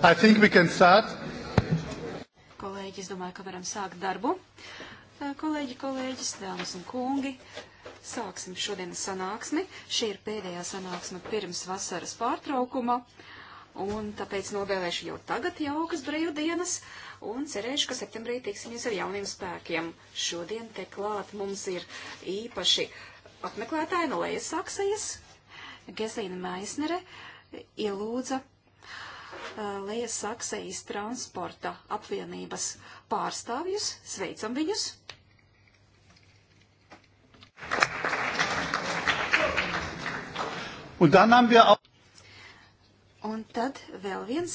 I think we can start. Kolēģi, es domāju, ka varam sākt darbu. Kolēģi, kolēģis, dāmas un kungi, sāksim šodienas sanāksmi. Šī ir pēdējā sanāksme pirms vasaras pārtraukuma, un tāpēc novēlēšu jau tagad jaukas brīvdienas, un cerēšu, ka septembrī tiksimies ar jauniem spēkiem. Šodien te klāt mums ir īpaši apmeklētāji no Lejas Saksajas, Gezīna Maisnere, ielūdza Uh, Lejas Saksējas transporta apvienības pārstāvjus. Sveicam viņus! Un, bija... Un tad vēl viens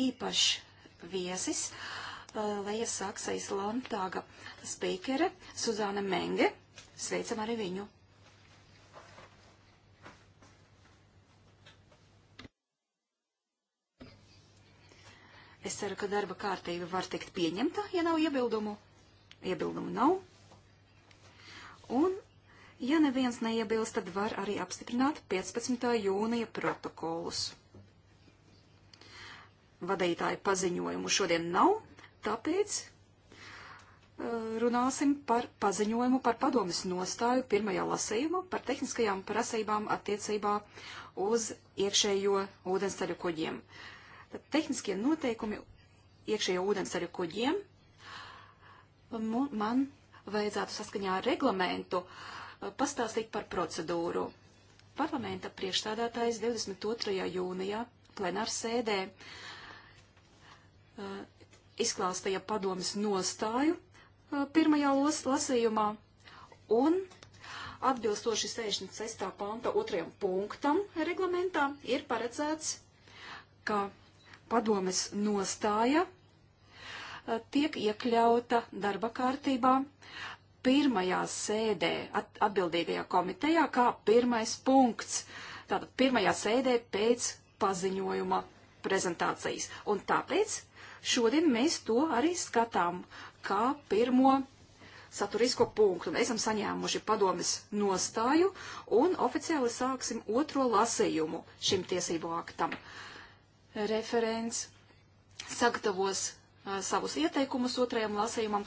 īpašs viesis, uh, Lejas Saksējas Lantāga spīkere Suzāne Menge. Sveicam arī viņu! Es ceru, ka darba kārtība var tikt pieņemta, ja nav iebildumu. Iebildumu nav. Un, ja neviens neiebilst, tad var arī apstiprināt 15. jūnija protokolus. Vadītāju paziņojumu šodien nav, tāpēc uh, runāsim par paziņojumu par padomis nostāju pirmajā lasījumā par tehniskajām prasībām attiecībā uz iekšējo ūdenstaļu kuģiem. Uh, Tad tehniskie noteikumi iekšējo ūdensceļu kuģiem man vajadzētu saskaņā ar reglamentu uh, pastāstīt par procedūru. Parlamenta priekšstādātājs 22. jūnijā plenārs sēdē uh, izklāstīja padomas nostāju uh, pirmajā lasījumā un atbilstoši 66. panta otrajam punktam reglamentā ir paredzēts, ka padomes nostāja eh, tiek iekļauta darba kārtībā pirmajā sēdē atbildīgajā komitejā kā pirmais punkts. Tātad pirmajā sēdē pēc paziņojuma prezentācijas. Un tāpēc šodien mēs to arī skatām kā pirmo saturisko punktu. Mēs esam saņēmuši padomes nostāju un oficiāli sāksim otro lasījumu šim tiesību aktam. Uh, referents sagatavos savus ieteikumus otrajam lasējumam,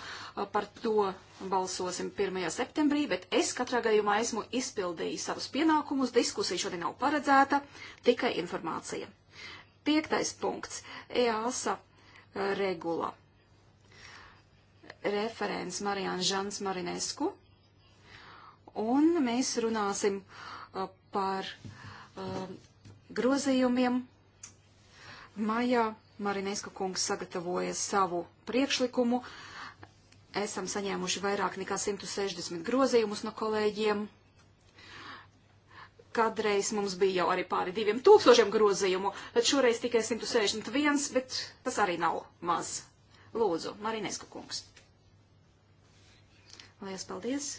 par to balsosim 1. septembrī, bet es katrā gadījumā esmu izpildījis savus pienākumus, diskusija šodien nav paredzēta, tikai informācija. Piektais punkts e - EASA regula. Referents Marijāns Žans Marinesku. Un mēs runāsim par grozījumiem Maijā Marineska kungs sagatavoja savu priekšlikumu. Esam saņēmuši vairāk nekā 160 grozījumus no kolēģiem. Kadreiz mums bija jau arī pāri diviem tūkstošiem grozījumu, tad šoreiz tikai 161, bet tas arī nav maz. Lūdzu, Marineska kungs. Lielas paldies!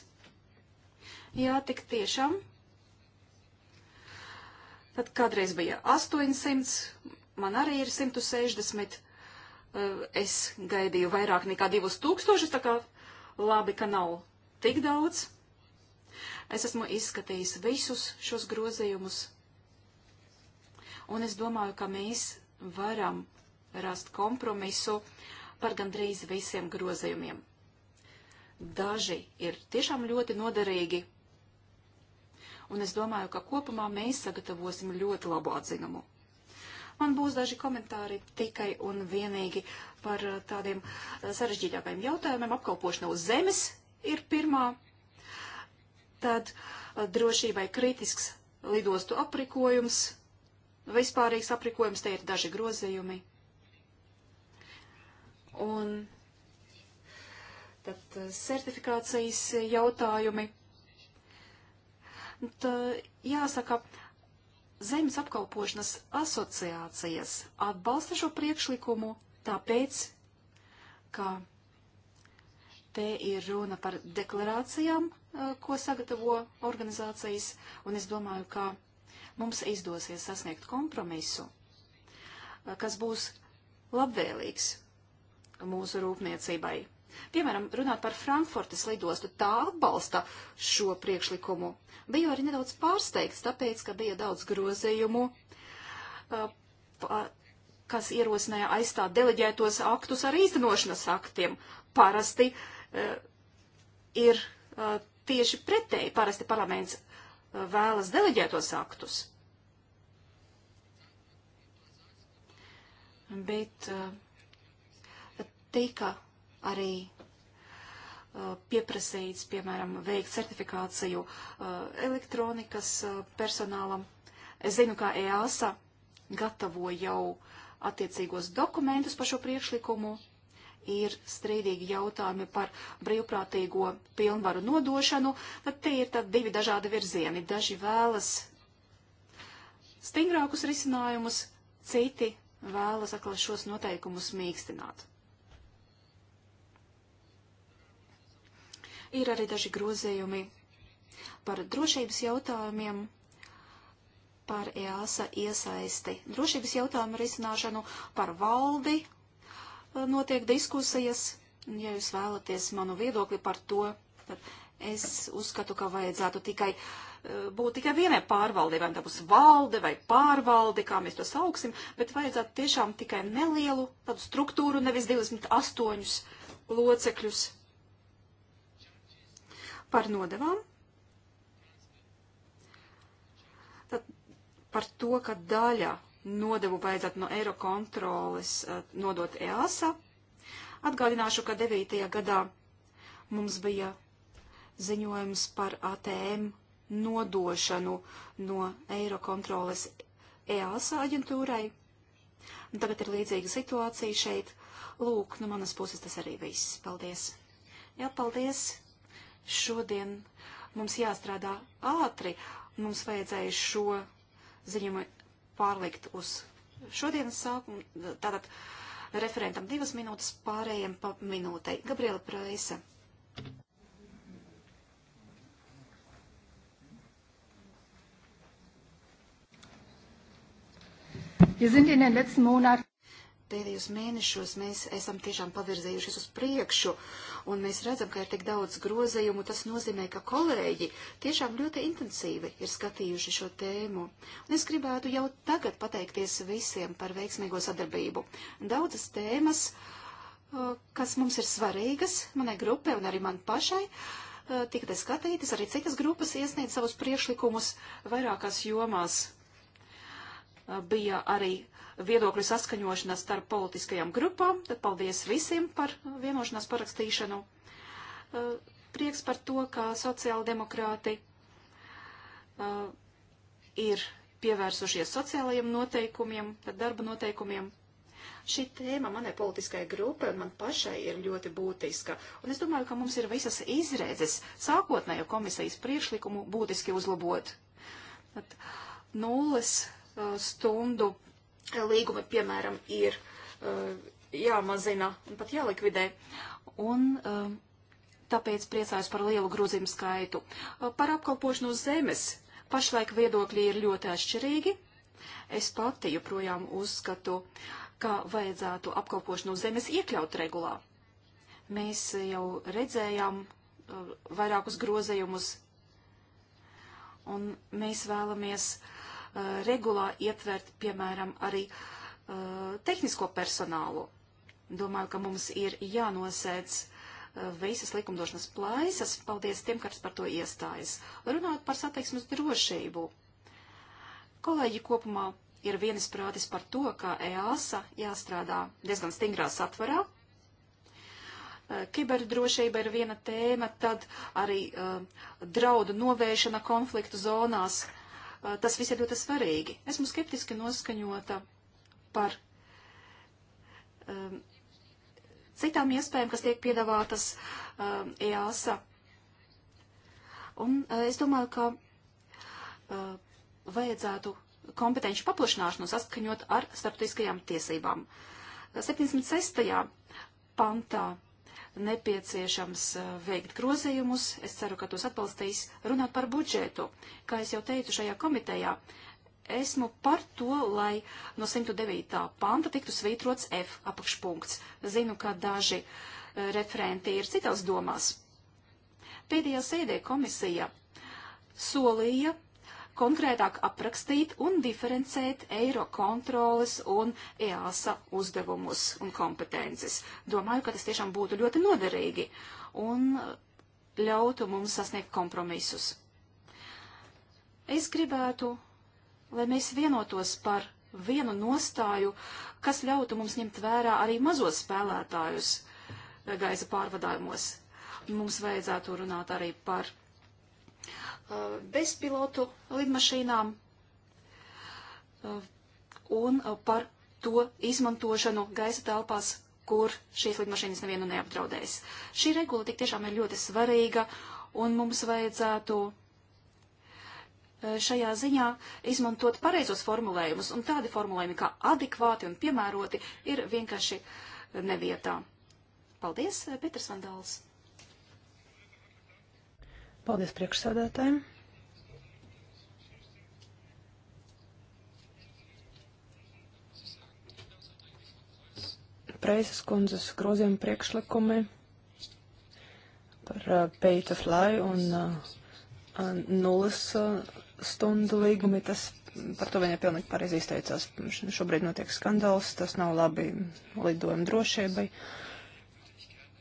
Jā, tik tiešām. Tad kādreiz bija 800 man arī ir 160. Eh, es gaidīju vairāk nekā 2000, tā kā labi, ka nav tik daudz. Es esmu izskatījis visus šos grozījumus, un es domāju, ka mēs varam rast kompromisu par gandrīz visiem grozījumiem. Daži ir tiešām ļoti noderīgi, un es domāju, ka kopumā mēs sagatavosim ļoti labu atzinumu. Man būs daži komentāri tikai un vienīgi par eh, tādiem eh, sarežģītākajiem jautājumiem. Apkalpošana uz zemes ir pirmā. Tad eh, drošībai kritisks lidostu aprikojums, vispārīgs aprikojums, te ir daži grozījumi. Un tad certifikācijas jautājumi. Tā jāsaka, Zemes apkalpošanas asociācijas atbalsta šo priekšlikumu, tāpēc, ka te ir runa par deklarācijām, eh, ko sagatavo organizācijas, un es domāju, ka mums izdosies sasniegt kompromisu, eh, kas būs labvēlīgs mūsu rūpniecībai. Piemēram, runāt par Frankfurtas lidostu, tā atbalsta šo priekšlikumu. Biju arī nedaudz pārsteigts, tāpēc, ka bija daudz grozījumu, uh, kas ierosināja aizstāt deleģētos aktus ar īstenošanas aktiem. Parasti uh, ir uh, tieši pretēji, parasti parlaments vēlas deleģētos aktus. Bet tika arī uh, pieprasīts, piemēram, veikt certifikāciju uh, elektronikas uh, personālam. Es zinu, ka EASA gatavo jau attiecīgos dokumentus par šo priekšlikumu. Ir strīdīgi jautājumi par brīvprātīgo pilnvaru nodošanu, tad tie ir tad divi dažādi virzieni. Daži vēlas stingrākus risinājumus, citi vēlas atkal šos noteikumus mīkstināt. Ir arī daži grozījumi par drošības jautājumiem, par EASA iesaisti drošības jautājumu risināšanu, par valdi e, notiek diskusijas. Ja jūs vēlaties manu viedokli par to, tad es uzskatu, ka vajadzētu tikai e, būt tikai vienai pārvaldei, vai tā būs valde vai pārvalde, kā mēs to sauksim, bet vajadzētu tiešām tikai nelielu tādu struktūru, nevis 28 locekļus par nodevām. Tad par to, ka daļa nodevu vajadzētu no eiro kontroles eh, nodot EASA. Atgādināšu, ka 9. gadā mums bija ziņojums par ATM nodošanu no eiro kontroles EASA aģentūrai. Un tagad ir līdzīga situācija šeit. Lūk, no nu manas puses tas arī viss. Paldies! Jā, paldies! Šodien mums jāstrādā ātri, un mums vajadzēja šo ziņojumu pārlikt uz šodienas sākumu. Tātad referentam divas minūtes, pārējiem pa minūtei. Gabriela Praisa. Wir sind in den letzten Monaten pēdējos mēnešos mēs esam tiešām pavirzējušies uz priekšu, un mēs redzam, ka ir tik daudz grozējumu. Tas nozīmē, ka kolēģi tiešām ļoti intensīvi ir skatījuši šo tēmu. Un es gribētu jau tagad pateikties visiem par veiksmīgo sadarbību. Daudzas tēmas, uh, kas mums ir svarīgas, manai grupai un arī man pašai, uh, tika skatītas, arī citas grupas iesniedz savus priešlikumus vairākās jomās. Uh, bija arī uh, viedokļu saskaņošanās starp politiskajām grupām. Tad paldies visiem par vienošanās parakstīšanu. Prieks par to, ka sociāldemokrāti ir pievērsušies sociālajiem noteikumiem, darba noteikumiem. Šī tēma manai politiskajai grupai un man pašai ir ļoti būtiska, un es domāju, ka mums ir visas izredzes sākotnējo komisijas priekšlikumu būtiski uzlabot. Tad nulles stundu līgumi, piemēram, ir eh, jāmazina un pat jālikvidē. Un eh, tāpēc priecājos par lielu grozījumu skaitu. Eh, par apkalpošanu uz zemes pašlaik viedokļi ir ļoti atšķirīgi. Es pati joprojām uzskatu, ka vajadzētu apkalpošanu uz zemes iekļaut regulā. Mēs jau redzējām vairākus grozējumus, un mēs vēlamies uh, Eh, regulā ietvert, piemēram, arī eh, tehnisko personālu. Domāju, ka mums ir jānosēdz eh, visas likumdošanas plaisas. Paldies tiem, kas par to iestājas. Runājot par sateiksmes drošību. Kolēģi kopumā ir vienisprātis par to, ka EASA jāstrādā diezgan stingrā satvarā. Kiberdrošība ir viena tēma, tad arī uh, draudu novēršana konfliktu zonās. Uh, Uh, tas viss ir ļoti svarīgi. Esmu skeptiski noskaņota par um, citām iespējām, kas tiek piedāvātas um, EASA. Un uh, es domāju, ka uh, vajadzētu kompetenci paplašināšanu saskaņot ar starptautiskajām tiesībām. Uh, 76. pantā nepieciešams eh, veikt grozījumus. Es ceru, ka tos atbalstīs runāt par budžetu. Kā es jau teicu šajā komitejā, esmu par to, lai no 109. panta tiktu svītrots F apakšpunkts. Zinu, ka daži eh, referenti ir citās domās. Pēdējā sēdē komisija solīja konkrētāk aprakstīt un diferencēt eiro kontroles un EASA uzdevumus un kompetences. Domāju, ka tas tiešām būtu ļoti noderīgi un ļautu mums sasniegt kompromisus. Es gribētu, lai mēs vienotos par vienu nostāju, kas ļautu mums ņemt vērā arī mazos spēlētājus gaisa pārvadājumos. Mums vajadzētu runāt arī par bezpilotu lidmašīnām uh, un uh, par to izmantošanu gaisa telpās, kur šīs lidmašīnas nevienu neapdraudēs. Šī regula tik tiešām ir ļoti svarīga, un mums vajadzētu uh, šajā ziņā izmantot pareizos formulējumus, un tādi formulējumi kā adekvāti un piemēroti ir vienkārši nevietā. Paldies, Petrs Vandāls! Paldies priekšsēdētājiem. Preizes kundzes grozījuma priekšlikumi par uh, pay to fly un uh, uh, nulles uh, stundu līgumi, tas par to viņa pilnīgi pareizi izteicās. Šobrīd notiek skandāls, tas nav labi lidojuma drošībai. Uh,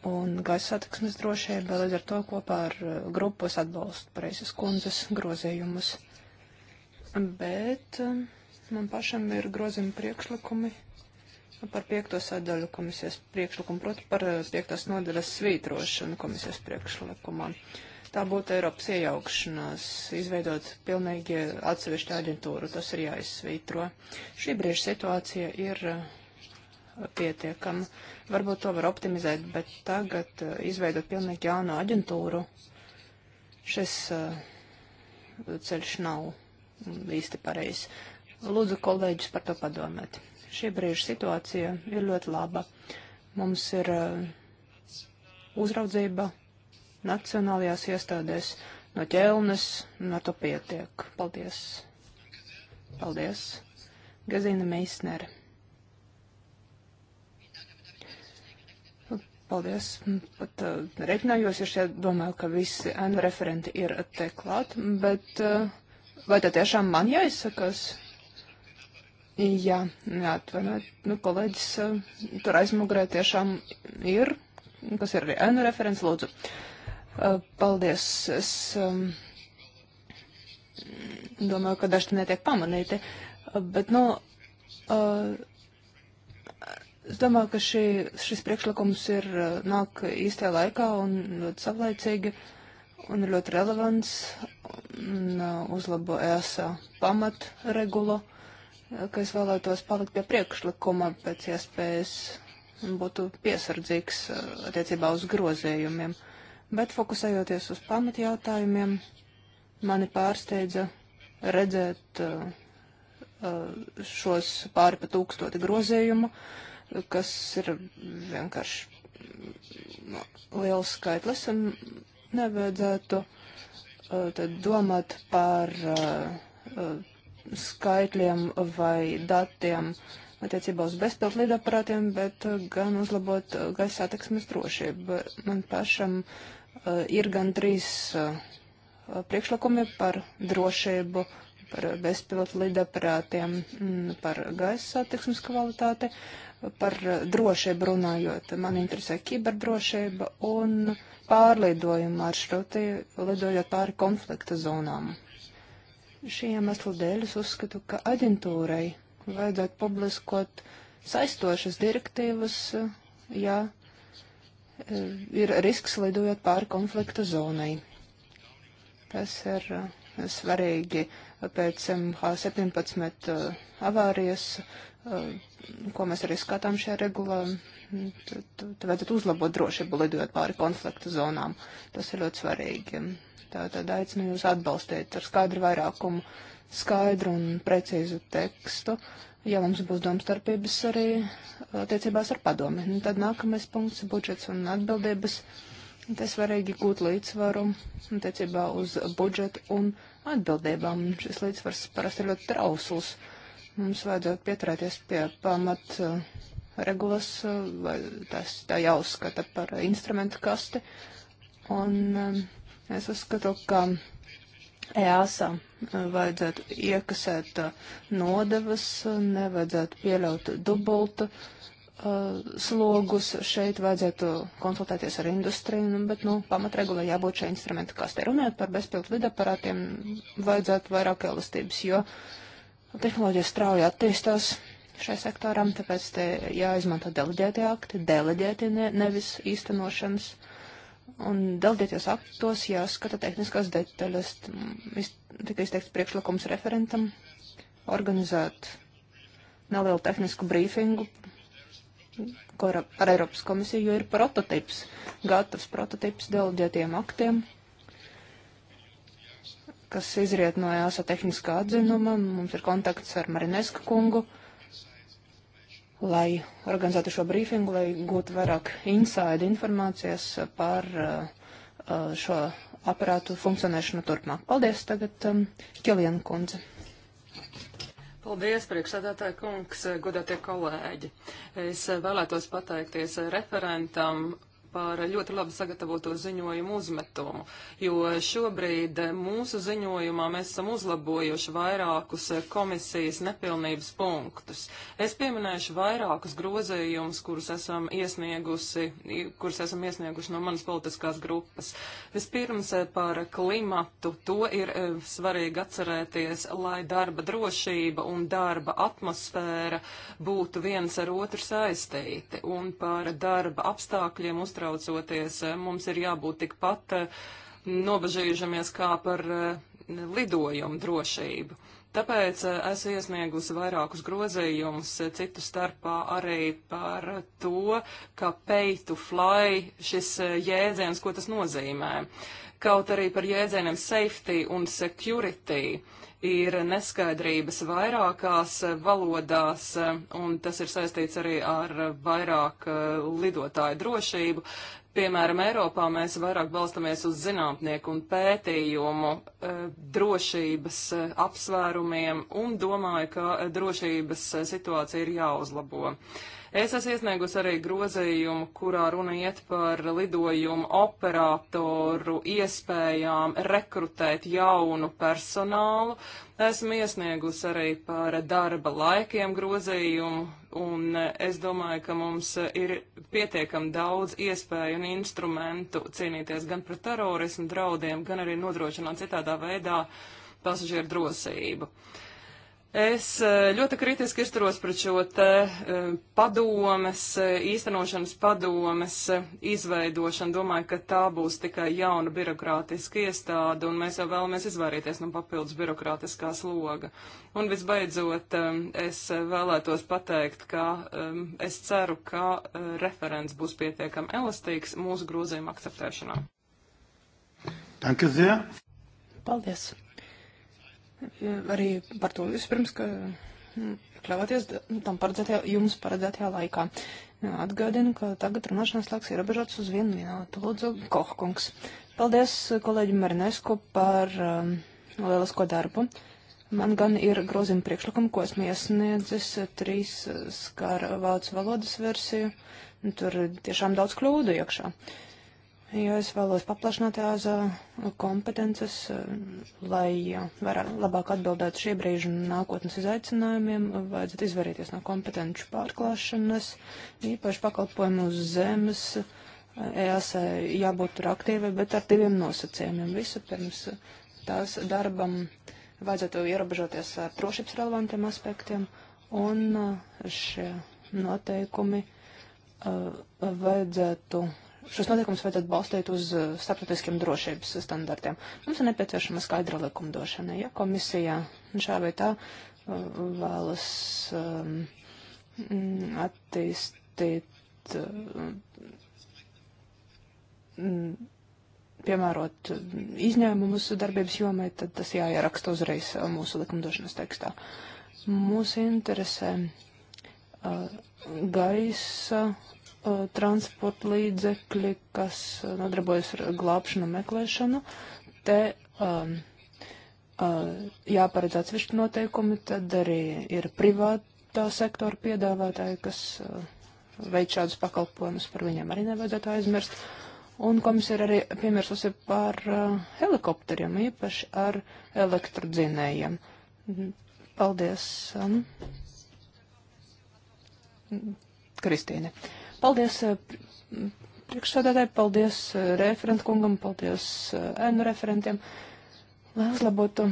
un gaisa satiksmes drošība, līdz ar to kopā ar uh, grupos atbalstu pareizes kundzes grozījumus. Bet um, man pašam ir grozījumi priekšlikumi par piekto sadaļu komisijas priekšlikumu, proti par uh, piektās nodaļas svītrošanu komisijas priekšlikumā. Tā būtu Eiropas iejaukšanās, izveidot pilnīgi atsevišķu aģentūru, tas ir jāizsvītro. Šī brīža situācija ir uh, pietiekama. Varbūt to var optimizēt, bet tagad eh, izveidot pilnīgi jaunu aģentūru, šis eh, ceļš nav īsti pareizs. Lūdzu kolēģis par to padomēt. Šī brīža situācija ir ļoti laba. Mums ir eh, uzraudzība nacionālajās iestādēs no ķelnes, no to pietiek. Paldies! Paldies! Gazina Meisnere. Paldies. Pat uh, reiķinājos, ja šeit domāju, ka visi ēnu referenti ir te klāt, bet uh, vai tad tiešām man jāizsakas? Jā, atvainojiet, nu, kolēģis uh, tur aizmugurē tiešām ir, kas ir arī ēnu referents, lūdzu. Uh, paldies. Es um, domāju, ka dažs netiek pamanīti, uh, bet, nu, uh, Es domāju, ka šī, šis priekšlikums ir uh, nāk īstajā laikā un ļoti savlaicīgi un ir ļoti relevants un uh, uzlabo ESA pamatregulu, uh, ka es vēlētos palikt pie priekšlikuma pēc iespējas un būtu piesardzīgs attiecībā uz grozējumiem. Bet fokusējoties uz pamatjautājumiem, mani pārsteidza redzēt uh, šos pāri pa tūkstoti grozējumu. Uh, kas ir vienkārši nu, liels skaitlis un nevajadzētu uh, tad domāt par uh, uh, skaitļiem vai datiem attiecībā uz bezpiltlidaparātiem, bet gan uzlabot gaisa attieksmes drošību. Man pašam ir gan trīs priekšlikumi par drošību par bezpilotu lidaparātiem, mm, par gaisa satiksmes kvalitāti, par drošību runājot. Man interesē kiberdrošība un pārlidojuma maršruti, lidojot pāri konflikta zonām. Šī iemesla dēļ es uzskatu, ka aģentūrai vajadzētu publiskot saistošas direktīvas, ja e, ir risks lidojot pāri konflikta zonai. Tas ir e, svarīgi pēc MH17 uh, avārijas, uh, ko mēs arī skatām šajā regulā, tad vajadzētu uzlabot drošību lidojot pāri konflikta zonām. Tas ir ļoti svarīgi. Tātad aicinu jūs atbalstīt ar skaidru vairākumu, skaidru un precīzu tekstu. Ja mums būs domstarpības arī attiecībās ar padomi, nu, tad nākamais punkts - budžets un atbildības. Tas svarīgi gūt līdzsvaru attiecībā uz budžetu un atbildību atbildībām. Šis līdzsvars parasti ir ļoti trausls. Mums vajadzētu pieturēties pie pamat eh, regulas, eh, vai tas tā jāuzskata par instrumentu kasti. Un eh, es uzskatu, ka EASA vajadzētu iekasēt nodevas, nevajadzētu pieļaut dubultu uh, Uh, slogus. Šeit vajadzētu konsultēties ar industriju, nu, bet nu, pamatregulē jābūt šai instrumenta kastē. Runājot par bezpildu lidaparātiem, vajadzētu vairāk elastības, jo tehnoloģija strauji attīstās šai sektoram, tāpēc te jāizmanto deleģēti akti, deleģēti ne, nevis īstenošanas. Un deleģēties aktos jāskata tehniskās detaļas, tika izteikts priekšlikums referentam organizēt nelielu tehnisku brīfingu ar Eiropas komisiju, jo ir prototips, gatavs prototips delģētiem aktiem, kas izriet no jāsa tehniskā atzinuma. Mums ir kontakts ar Marineska kungu, lai organizētu šo brīfingu, lai gūtu vairāk inside informācijas par uh, uh, šo aparātu funkcionēšanu turpmāk. Paldies tagad um, Kilienu kundze. Paldies, priekšsēdētāji kungs, godātie kolēģi. Es vēlētos pateikties referentam par ļoti labi sagatavoto ziņojumu uzmetumu, jo šobrīd mūsu ziņojumā mēs esam uzlabojuši vairākus komisijas nepilnības punktus. Es pieminēšu vairākus grozējumus, kurus esam iesniegusi, kurus esam iesnieguši no manas politiskās grupas. Vispirms par klimatu. To ir eh, svarīgi atcerēties, lai darba drošība un darba atmosfēra būtu viens ar otru saistīti un par darba apstākļiem uztrauc satraucoties. Eh, mums ir jābūt tikpat eh, nobežīžamies kā par eh, lidojumu drošību. Tāpēc es iesniegusi vairākus grozījumus, citu starpā arī par to, ka pay to fly šis jēdziens, ko tas nozīmē. Kaut arī par jēdzieniem safety un security. Uh, ir neskaidrības vairākās valodās, un tas ir saistīts arī ar vairāk eh, lidotāju drošību. Piemēram, Eiropā mēs vairāk balstamies uz zinātnieku un pētījumu eh, drošības eh, apsvērumiem un domāju, ka drošības situācija ir jāuzlabo. Uh, Es esmu iesniegus arī grozījumu, kurā runa iet par lidojumu operatoru iespējām rekrutēt jaunu personālu. Esmu iesniegus arī par darba laikiem grozījumu, un es domāju, ka mums ir pietiekam daudz iespēju un instrumentu cīnīties gan pret terorismu draudiem, gan arī nodrošināt citādā veidā pasažieru drosību. Uh, Es eh, ļoti kritiski izturos pret šo te eh, padomes, eh, īstenošanas padomes izveidošanu. Domāju, ka tā būs tikai jauna birokrātiska iestāde, un mēs jau vēlamies izvairīties no papildus birokrātiskā sloga. Un visbeidzot, es vēlētos pateikt, ka es ceru, ka referents būs pietiekami elastīgs mūsu grozījuma akceptēšanā. Danke sehr. Paldies arī par to vispirms, ka kļāvāties mm, nu, tam paredzētajā, jums paredzētajā laikā. Nu, atgādinu, ka tagad runāšanas laiks ir abežots uz vienu minūtu. Lūdzu, Kohkungs. Paldies kolēģim Marinesku par um, lielisko darbu. Man gan ir grozījuma priekšlikumi, ko esmu iesniedzis, trīs uh, skar vācu valodas versiju. Tur tiešām daudz kļūdu iekšā. Uh, jo es vēlos paplašināt tās eh, kompetences, eh, lai eh, varētu labāk atbildēt šī brīža nākotnes izaicinājumiem, vajadzētu izvairīties no kompetenču pārklāšanas, īpaši pakalpojumu uz zemes, EASA jābūt tur aktīvai, bet ar diviem nosacījumiem. Visu pirms tās darbam vajadzētu ierobežoties ar drošības relevantiem aspektiem, un šie noteikumi vajadzētu šos noteikumus vajadzētu balstīt uz uh, starptautiskiem drošības standartiem. Mums ir nepieciešama skaidra likumdošana. Ja komisija šā vai tā uh, vēlas um, mm, attīstīt, um, piemērot izņēmumus darbības jomai, tad tas jāieraksta uzreiz mūsu likumdošanas tekstā. Mūs interesē uh, gaisa Uh, transporta līdzekļi, kas uh, nodarbojas ar glābšanu, meklēšanu. Te um, uh, jāparedz atsevišķi noteikumi, tad arī ir privātā sektora piedāvātāji, kas uh, veic šādus pakalpojumus, par viņiem arī nevajadzētu aizmirst. Un komisija arī piemērsusi par uh, helikopteriem, īpaši ar elektrodzinējiem. Paldies, um, Kristīne. Uh, Paldies eh, priekšsēdētāji, paldies eh, referentkungam, paldies eh, ēnu referentiem. Lai uzlabotu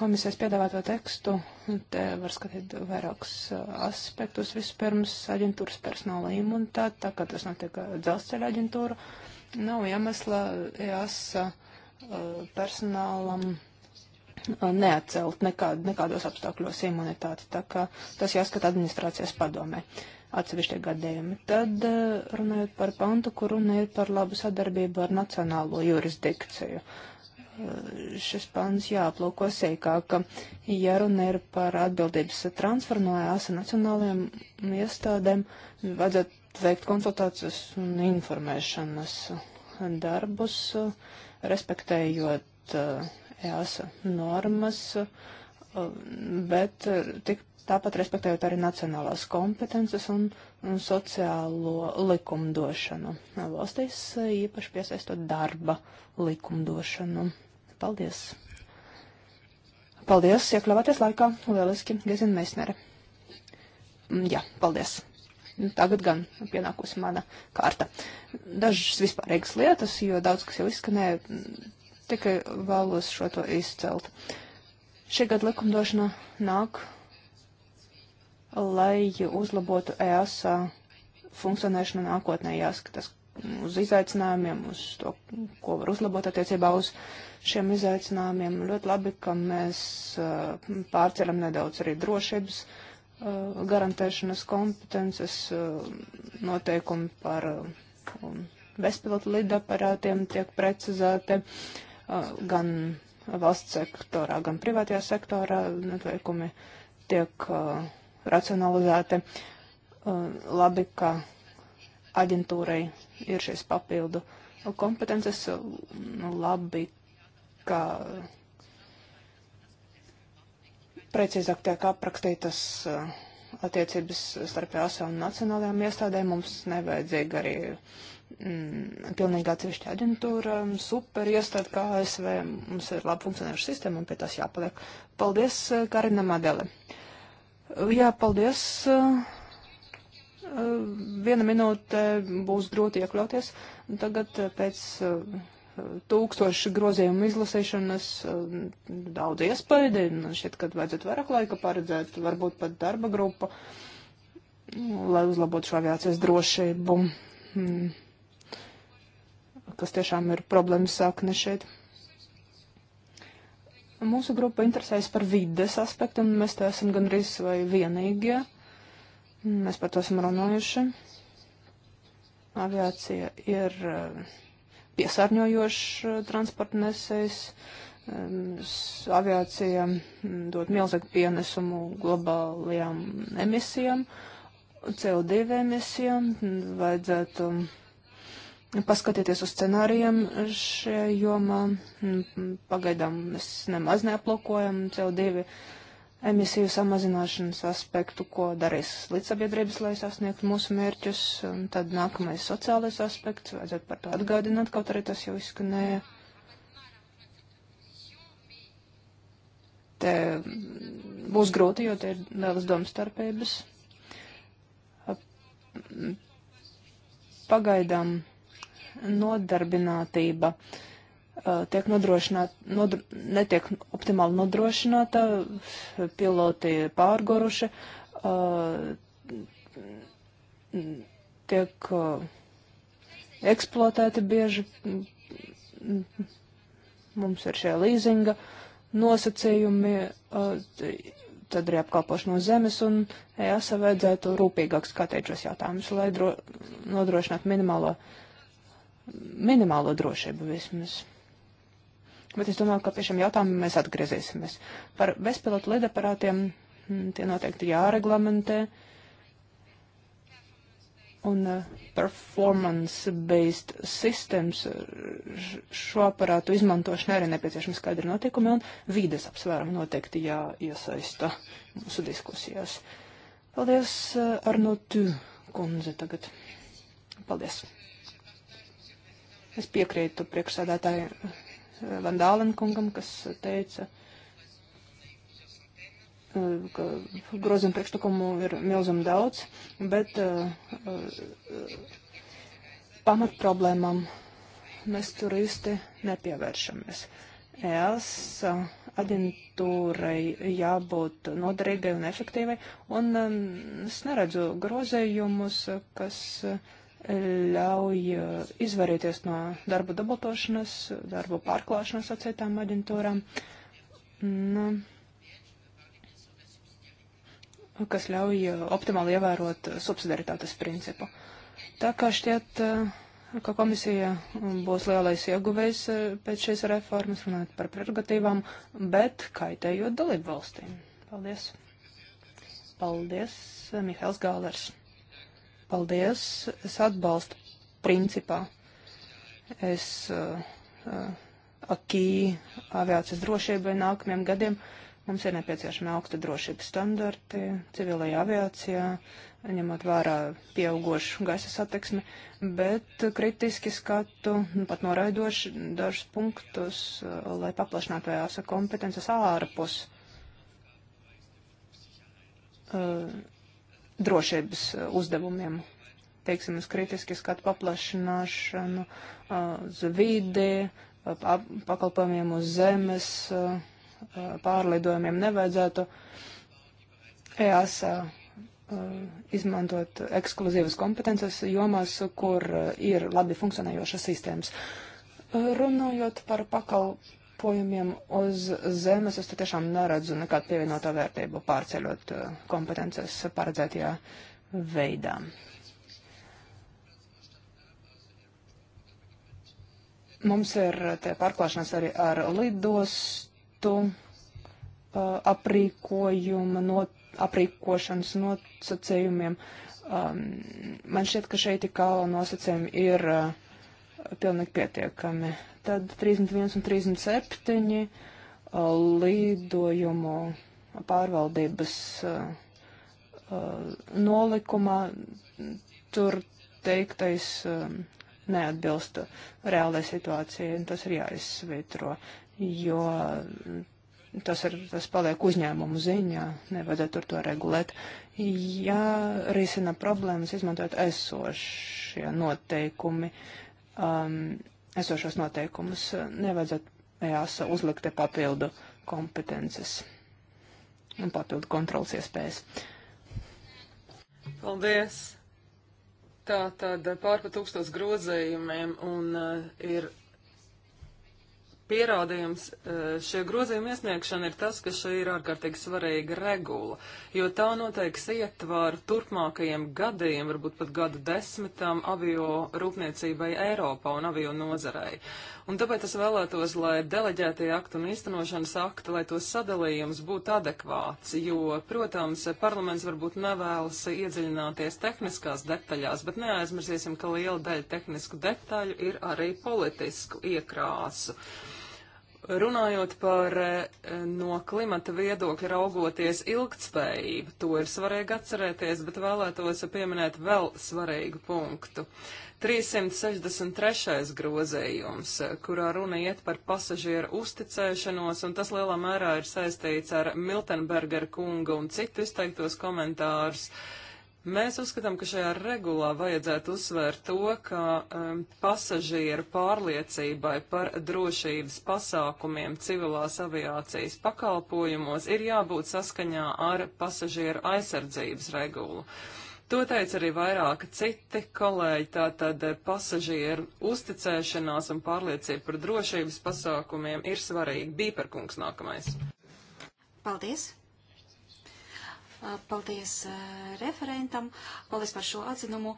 komisijas piedāvāto tekstu, te var skatīt vairākus aspektus. Vispirms aģentūras personāla imunitāte, tā kā tas notiek dzelzceļa aģentūra, nav iemesla EASA personālam neatcelt nekād, nekādos apstākļos imunitāti, tā kā tas jāskata administrācijas padomē. Uh, atsevišķie gadījumi. Tad eh, runājot par pantu, kur runa ir par labu sadarbību ar nacionālo jurisdikciju. Eh, šis pants jāaplūko sīkāk. Ja runa ir par atbildības transferu no EASA nacionālajiem iestādēm, vajadzētu veikt konsultācijas un informēšanas darbus, eh, respektējot EASA normas, bet tik tāpat respektējot arī nacionālās kompetences un, un sociālo likumdošanu valstīs, e, īpaši piesaistot darba likumdošanu. Paldies! Paldies, iekļāvāties laikā. Lieliski, Gezina Meisnere. Mm, jā, paldies. Tagad gan pienākusi mana kārta. Dažas vispārīgas lietas, jo daudz kas jau izskanēja, mm, tikai vēlos šo to izcelt. Šī gada likumdošana nāk lai uzlabotu EASA funkcionēšanu nākotnē, jāskatās uz izaicinājumiem, uz to, ko var uzlabot attiecībā uz šiem izaicinājumiem. Ļoti labi, ka mēs uh, pārceļam nedaudz arī drošības uh, garantēšanas kompetences, uh, noteikumi par uh, bezpilotu lidaparātiem tiek precizēti uh, gan valsts sektorā, gan privātajā sektorā, noteikumi tiek uh, racionalizēti. Labi, ka aģentūrai ir šīs papildu kompetences, labi, ka precīzāk tiek aprakstītas uh, attiecības starp ASV un nacionālajām iestādēm. Mums nevajadzīga arī mm, pilnīgi atsevišķa aģentūra, mm, super iestāde kā ASV. Mums ir labi funkcionēša sistēma un pie tās jāpaliek. Paldies, uh, Karina Madele. Jā, paldies. Viena minūte būs grūti iekļauties. Tagad pēc eh, tūkstošu grozījumu izlasīšanas eh, daudz iespaidi. Nu, šķiet, kad vajadzētu vairāk laika paredzēt, varbūt pat darba grupa, lai uzlabotu šo aviācijas drošību, hmm. kas tiešām ir problēmas sākne šeit. Mūsu grupa interesējas par vides aspektu, un mēs te esam gandrīz vai vienīgie. Mēs par to esam runājuši. Aviācija ir eh, piesārņojošs eh, transporta nesējs. Aviācija mm, dod milzīgu pienesumu globālajām emisijām, CO2 emisijām. Vajadzētu. Um, paskatieties uz scenārijiem šajā jomā. Pagaidām mēs nemaz neaplūkojam CO2 emisiju samazināšanas aspektu, ko darīs līdzsabiedrības, lai sasniegtu mūsu mērķus. Un tad nākamais sociālais aspekts, vajadzētu par to atgādināt, kaut arī tas jau izskanēja. Te būs grūti, jo te ir lielas domstarpības. Pagaidām nodarbinātība tiek nodrošināta, nodr netiek optimāli nodrošināta, piloti pārgoruši, tiek eksploatēti bieži. Mums ir šie līzinga nosacījumi, tad arī apkalpošana no zemes, un EASA vajadzētu rūpīgāk skatīt šos jautājumus, lai nodrošinātu minimālo uh, minimālo drošību vismaz. Bet es domāju, ka pie šiem jautājumiem mēs atgriezīsimies. Par bezpilotu lidaparātiem hm, tie noteikti jāreglamentē. Un eh, performance-based systems eh, šo aparātu izmantošana arī nepieciešama skaidra notikuma un vīdes apsvērumi noteikti jāiesaista mūsu diskusijās. Paldies, eh, Arnotu kundze tagad. Paldies. Es piekrītu priekšsēdētāju eh, Vandālenkungam, kas teica, eh, ka grozījumu priekšlikumu ir milzum daudz, bet eh, pamatproblēmām mēs tur īsti nepievēršamies. EAS aģentūrai jābūt noderīgai un efektīvai, un es neredzu grozējumus, kas uh, ļauj eh, izvairīties no darba dubultošanas, darbu pārklāšanas ar citām aģentūrām, un, nu, kas ļauj eh, optimāli ievērot subsidiaritātes principu. Tā kā šķiet, eh, ka komisija būs lielais ieguvējs pēc šīs reformas, runājot par prerogatīvām, bet kaitējot dalību valstīm. Paldies! Paldies, Mihails Gālers! Paldies, es atbalstu principā. Es uh, uh, akī aviācijas drošībai nākamajiem gadiem mums ir nepieciešami augsta drošības standarti civilajā aviācijā, ņemot vērā pieaugošu gaisa satiksmi, bet kritiski skatu, nu, pat noraidoši dažus punktus, uh, lai paplašinātu EASA kompetences ārpus. Uh, drošības uh, uzdevumiem. Teiksim, uz kritiski skatu paplašināšanu, uh, uz vidi, uh, pakalpojumiem uz zemes, pārlidojumiem nevajadzētu EASA izmantot ekskluzīvas kompetences jomās, kur ir labi funkcionējošas sistēmas. Runājot par pakal, pakalpojumiem uz zemes, es tiešām neredzu nekādu pievienotā vērtību pārceļot eh, kompetences paredzētajā veidā. Mums ir eh, te pārklāšanās arī ar lidostu eh, aprīkojuma, not, aprīkošanas nosacējumiem. Um, man šķiet, ka šeit ikā nosacējumi ir uh, pilnīgi pietiekami. Tad 31 un 37 uh, lidojumu pārvaldības uh, uh, nolikumā tur teiktais um, neatbilst reālajai situācijai, un tas ir jāizsvitro, jo tas, ir, tas paliek uzņēmumu ziņā, nevajadzētu tur to regulēt. Jārisina problēmas, izmantojot esošie noteikumi. Uh, um, esošos noteikumus. Nevajadzētu EASA uzlikt te papildu kompetences un papildu kontrols iespējas. Paldies! Tā tad pārpa tūkstos grozējumiem un uh, ir pierādījums eh, šie grozījumi iesniegšana ir tas, ka šī ir ārkārtīgi svarīga regula, jo tā noteiks ietvaru turpmākajiem gadiem, varbūt pat gadu desmitam avio rūpniecībai Eiropā un avio nozarei. Un tāpēc es vēlētos, lai deleģētie akti un īstenošanas akti, lai to sadalījums būtu adekvāts, jo, protams, parlaments varbūt nevēlas iedziļināties tehniskās detaļās, bet neaizmirsīsim, ka liela daļa tehnisku detaļu ir arī politisku iekrāsu. Thank you. Runājot par eh, no klimata viedokļa raugoties ilgtspējību, to ir svarīgi atcerēties, bet vēlētos pieminēt vēl svarīgu punktu. 363. grozējums, kurā runa iet par pasažieru uzticēšanos, un tas lielā mērā ir saistīts ar Miltenberger kunga un citu izteiktos komentārus. Uh, Mēs uzskatām, ka šajā regulā vajadzētu uzsvērt to, ka um, pasažieru pārliecībai par drošības pasākumiem civilās aviācijas pakalpojumos ir jābūt saskaņā ar pasažieru aizsardzības regulu. To teica arī vairāki citi kolēģi, tātad pasažieru uzticēšanās un pārliecība par drošības pasākumiem ir svarīga. Bīperkungs nākamais. Paldies! Paldies referentam, paldies par šo atzinumu.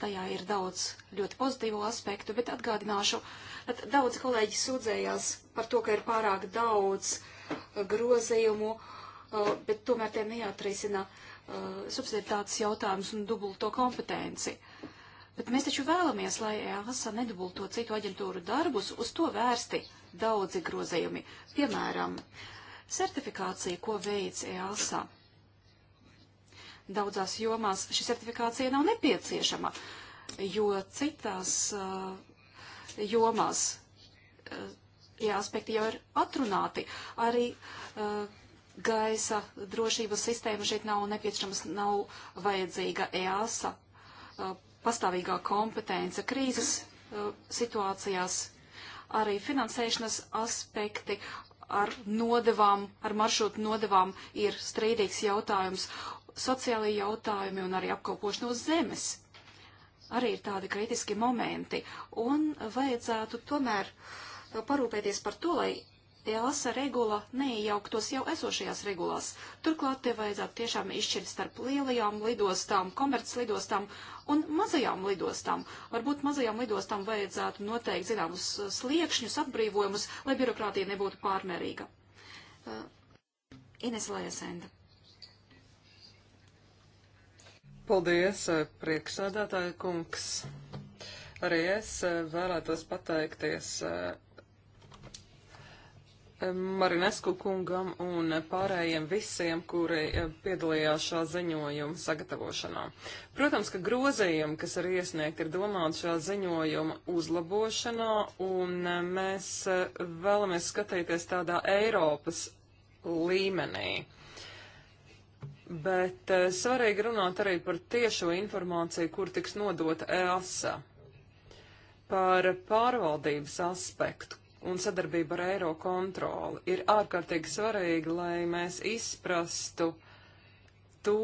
Tajā ir daudz ļoti pozitīvu aspektu, bet atgādināšu, daudz kolēģi sūdzējās par to, ka ir pārāk daudz grozījumu, bet tomēr tie neatrisina subsidētātes jautājumus un dubulto kompetenci. Bet mēs taču vēlamies, lai EASA nedubulto citu aģentūru darbus, uz to vērsti daudzi grozījumi. Piemēram, certifikācija, ko veic EASA daudzās jomās šī certifikācija nav nepieciešama, jo citās eh, jomās eh, šie aspekti jau ir atrunāti. Arī eh, gaisa drošības sistēma šeit nav nepieciešams, nav vajadzīga EASA pastāvīgā kompetence krīzes situācijās, arī finansēšanas aspekti ar nodevām, ar maršrutu nodevām ir strīdīgs jautājums, sociālajie jautājumi un arī apkalpošana uz zemes. Arī ir tādi kritiski momenti, un vajadzētu tomēr uh, parūpēties par to, lai EASA regula neiejauktos jau esošajās regulās. Turklāt te vajadzētu tiešām izšķirt starp lielajām lidostām, komerclidostām un mazajām lidostām. Varbūt mazajām lidostām vajadzētu noteikt zināmus uh, sliekšņus, apbrīvojumus, lai birokrātija nebūtu pārmērīga. Uh, Ines Lajasenda. Paldies, eh, priekšsādātāja kungs. Arī es eh, vēlētos pateikties eh, Marinesku kungam un pārējiem visiem, kuri piedalījās šā ziņojuma sagatavošanā. Protams, ka grozījumi, kas ir iesniegti, ir domāti šā ziņojuma uzlabošanā, un mēs vēlamies skatīties tādā Eiropas līmenī. Bet e, svarīgi runāt arī par tiešo informāciju, kur tiks nodota EASA, par pārvaldības aspektu un sadarbību ar eiro kontroli. Ir ārkārtīgi svarīgi, lai mēs izprastu to,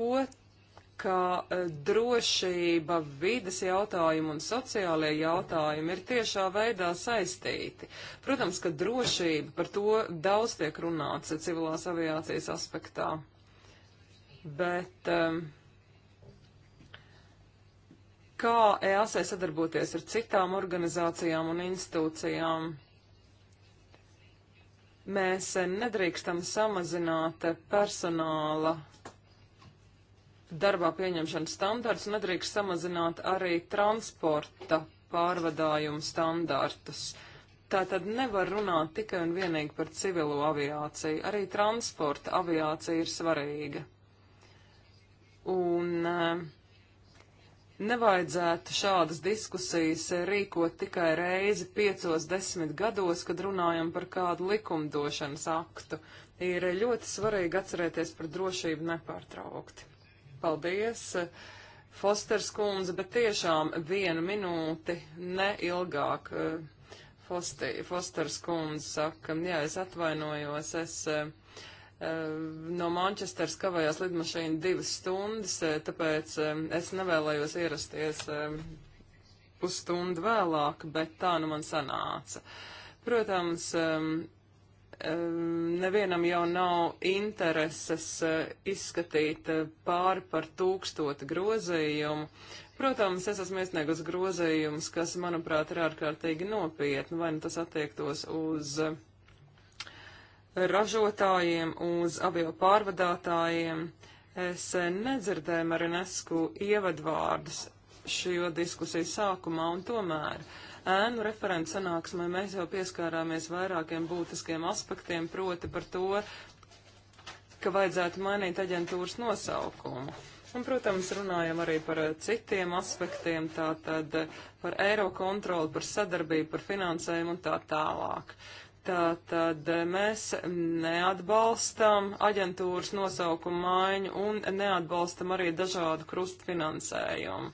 ka e, drošība, vides jautājumi un sociālie jautājumi ir tiešā veidā saistīti. Protams, ka drošība par to daudz tiek runāts civilās aviācijas aspektā bet um, kā EASE e sadarboties ar citām organizācijām un institūcijām? Mēs nedrīkstam samazināt personāla darbā pieņemšanas standarts, nedrīkst samazināt arī transporta pārvadājumu standartus. Tā tad nevar runāt tikai un vienīgi par civilo aviāciju. Arī transporta aviācija ir svarīga. Un eh, nevajadzētu šādas diskusijas rīkot tikai reizi piecos desmit gados, kad runājam par kādu likumdošanas aktu. Ir ļoti svarīgi atcerēties par drošību nepārtraukti. Paldies! Fosters kundze, bet tiešām vienu minūti, neilgāk. Eh, Fosti, Fosters kundze saka, jā, es atvainojos, es eh, Eh, no Manchesteras kavējās lidmašīna divas stundas, eh, tāpēc eh, es nevēlējos ierasties pusstundu vēlāk, bet tā nu man sanāca. Protams, nevienam jau nav intereses izskatīt pāri par tūkstoti grozījumu. Protams, es esmu iesniegus grozījumus, kas, manuprāt, ir ārkārtīgi nopietni, vai nu tas attiektos uz uh, ražotājiem, uz avio pārvadātājiem. Es nedzirdēju Marinesku ievadvārdus šo diskusiju sākumā, un tomēr ēnu referents sanāksmē mēs jau pieskārāmies vairākiem būtiskiem aspektiem, proti par to, ka vajadzētu mainīt aģentūras nosaukumu. Un, protams, runājam arī par citiem aspektiem, tātad par eiro kontroli, par sadarbību, par finansējumu un tā tālāk. Tātad mēs neatbalstam aģentūras nosaukumu maiņu un neatbalstam arī dažādu krustu finansējumu.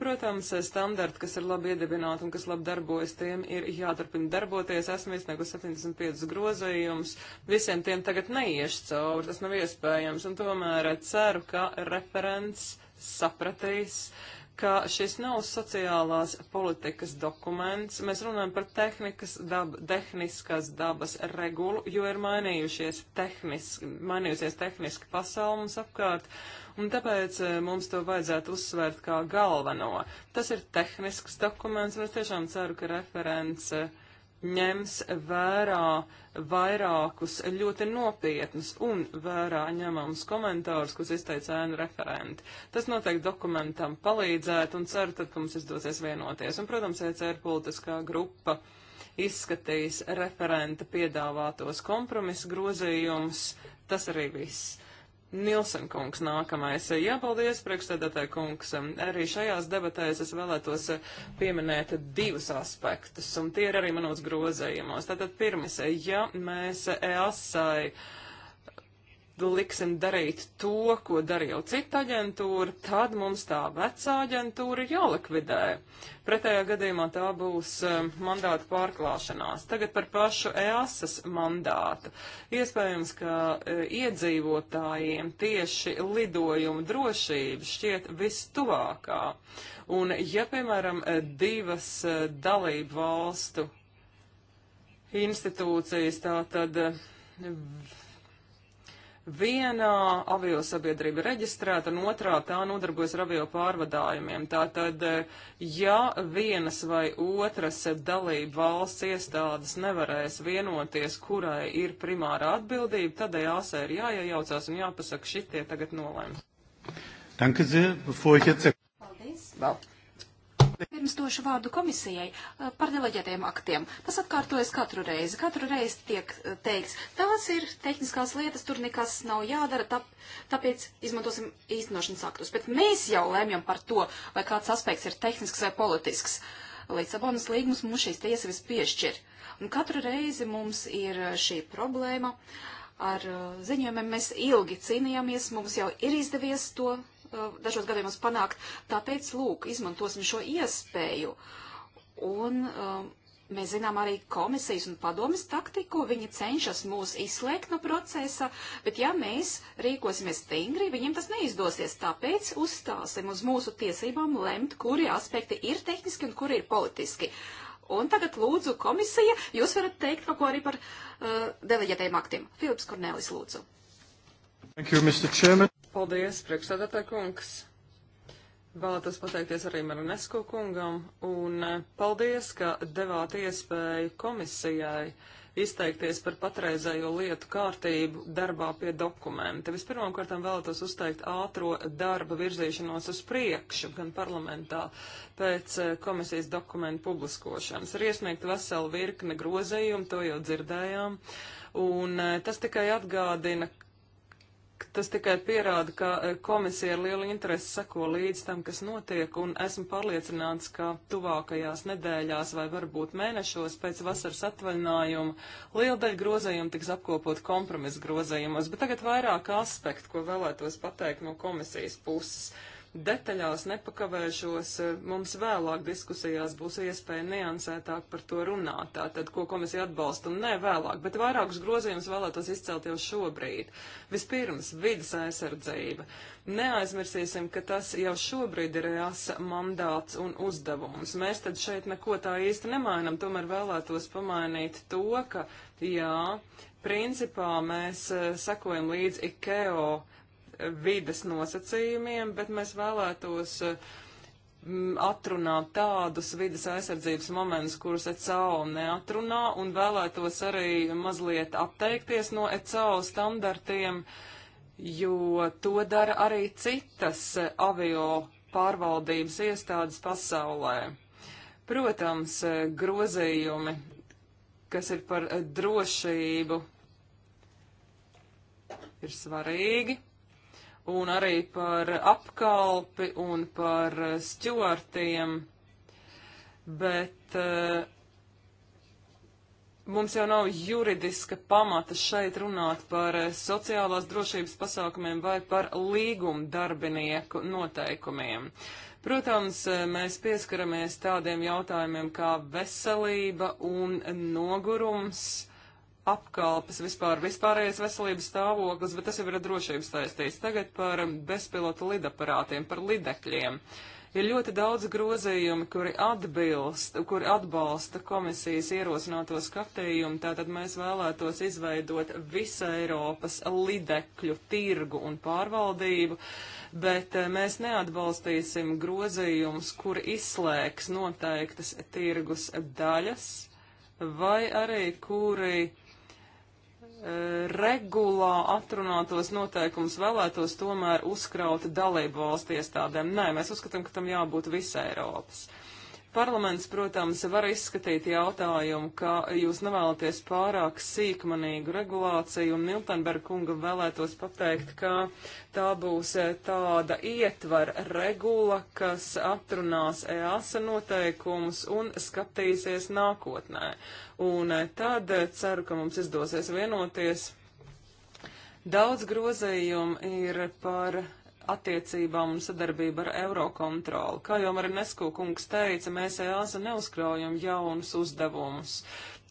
Protams, standarti, kas ir labi iedibināti un kas labi darbojas, tiem ir jāturpina darboties. Esmu iesniegusi 75 grozījumus. Visiem tiem tagad neiešu cauri, tas nav iespējams. Un tomēr ceru, ka referents sapratīs. Uh, ka šis nav sociālās politikas dokuments. Mēs runājam par tehnikas dab, tehniskās dabas regulu, jo ir mainījušies tehniski, mainījusies tehniski pasauli mums apkārt, un tāpēc eh, mums to vajadzētu uzsvērt kā galveno. Tas ir tehnisks dokuments, un es tiešām ceru, ka reference. Uh, ņems vērā vairākus ļoti nopietnus un vērā ņemamus komentārus, kurus izteica ēnu referenti. Tas noteikti dokumentam palīdzētu un ceru, tad, ka mums izdosies vienoties. Un, protams, ECR politiskā grupa izskatīs referenta piedāvātos kompromisu grozījumus. Tas arī viss. Nilsen kungs nākamais. Jā, paldies, priekšsēdētāji kungs. Arī šajās debatēs es vēlētos pieminēt divus aspektus, un tie ir arī manos grozējumos. Tātad pirmais, ja mēs EASAI. E liksim darīt to, ko darīja jau cita aģentūra, tad mums tā vecā aģentūra ir jālikvidē. Pretējā gadījumā tā būs um, mandāta pārklāšanās. Tagad par pašu EASAS mandātu. Iespējams, ka uh, iedzīvotājiem tieši lidojuma drošība šķiet vistuvākā. Un ja, piemēram, uh, divas uh, dalību valstu institūcijas, tā tad uh, vienā aviosabiedrība reģistrēta un otrā tā nodarbojas ar avio pārvadājumiem. Tātad, ja vienas vai otras dalība valsts iestādes nevarēs vienoties, kurai ir primāra atbildība, tad jāsē ir jāiejaucās un jāpasaka šitie tagad nolēms. Danke sehr, bevor ich jetzt... Paldies. Vēl. Pirms došu vārdu komisijai eh, par deleģētiem aktiem. Tas atkārtojas katru reizi. Katru reizi tiek eh, teikts, tās ir tehniskās lietas, tur nekas nav jādara, tā, tāpēc izmantosim īstenošanas aktus. Bet mēs jau lēmjam par to, vai kāds aspekts ir tehnisks vai politisks. Līdzabonas līgums mums šīs tiesības piešķir. Un katru reizi mums ir eh, šī problēma. Ar ziņojumiem mēs ilgi cīnījāmies, mums jau ir izdevies to Uh, dažos gadījumos panākt. Tāpēc, lūk, izmantosim šo iespēju. Un um, mēs zinām arī komisijas un padomas taktiku. Viņi cenšas mūs izslēgt no procesa, bet ja mēs rīkosimies stingri, viņiem tas neizdosies. Tāpēc uzstāsim uz mūsu tiesībām lemt, kuri aspekti ir tehniski un kuri ir politiski. Un tagad lūdzu komisija, jūs varat teikt kaut ko arī par uh, deleģētajiem aktiem. Filips Kornelis, lūdzu. Thank you, Mr. Chairman. Paldies, priekšsēdētāj kungs. Vēlētos pateikties arī Marinesko kungam un eh, paldies, ka devāt iespēju komisijai izteikties par patreizējo lietu kārtību darbā pie dokumenta. Vispirmām kārtām vēlētos uzteikt ātro darba virzīšanos uz priekšu gan parlamentā pēc eh, komisijas dokumentu publiskošanas. Ir iesniegt veselu virkni grozējumu, to jau dzirdējām. Un eh, tas tikai atgādina, tas tikai pierāda, ka e, komisija ar lielu interesi seko līdz tam, kas notiek, un esmu pārliecināts, ka tuvākajās nedēļās vai varbūt mēnešos pēc vasaras atvaļinājuma liela daļa grozījumu tiks apkopot kompromisa grozījumos. Bet tagad vairāk aspektu, ko vēlētos pateikt no komisijas puses. Detaļās nepakavēšos, eh, mums vēlāk diskusijās būs iespēja niansētāk par to runāt, tātad, ko komisija atbalsta un nē vēlāk, bet vairākus grozījumus vēlētos izcelt jau šobrīd. Vispirms, vidas aizsardzība. Neaizmirsīsim, ka tas jau šobrīd ir jāsa mandāts un uzdevums. Mēs tad šeit neko tā īsti nemainam, tomēr vēlētos pamainīt to, ka jā, principā mēs eh, sekojam līdz IKEO vidas nosacījumiem, bet mēs vēlētos mm, atrunāt tādus vidas aizsardzības momentus, kurus ECAO neatrunā, un vēlētos arī mazliet atteikties no ECAO standartiem, jo to dara arī citas avio pārvaldības iestādes pasaulē. Protams, grozījumi, kas ir par drošību, ir svarīgi un arī par apkalpi un par eh, stjuartiem, bet uh, mums jau nav juridiska pamata šeit runāt par eh, sociālās drošības pasākumiem vai par līguma darbinieku noteikumiem. Protams, mēs pieskaramies tādiem jautājumiem kā veselība un nogurums apkalpes vispār vispārējais veselības stāvoklis, bet tas jau ir drošības saistīts. Tagad par bezpilota lidaparātiem, par lidekļiem. Ir ļoti daudz grozījumi, kuri, atbilst, kuri atbalsta komisijas ierosināto skatījumu, tātad mēs vēlētos izveidot visu Eiropas lidekļu tirgu un pārvaldību, bet eh, mēs neatbalstīsim grozījumus, kuri izslēgs noteiktas tirgus daļas vai arī kuri regulā atrunātos noteikumus vēlētos tomēr uzkraut dalību valstu iestādēm. Nē, mēs uzskatām, ka tam jābūt visai Eiropas. Uh, Parlaments, protams, var izskatīt jautājumu, ka jūs nevēlaties pārāk sīkmanīgu regulāciju, un Miltenberga kunga vēlētos pateikt, ka tā būs tāda ietver regula, kas atrunās EASA noteikumus un skatīsies nākotnē. Un tad ceru, ka mums izdosies vienoties. Daudz grozījumu ir par attiecībām un sadarbību ar Eurokontroli. Kā jau Marinesku kungs teica, mēs EASA neuzkraujam jaunus uzdevumus.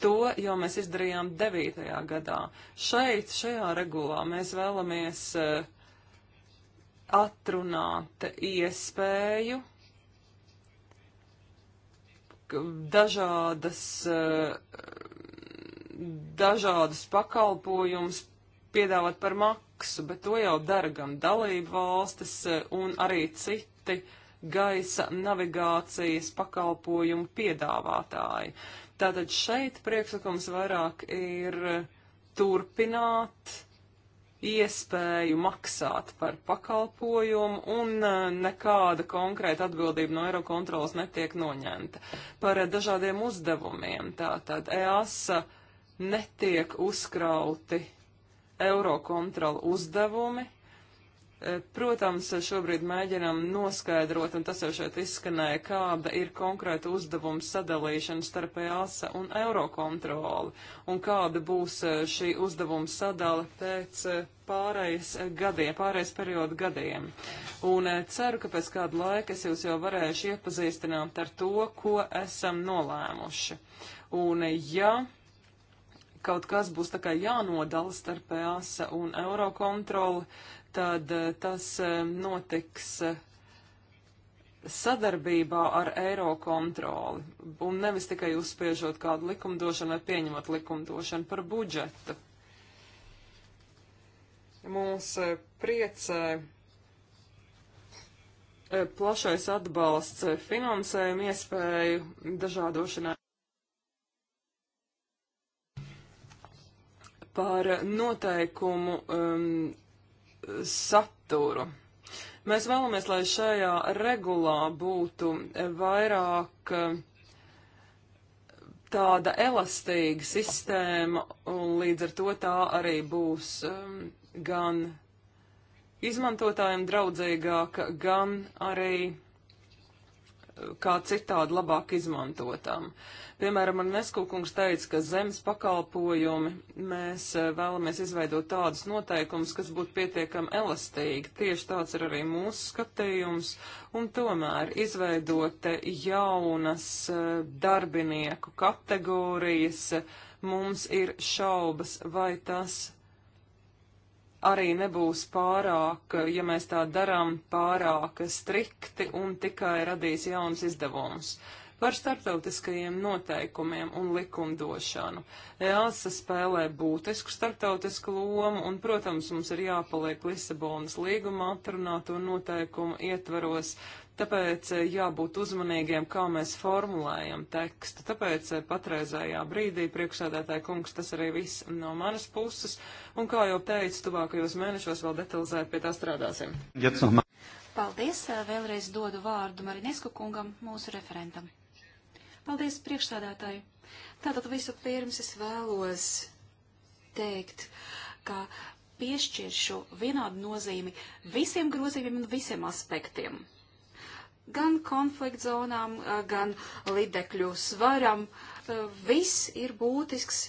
To jau mēs izdarījām 9. gadā. Šeit, šajā regulā, mēs vēlamies uh, atrunāt iespēju dažādas, uh, eh, dažādus pakalpojumus piedāvāt par maku maksu, bet to jau dara gan dalību valstis e, un arī citi gaisa navigācijas pakalpojumu piedāvātāji. Tātad šeit priekšlikums vairāk ir turpināt iespēju maksāt par pakalpojumu un e, nekāda konkrēta atbildība no Eirokontrolas netiek noņemta. Par dažādiem uzdevumiem tātad EASA netiek uzkrauti Eurokontrola uzdevumi. E, protams, šobrīd mēģinām noskaidrot, un tas jau šeit izskanēja, kāda ir konkrēta uzdevuma sadalīšana starp EASA un Eurokontroli, un kāda būs e, šī uzdevuma sadala pēc e, pārējais gadiem, pārējais periodu gadiem. Un ceru, ka pēc kāda laika es jūs jau varēšu iepazīstināt ar to, ko esam nolēmuši. Un ja kaut kas būs tā kā jānodala starp EASA un Eurokontroli, tad eh, tas eh, notiks eh, sadarbībā ar Eirokontroli un nevis tikai uzspiežot kādu likumdošanu vai pieņemot likumdošanu par budžetu. Mūs priecē plašais atbalsts finansējuma iespēju dažādošanai. par noteikumu um, saturu. Mēs vēlamies, lai šajā regulā būtu vairāk um, tāda elastīga sistēma, un līdz ar to tā arī būs um, gan izmantotājiem draudzīgāka, gan arī kā citādi labāk izmantotam. Piemēram, man Neskūkungs teica, ka zemes pakalpojumi mēs eh, vēlamies izveidot tādus noteikumus, kas būtu pietiekami elastīgi. Tieši tāds ir arī mūsu skatījums. Un tomēr izveidot eh, jaunas eh, darbinieku kategorijas, mums ir šaubas, vai tas arī nebūs pārāk, ja mēs tā darām, pārāk strikti un tikai radīs jaunas izdevumus par starptautiskajiem noteikumiem un likumdošanu. EASA spēlē būtisku starptautisku lomu un, protams, mums ir jāpaliek Lisabonas līguma atrunāto noteikumu ietvaros. Tāpēc eh, jābūt uzmanīgiem, kā mēs formulējam tekstu. Tāpēc eh, patreizējā brīdī priekšsēdētāja kungs tas arī viss no manas puses. Un kā jau teicu, tuvākajos mēnešos vēl detalizēt pie tā strādāsim. Paldies. Eh, vēlreiz dodu vārdu Marinesku kungam, mūsu referentam. Paldies priekšstādātāji. Tātad visu pirms es vēlos teikt, ka piešķiršu vienādu nozīmi visiem grozījumiem un visiem aspektiem. Gan konflikt zonām, eh, gan lidekļu svaram, eh, viss ir būtisks,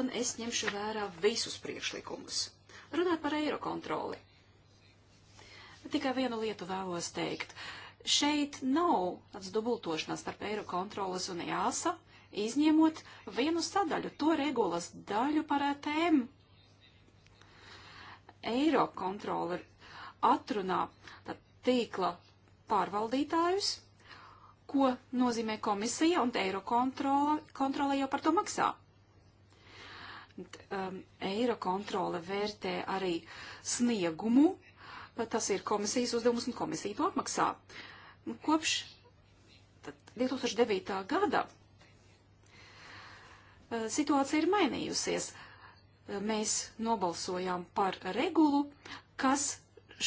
un es ņemšu vērā visus priekšlikumus. Runāt par eiro kontroli. Tikai vienu lietu vēlos teikt. Uh, Šeit nav tāds dubultošanās starp Eirokontrolas un jāsa, izņemot vienu sadaļu, to regulas daļu par ETM. Eirokontrola atrunā tīkla pārvaldītājus, ko nozīmē komisija, un Eirokontrola jau par to maksā. Um, Eirokontrola vērtē arī sniegumu, tas ir komisijas uzdevums, un komisija to apmaksā. Kopš 2009. gada eh, situācija ir mainījusies. Eh, mēs nobalsojām par regulu, kas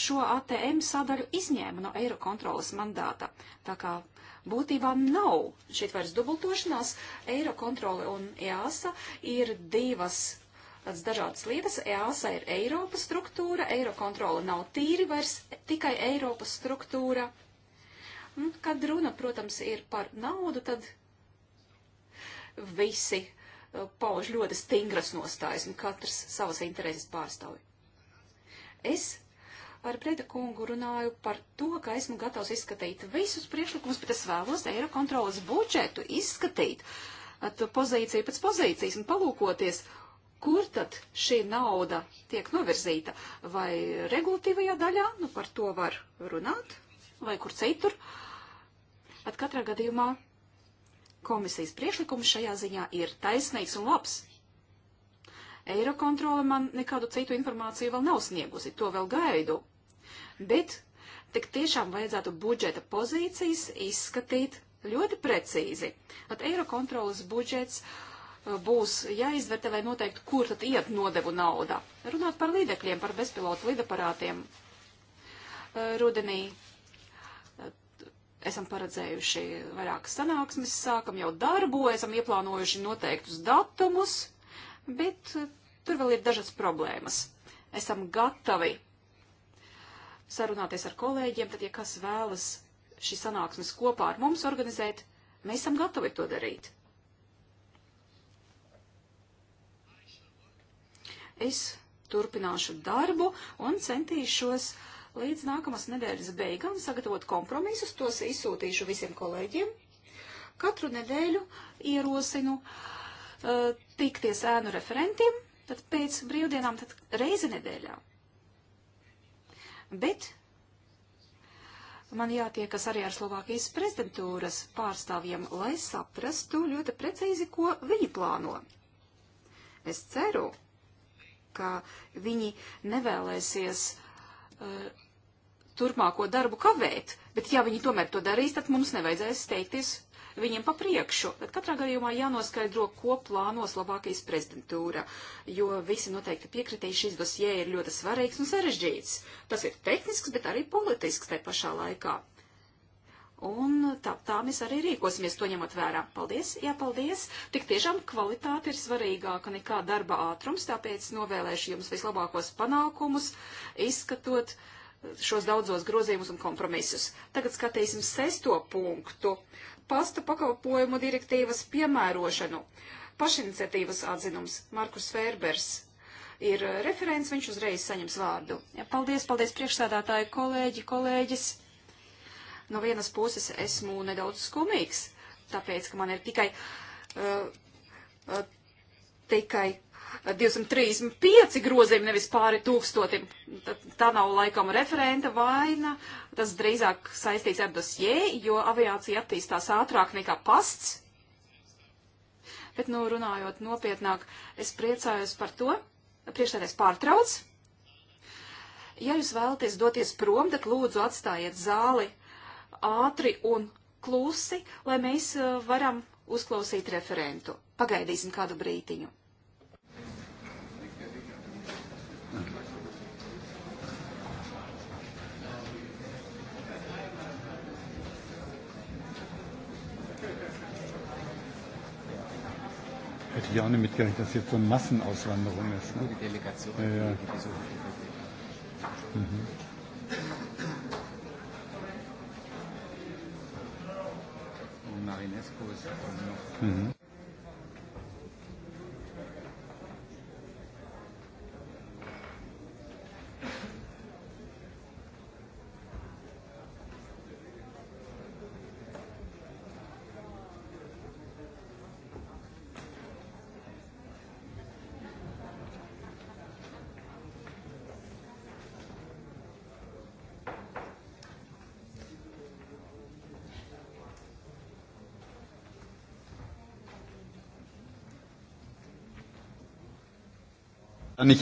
šo ATM sadaļu izņēma no eiro kontrolas mandāta. Tā kā būtībā nav šeit vairs dubultošanās. Eiro kontrole un EASA ir divas tādas dažādas lietas. EASA ir Eiropas struktūra, eiro kontrole nav tīri vairs tikai Eiropas struktūra. Un, kad runa, protams, ir par naudu, tad visi uh, pauž ļoti stingras nostājas un katrs savas intereses pārstāv. Es ar Breda kungu runāju par to, ka esmu gatavs izskatīt visus priekšlikumus, bet es vēlos eiro kontrolas budžetu izskatīt at uh, pozīciju pēc pozīcijas un palūkoties, kur tad šī nauda tiek novirzīta. Vai regulatīvajā daļā, nu par to var runāt, vai kur citur, bet katrā gadījumā komisijas priešlikums šajā ziņā ir taisnīgs un labs. Eirokontrole man nekādu citu informāciju vēl nav sniegusi, to vēl gaidu. Bet tik tiešām vajadzētu budžeta pozīcijas izskatīt ļoti precīzi. Tad Eirokontrolas budžets uh, būs jāizvērtē, lai noteiktu, kur tad iet nodevu nauda. Runāt par līdekļiem, par bezpilotu lidaparātiem. Uh, rudenī esam paredzējuši vairākas sanāksmes, sākam jau darbu, esam ieplānojuši noteiktus datumus, bet eh, tur vēl ir dažas problēmas. Esam gatavi sarunāties ar kolēģiem, tad, ja kas vēlas šīs sanāksmes kopā ar mums organizēt, mēs esam gatavi to darīt. Es turpināšu darbu un centīšos uh, līdz nākamās nedēļas beigām sagatavot kompromisus, tos izsūtīšu visiem kolēģiem. Katru nedēļu ierosinu uh, tikties ēnu referentiem, tad pēc brīvdienām, tad reizi nedēļā. Bet man jātiekas arī ar Slovākijas prezidentūras pārstāvjiem, lai saprastu ļoti precīzi, ko viņi plāno. Es ceru, ka viņi nevēlēsies uh, turpmāko darbu kavēt, bet ja viņi tomēr to darīs, tad mums nevajadzēs steigties viņiem pa priekšu. Bet katrā gadījumā jānoskaidro, ko plānos labākais prezidentūra, jo visi noteikti piekritīs, šis dosie ir ļoti svarīgs un sarežģīts. Tas ir tehnisks, bet arī politisks tai pašā laikā. Un tā, tā mēs arī rīkosimies, to ņemot vērā. Paldies, jā, paldies. Tik tiešām kvalitāte ir svarīgāka nekā darba ātrums, tāpēc novēlēšu jums vislabākos panākumus, izskatot uh, šos daudzos grozījumus un kompromisus. Tagad skatīsim sesto punktu - pasta pakalpojumu direktīvas piemērošanu. Pašiniciatīvas atzinums Markus Fērbers ir referents, viņš uzreiz saņems vārdu. Ja, paldies, paldies priekšsēdātāji, kolēģi, kolēģis. No vienas puses esmu nedaudz skumīgs, tāpēc, ka man ir tikai, uh, uh, tikai 235 grozījumi, nevis pāri tūkstotim. Tā nav laikam referenta vaina, tas drīzāk saistīts ar dosjē, jo aviācija attīstās ātrāk nekā pasts. Bet, nu, runājot nopietnāk, es priecājos par to, priekšsēdēs pārtrauc. Ja jūs vēlaties doties prom, tad lūdzu atstājiet zāli ātri un klusi, lai mēs eh, varam uzklausīt referentu. Pagaidīsim kādu brītiņu. hätte ich auch nicht mitgerechnet, dass jetzt so eine Massenauswanderung ist. Ne? Nur die Delegation. Ja, ja. Mhm. Marinesco ist auch noch. Mhm. Nu,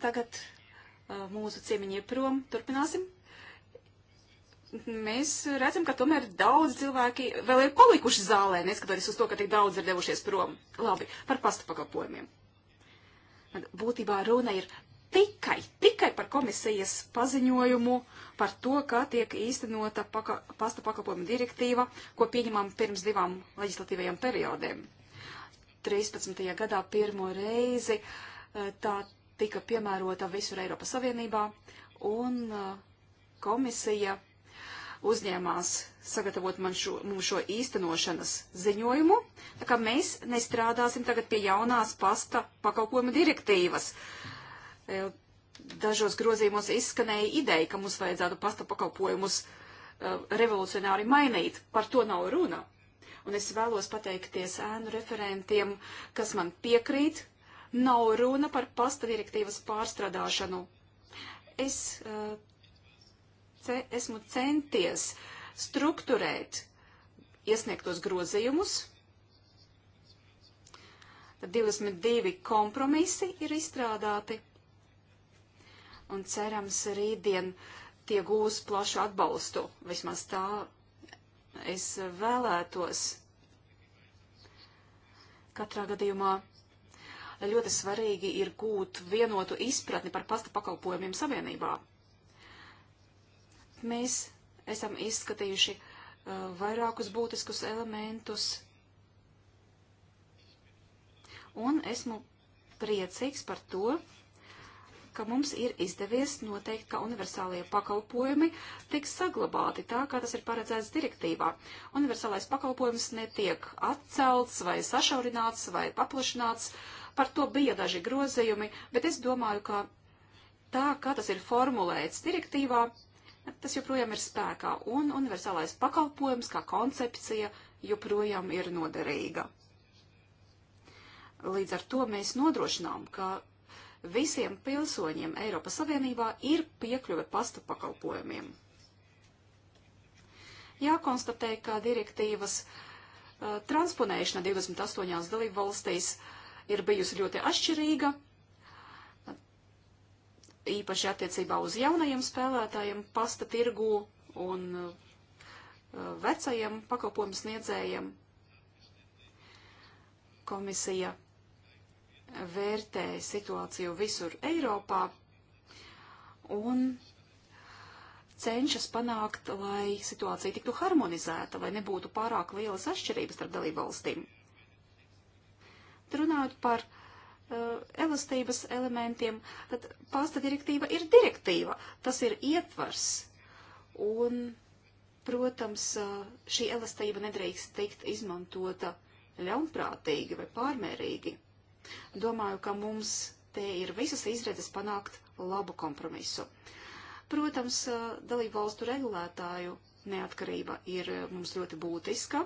tagad uh, mūsu ciemiņi ir prom. Turpināsim. Mēs redzam, ka tomēr daudz cilvēki vēl ir palikuši zālē, neskatoties uz to, ka tik daudz ir devušies prom. Labi, par pastu pakalpojumiem. Būtībā runa ir tikai, tikai par komisijas paziņojumu par to, kā tiek īstenota paka, pasta pakalpojuma direktīva, ko pieņemam pirms divām leģislatīvajām periodiem. 13. gadā pirmo reizi eh, tā tika piemērota visur Eiropas Savienībā, un eh, komisija uzņēmās sagatavot man šo, mums šo īstenošanas ziņojumu, tā kā mēs nestrādāsim tagad pie jaunās pasta pakalpojuma direktīvas. Eh, dažos grozījumos izskanēja ideja, ka mums vajadzētu pasta pakalpojumus revolucionāri mainīt. Par to nav runa un es vēlos pateikties ēnu referentiem, kas man piekrīt. Nav runa par pasta direktīvas pārstrādāšanu. Es uh, ce, esmu centies strukturēt iesniegtos grozījumus. Tad 22 kompromisi ir izstrādāti. Un cerams, rītdien tie gūs plašu atbalstu. Vismaz tā Es vēlētos katrā gadījumā ļoti svarīgi ir gūt vienotu izpratni par pasta pakalpojumiem savienībā. Mēs esam izskatījuši uh, vairākus būtiskus elementus, un esmu priecīgs par to, ka mums ir izdevies noteikt, ka universālie pakalpojumi tiks saglabāti tā, kā tas ir paredzēts direktīvā. Universālais pakalpojums netiek atcelts vai sašaurināts vai paplašināts. Par to bija daži grozījumi, bet es domāju, ka tā, kā tas ir formulēts direktīvā, tas joprojām ir spēkā, un universālais pakalpojums kā koncepcija joprojām ir noderīga. Līdz ar to mēs nodrošinām, ka visiem pilsoņiem Eiropas Savienībā ir piekļuve pasta pakalpojumiem. Jākonstatē, ka direktīvas uh, transponēšana 28 dalību valstīs ir bijusi ļoti atšķirīga, īpaši attiecībā uz jaunajiem spēlētājiem pasta tirgu un uh, vecajiem pakalpojumu sniedzējiem. Komisija vērtē situāciju visur Eiropā un cenšas panākt, lai situācija tiktu harmonizēta, lai nebūtu pārāk lielas atšķirības starp dalībvalstīm. Runājot par uh, elastības elementiem, tad pasta direktīva ir direktīva, tas ir ietvars, un, protams, uh, šī elastība nedrīkst tikt izmantota ļaunprātīgi vai pārmērīgi. Domāju, ka mums te ir visas izredzes panākt labu kompromisu. Protams, eh, dalību valstu regulētāju neatkarība ir eh, mums ļoti būtiska,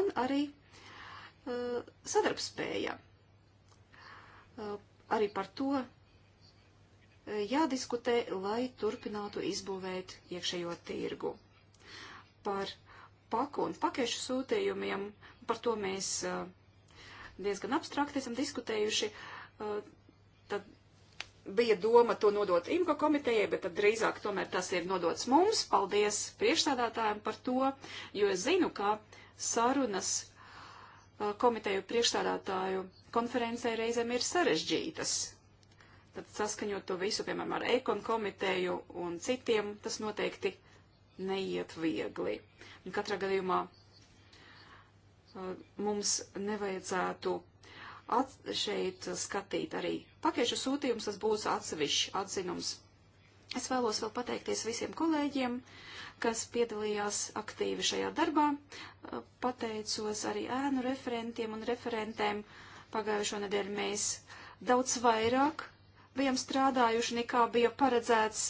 un arī uh, sadarbspēja. Uh, arī par to uh, jādiskutē, lai turpinātu izbūvēt iekšējo tirgu. Par paku un pakešu sūtījumiem, par to mēs uh, diezgan abstrakti esam diskutējuši. Eh, tad bija doma to nodot IMCO komitejai, bet tad drīzāk tomēr tas ir nodots mums. Paldies priekšstādātājiem par to, jo es zinu, ka sarunas eh, komiteju priekšstādātāju konferencē reizēm ir sarežģītas. Tad saskaņot to visu, piemēram, ar ekon komiteju un citiem, tas noteikti neiet viegli. Un katrā gadījumā mums nevajadzētu at, šeit skatīt arī pakiešu sūtījums, tas būs atsevišķi atzinums. Es vēlos vēl pateikties visiem kolēģiem, kas piedalījās aktīvi šajā darbā. Pateicos arī ēnu referentiem un referentēm. Pagājušo nedēļu mēs daudz vairāk bijām strādājuši, nekā bija paredzēts.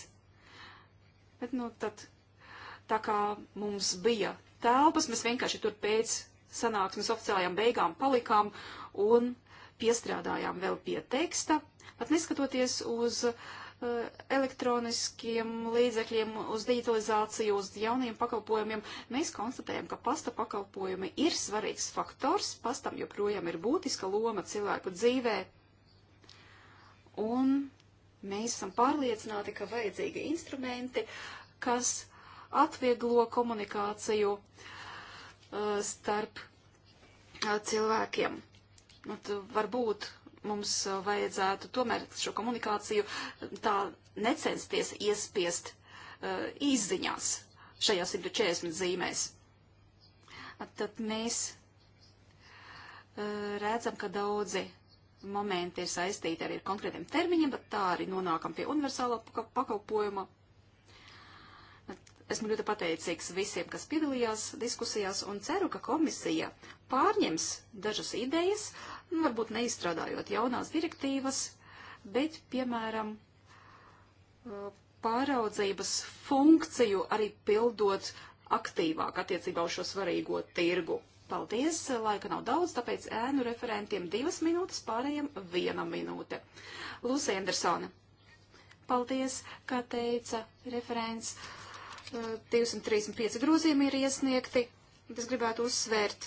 Bet, nu, tad tā kā mums bija telpas, mēs vienkārši tur pēc sanāksmes oficiālajām beigām palikām un piestrādājām vēl pie teksta, pat neskatoties uz uh, elektroniskiem līdzekļiem, uz digitalizāciju, uz jauniem pakalpojumiem, mēs konstatējam, ka pasta pakalpojumi ir svarīgs faktors, pastam joprojām ir būtiska loma cilvēku dzīvē, un mēs esam pārliecināti, ka vajadzīgi instrumenti, kas atvieglo komunikāciju, uh, Uh, starp uh, cilvēkiem. Nu, varbūt mums vajadzētu tomēr šo komunikāciju tā necensties iespiest izziņās šajās 140 zīmēs. Tad mēs redzam, ka daudzi momenti ir saistīti arī ar konkrētiem termiņiem, bet tā arī nonākam pie universālā pakalpojuma Esmu ļoti pateicīgs visiem, kas piedalījās diskusijās, un ceru, ka komisija pārņems dažas idejas, nu, varbūt neizstrādājot jaunās direktīvas, bet, piemēram, pāraudzības funkciju arī pildot aktīvāk attiecībā uz šo svarīgo tirgu. Paldies, laika nav daudz, tāpēc ēnu referentiem divas minūtes, pārējiem viena minūte. Lūsija Andersone. Paldies, kā teica referents. 235 grozījumi ir iesniegti. Es gribētu uzsvērt,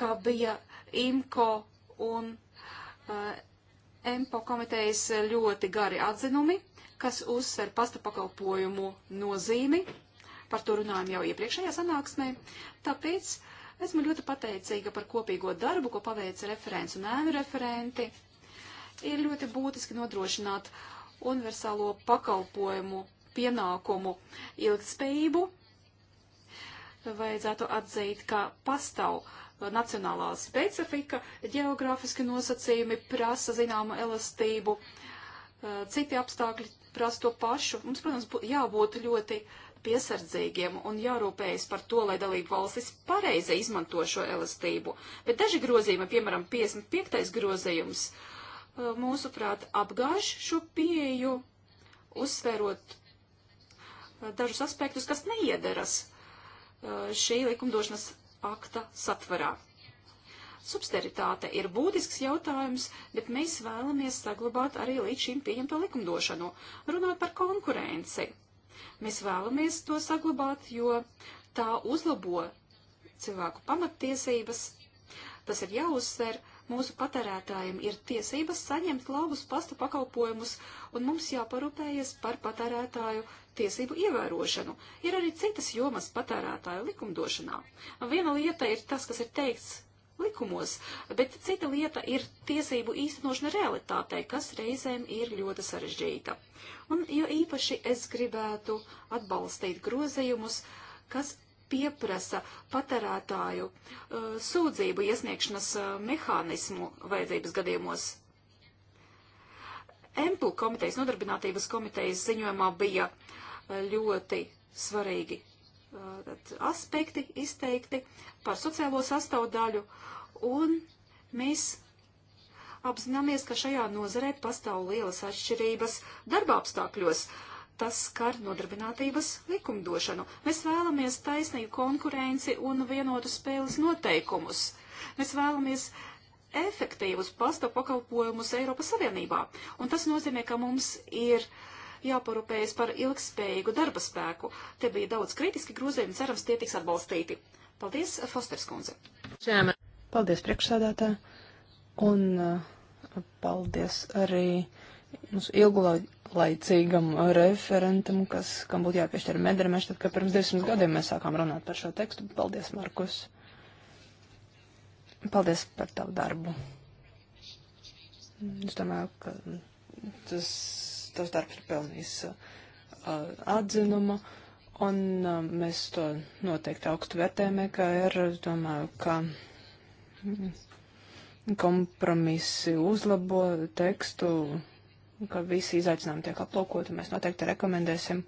ka bija IMCO un uh, EMPO komitejas ļoti gari atzinumi, kas uzsver pasta pakalpojumu nozīmi. Par to runājam jau iepriekšējā sanāksmē. Tāpēc esmu ļoti pateicīga par kopīgo darbu, ko paveica referents un ēnu referenti. Ir ļoti būtiski nodrošināt universālo pakalpojumu pienākumu ilgspējību. Vajadzētu atzīt, ka pastāv uh, nacionālā specifika, geogrāfiski nosacījumi prasa zināmu elastību, uh, citi apstākļi prasa to pašu. Mums, protams, jābūt ļoti piesardzīgiem un jārūpējas par to, lai dalību valstis pareizi izmanto šo elastību. Bet daži grozījumi, piemēram, 55. grozījums, uh, mūsuprāt, apgāž šo pieju, uzsverot dažus aspektus, kas neiedaras uh, šī likumdošanas akta satvarā. Subsidiaritāte ir būtisks jautājums, bet mēs vēlamies saglabāt arī līdz šim pieņemto likumdošanu, runāt par konkurenci. Mēs vēlamies to saglabāt, jo tā uzlabo cilvēku pamattiesības. Tas ir jāuzsver, Mūsu patērētājiem ir tiesības saņemt labus pasta pakalpojumus, un mums jāparūpējas par patērētāju tiesību ievērošanu. Ir arī citas jomas patērētāju likumdošanā. Viena lieta ir tas, kas ir teikts likumos, bet cita lieta ir tiesību īstenošana realitātei, kas reizēm ir ļoti sarežģīta. Un jo īpaši es gribētu atbalstīt grozījumus, kas pieprasa patērētāju uh, sūdzību iesniegšanas uh, mehānismu vajadzības gadījumos. Emplu komitejas, nodarbinātības komitejas ziņojumā bija uh, ļoti svarīgi uh, aspekti izteikti par sociālo sastāvdaļu, un mēs apzināmies, ka šajā nozarē pastāv lielas atšķirības darba apstākļos. Uh, Tas skar nodarbinātības likumdošanu. Mēs vēlamies taisnīgu konkurenci un vienotu spēles noteikumus. Mēs vēlamies efektīvus pasta pakalpojumus Eiropas Savienībā. Un tas nozīmē, ka mums ir jāparūpējas par ilgspējīgu darba spēku. Te bija daudz kritiski grūzījumi, cerams, tie tiks atbalstīti. Paldies, Fosters kundze. Čēma. Paldies, priekšsādātā. Un uh, paldies arī mūsu ilgulā laicīgam referentam, kas, kam būtu jāpiešķir medarmēš, tad, kad pirms 200 gadiem mēs sākām runāt par šo tekstu. Paldies, Markus! Paldies par tavu darbu. Es domāju, ka tas, tas darbs ir pelnījis uh, atzinuma, un uh, mēs to noteikti augstu vērtējam, ka ir, es domāju, ka mm, kompromisi uzlabo tekstu ka visi izaicinājumi tiek aplūkoti. Mēs noteikti rekomendēsim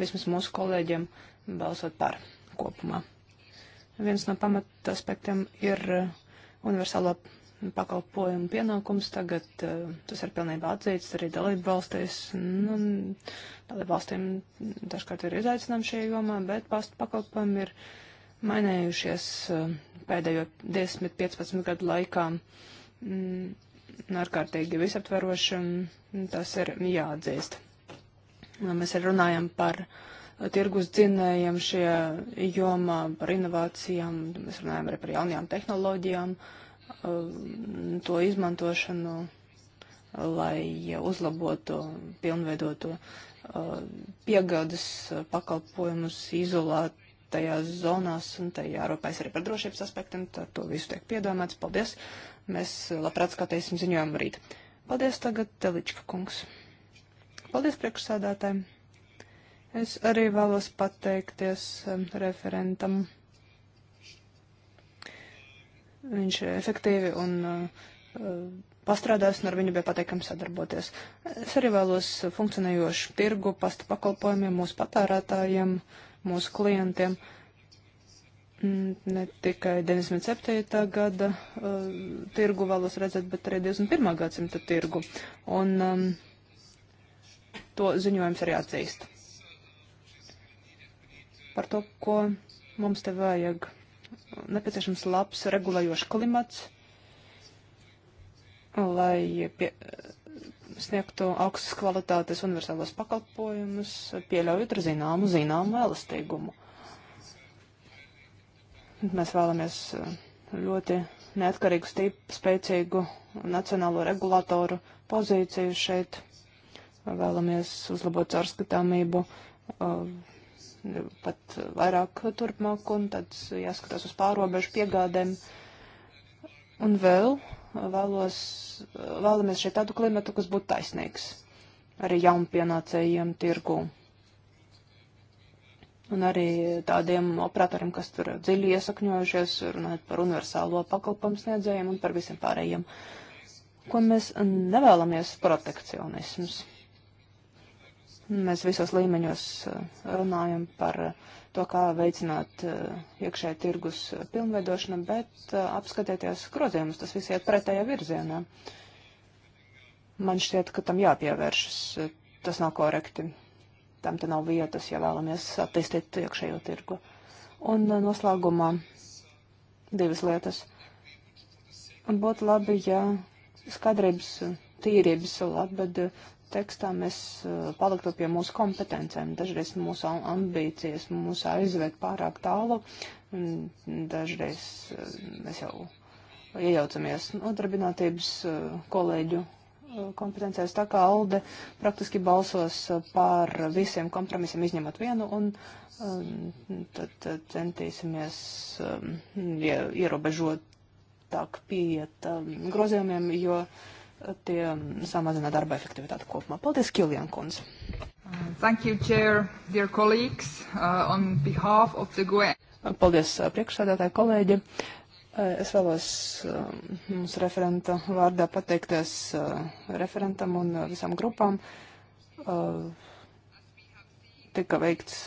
vismaz mūsu kolēģiem balsot par kopumā. Viens no pamata aspektiem ir uh, universālo pakalpojumu pienākums. Tagad uh, tas ir pilnībā atzīts arī dalību valstīs. Nu, dalību valstīm dažkārt ir izaicinājumi šajā jomā, bet pastu pakalpojumi ir mainējušies uh, pēdējo 10-15 gadu laikā. Mm, ārkārtīgi visaptveroši, un tas ir jāatdzīst. Mēs arī runājam par tirgus dzinējiem šajā jomā, par inovācijām, mēs runājam arī par jaunajām tehnoloģijām, um, to izmantošanu, lai uzlabotu, pilnveidotu uh, piegādes pakalpojumus izolēt tajās zonās, un tai jārūpēs arī par drošības aspektiem, tad to visu tiek piedomāts. Paldies Mēs labprāt skatīsim ziņojumu rīt. Paldies tagad, Telička kungs. Paldies priekšsēdētājiem. Es arī vēlos pateikties um, referentam. Viņš efektīvi un uh, uh pastrādās, un ar viņu bija pateikami sadarboties. Es arī vēlos funkcionējošu tirgu, pasta pakalpojumiem, mūsu patērētājiem, mūsu klientiem. Uh, ne tikai 97. gada uh, tirgu vēlos redzēt, bet arī 21. gadsimta tirgu. Un um, to ziņojums arī atzīst. Par to, ko mums te vajag. Nepieciešams labs regulējošs klimats, lai pie, sniegtu augstas kvalitātes universālos pakalpojumus, pieļaujot ar zināmu, zināmu elastīgumu. Uh, Mēs vēlamies uh, ļoti neatkarīgu, stīpu, spēcīgu nacionālo regulātoru pozīciju šeit. Vēlamies uzlabot caurskatāmību uh, pat vairāk turpmāk, un tad jāskatās uz pārobežu piegādēm. Un vēl vēlos, vēlamies šeit tādu klimatu, kas būtu taisnīgs arī jaunpienācējiem tirgū un arī tādiem operatoriem, kas tur dziļi iesakņojušies, runājot par universālo pakalpojumu sniedzējiem un par visiem pārējiem. Ko mēs nevēlamies protekcionisms. Mēs visos līmeņos eh, runājam par eh, to, kā veicināt eh, iekšēji tirgus pilnveidošanu, bet apskatieties grozījumus, tas viss iet pretējā virzienā. Man šķiet, ka tam jāpievēršas. Tas nav korekti tam te nav vietas, ja vēlamies attīstīt iekšējo tirgu. Un eh, noslēgumā divas lietas. Un būtu labi, ja skadrības tīrības labad eh, tekstā mēs eh, paliktu pie mūsu kompetencēm. Dažreiz mūsu ambīcijas mūs aizved pārāk tālu, dažreiz mēs jau iejaucamies nodarbinātības kolēģu kompetencēs, tā kā Alde praktiski balsos uh, par visiem kompromisiem, izņemot vienu, un um, tad centīsimies ja, um, ierobežot tāk pieiet um, grozījumiem, jo tie samazina darba efektivitāti kopumā. Paldies, Kiljan Kunz. Thank you, Chair, dear colleagues, uh, on behalf of the GUE. Paldies, uh, priekšsēdētāji kolēģi. Uh, Eh, es vēlos eh, mums referenta vārdā pateikties eh, referentam un visām grupām. Tika veikts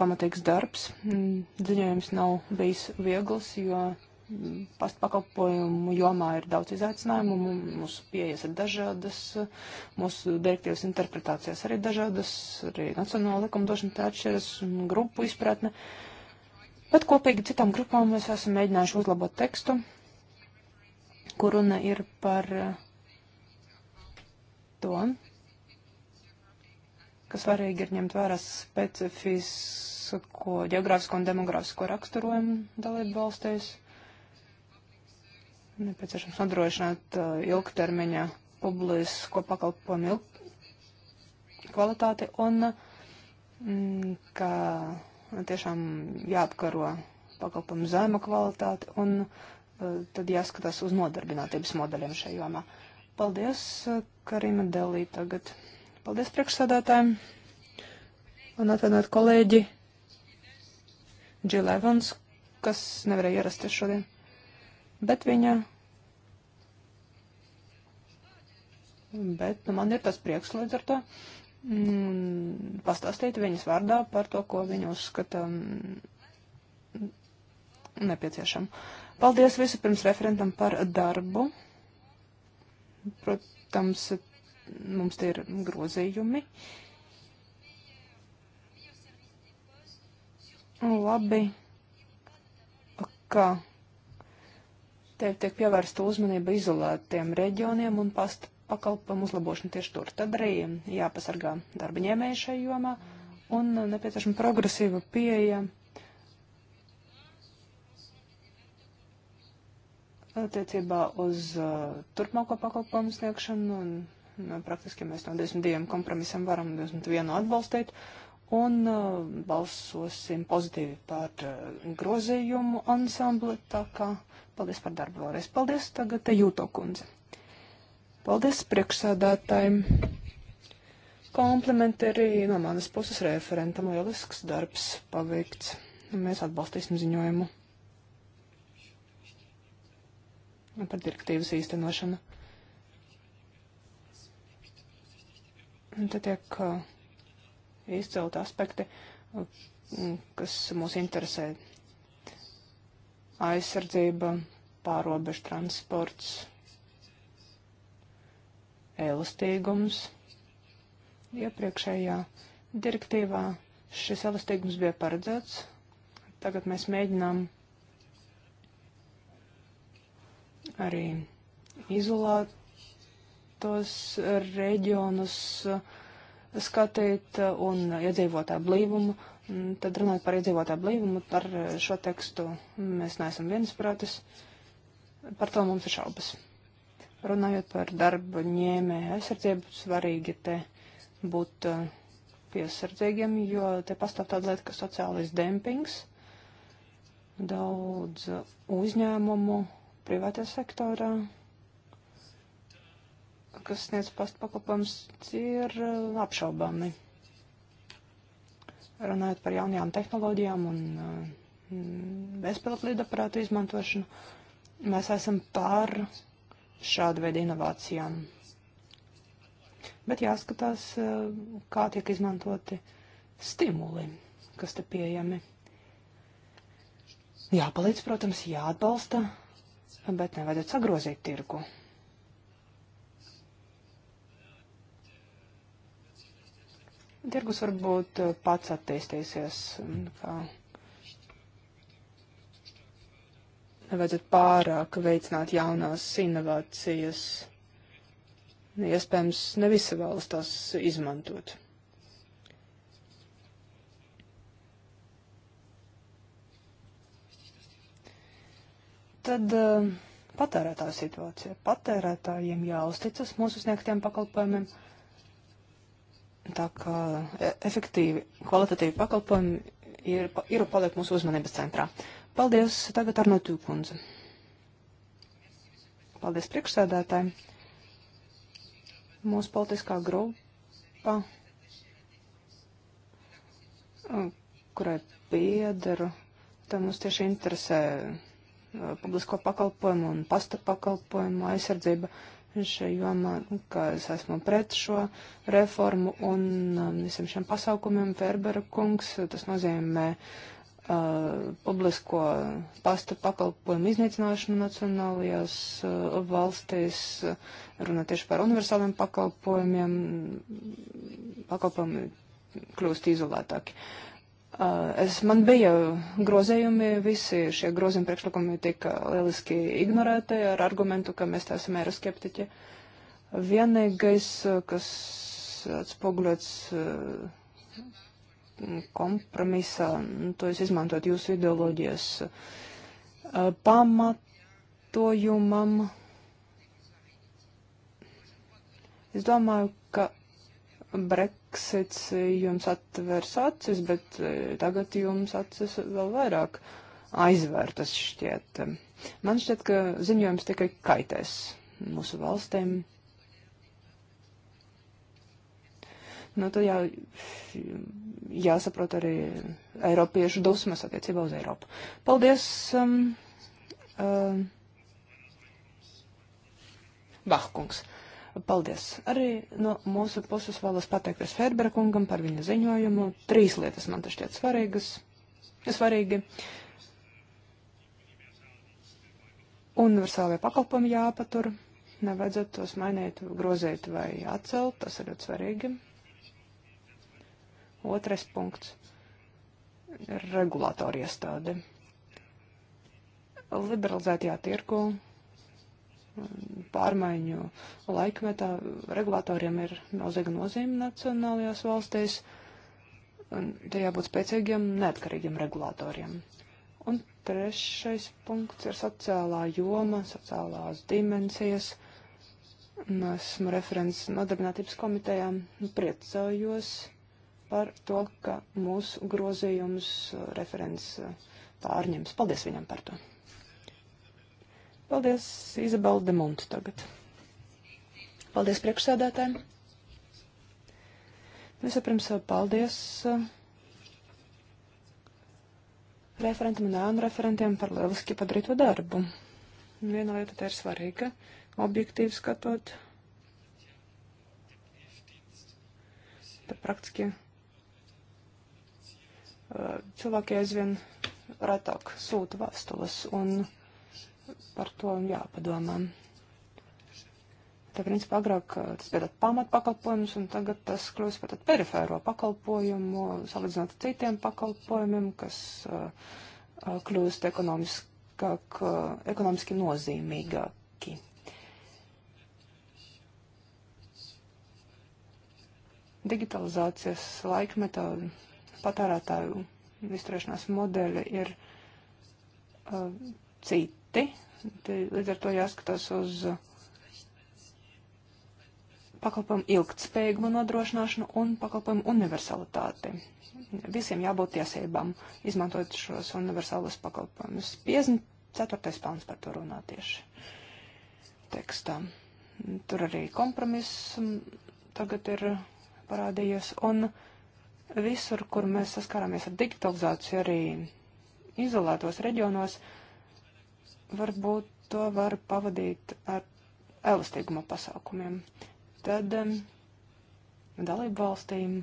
pamatīgs darbs. Mm, ziņojums nav bijis viegls, jo mm, pastpakalpojumu jomā ir daudz izaicinājumu, mūsu pieejas ir dažādas, mūsu direktīvas interpretācijas arī dažādas, arī nacionāla likumdošana tā atšķiras un grupu izpratne. Uh, Bet kopīgi citām grupām mēs esam mēģinājuši uzlabot tekstu, kur runa ir par eh, to, ka svarīgi ir ņemt vērā specifisko geogrāfisko un demogrāfisko raksturojumu dalību valstīs. Nepieciešams nodrošināt eh, ilgtermiņa publisko pakalpojumu ilg kvalitāti un mm, ka tiešām jāapkaro pakalpojumu zema kvalitāte un uh, tad jāskatās uz nodarbinātības modeļiem šajā jomā. Paldies, e, Karima Delī tagad. Paldies priekšsādātājiem un atvainojiet kolēģi Džil Evans, kas nevarēja ierasties šodien, bet viņa. Bet nu, man ir tas prieks līdz ar to mm, pastāstīt viņas vārdā par to, ko viņa uzskata mm, nepieciešam. Paldies visu pirms referentam par darbu. Protams, mums tie ir grozījumi. Labi, ka tev tiek pievērsta uzmanība izolētiem reģioniem un pasta pakalpojumu uzlabošanu tieši tur. Tad arī jāpasargā darba ņēmēji šai jomā un nepieciešama progresīva pieeja attiecībā uz uh, turpmāko pakalpojumu sniegšanu. Un, nu, praktiski mēs no 22 kompromisiem varam 21 atbalstīt. Un uh, balsosim pozitīvi par uh, grozījumu ansambli, tā kā paldies par darbu vēlreiz. Paldies tagad Jūto kundze. Paldies priekšsādātājiem. Komplimenti arī no manas puses referentam. Lielisks darbs paveikts. Mēs atbalstīsim ziņojumu par direktīvas īstenošanu. Un te tiek uh, izcelt aspekti, mm, kas mūs interesē. Aizsardzība, pārobežu transports, elastīgums. Iepriekšējā direktīvā šis elastīgums bija paredzēts. Tagad mēs mēģinām arī izolētos reģionus uh, skatīt uh, un iedzīvotāju blīvumu. Tad runājot par iedzīvotāju blīvumu, ar uh, šo tekstu mēs neesam viensprātis. Par to mums ir šaubas. Runājot par darba ņēmē aizsardzību, svarīgi te būt uh, piesardzīgiem, jo te pastāv tāda lieta, ka sociālais dempings daudz uzņēmumu privātajā sektorā, kas sniedz pastpakalpojums, ir uh, apšaubāmi. Runājot par jaunajām tehnoloģijām un uh, bezpilotlīdaparātu izmantošanu, mēs esam pār šāda veida inovācijām. Bet jāskatās, eh, kā tiek izmantoti stimuli, kas te pieejami. Jāpalīdz, protams, jāatbalsta, bet nevajadzētu sagrozīt tirgu. Tirgus varbūt eh, pats attīstīsies. Kā nevajadzētu pārāk veicināt jaunās inovācijas. Iespējams, ne visi vēlas tās izmantot. Tad eh, patērētāja situācija. Patērētājiem jāuzticas mūsu sniegtiem pakalpojumiem. Tā kā e, efektīvi, kvalitatīvi pakalpojumi ir, ir paliek mūsu uzmanības centrā. Paldies, tagad Arno Tūkundze. Paldies priekšsēdētāji. Mūsu politiskā grupa, kurai piederu, tad mums tieši interesē uh, publisko pakalpojumu un pasta pakalpojumu aizsardzība jomā, ka es esmu pret šo reformu un um, visiem šiem pasaukumiem Ferbera kungs. Tas nozīmē Uh, publisko pastu pakalpojumu iznīcināšanu nacionālajās uh, valstīs, uh, runa tieši par universāliem pakalpojumiem, pakalpojumi kļūst izolētāki. Uh, es, man bija grozējumi, visi šie grozījumi priekšlikumi tika lieliski ignorēti ar argumentu, ka mēs tā esam eiroskeptiķi. Vienīgais, uh, kas atspoguļots uh, kompromisa, nu, to jūs izmantot jūsu ideoloģijas pamatojumam. Es domāju, ka Brexits jums atvers acis, bet tagad jums acis vēl vairāk aizvērtas šķiet. Man šķiet, ka ziņojums tikai kaitēs mūsu valstīm. nu, tad jā, jāsaprot arī Eiropiešu dusmas attiecībā uz Eiropu. Paldies! Um, uh, um, Bahkungs. Paldies. Arī no mūsu puses vēlos pateikties Ferbera kungam par viņa ziņojumu. Trīs lietas man te šķiet svarīgas. Svarīgi. Universālajie pakalpojumi jāpatur. Nevajadzētu tos mainīt, grozīt vai atcelt. Tas ir ļoti svarīgi. Otrais punkts ir regulātori iestāde. Liberalizētajā tirgu pārmaiņu laikmetā regulātoriem ir milzīga nozīme nacionālajās valstīs, un te jābūt spēcīgiem, neatkarīgiem regulātoriem. Un trešais punkts ir sociālā joma, sociālās dimensijas. Esmu referents nodarbinātības komitejām, priecājos par to, ka mūsu grozījums uh, referents uh, pārņems. Paldies viņam par to. Paldies, Izabela Demontu tagad. Paldies priekšsēdētājiem. Vispirms nu, paldies uh, referentam un ēnu referentiem par lieliski padarīto darbu. Viena lieta tā ir svarīga, objektīvi skatot. Tā praktiski cilvēki aizvien retāk sūta vēstules, un par to jāpadomā. Tā principā agrāk eh, tas bija tāds pamatpakalpojums, un tagad tas kļūst par tādu perifēro pakalpojumu, salīdzinot ar citiem pakalpojumiem, kas uh, kļūst ekonomiskāk, uh, ekonomiski nozīmīgāki. Digitalizācijas laikmetā patērētāju izturēšanās modeļi ir uh, citi. Līdz ar to jāskatās uz uh, pakalpojumu ilgtspējīgumu nodrošināšanu un pakalpojumu universalitāti. Visiem jābūt tiesībām izmantot šos universālos pakalpojumus. 54. pāns par to runā tieši tekstā. Tur arī kompromiss mm, tagad ir parādījies. Un uh, Visur, kur mēs saskārāmies ar digitalizāciju, arī izolētos reģionos, varbūt to var pavadīt ar elastīguma pasākumiem. Tad um, dalību valstīm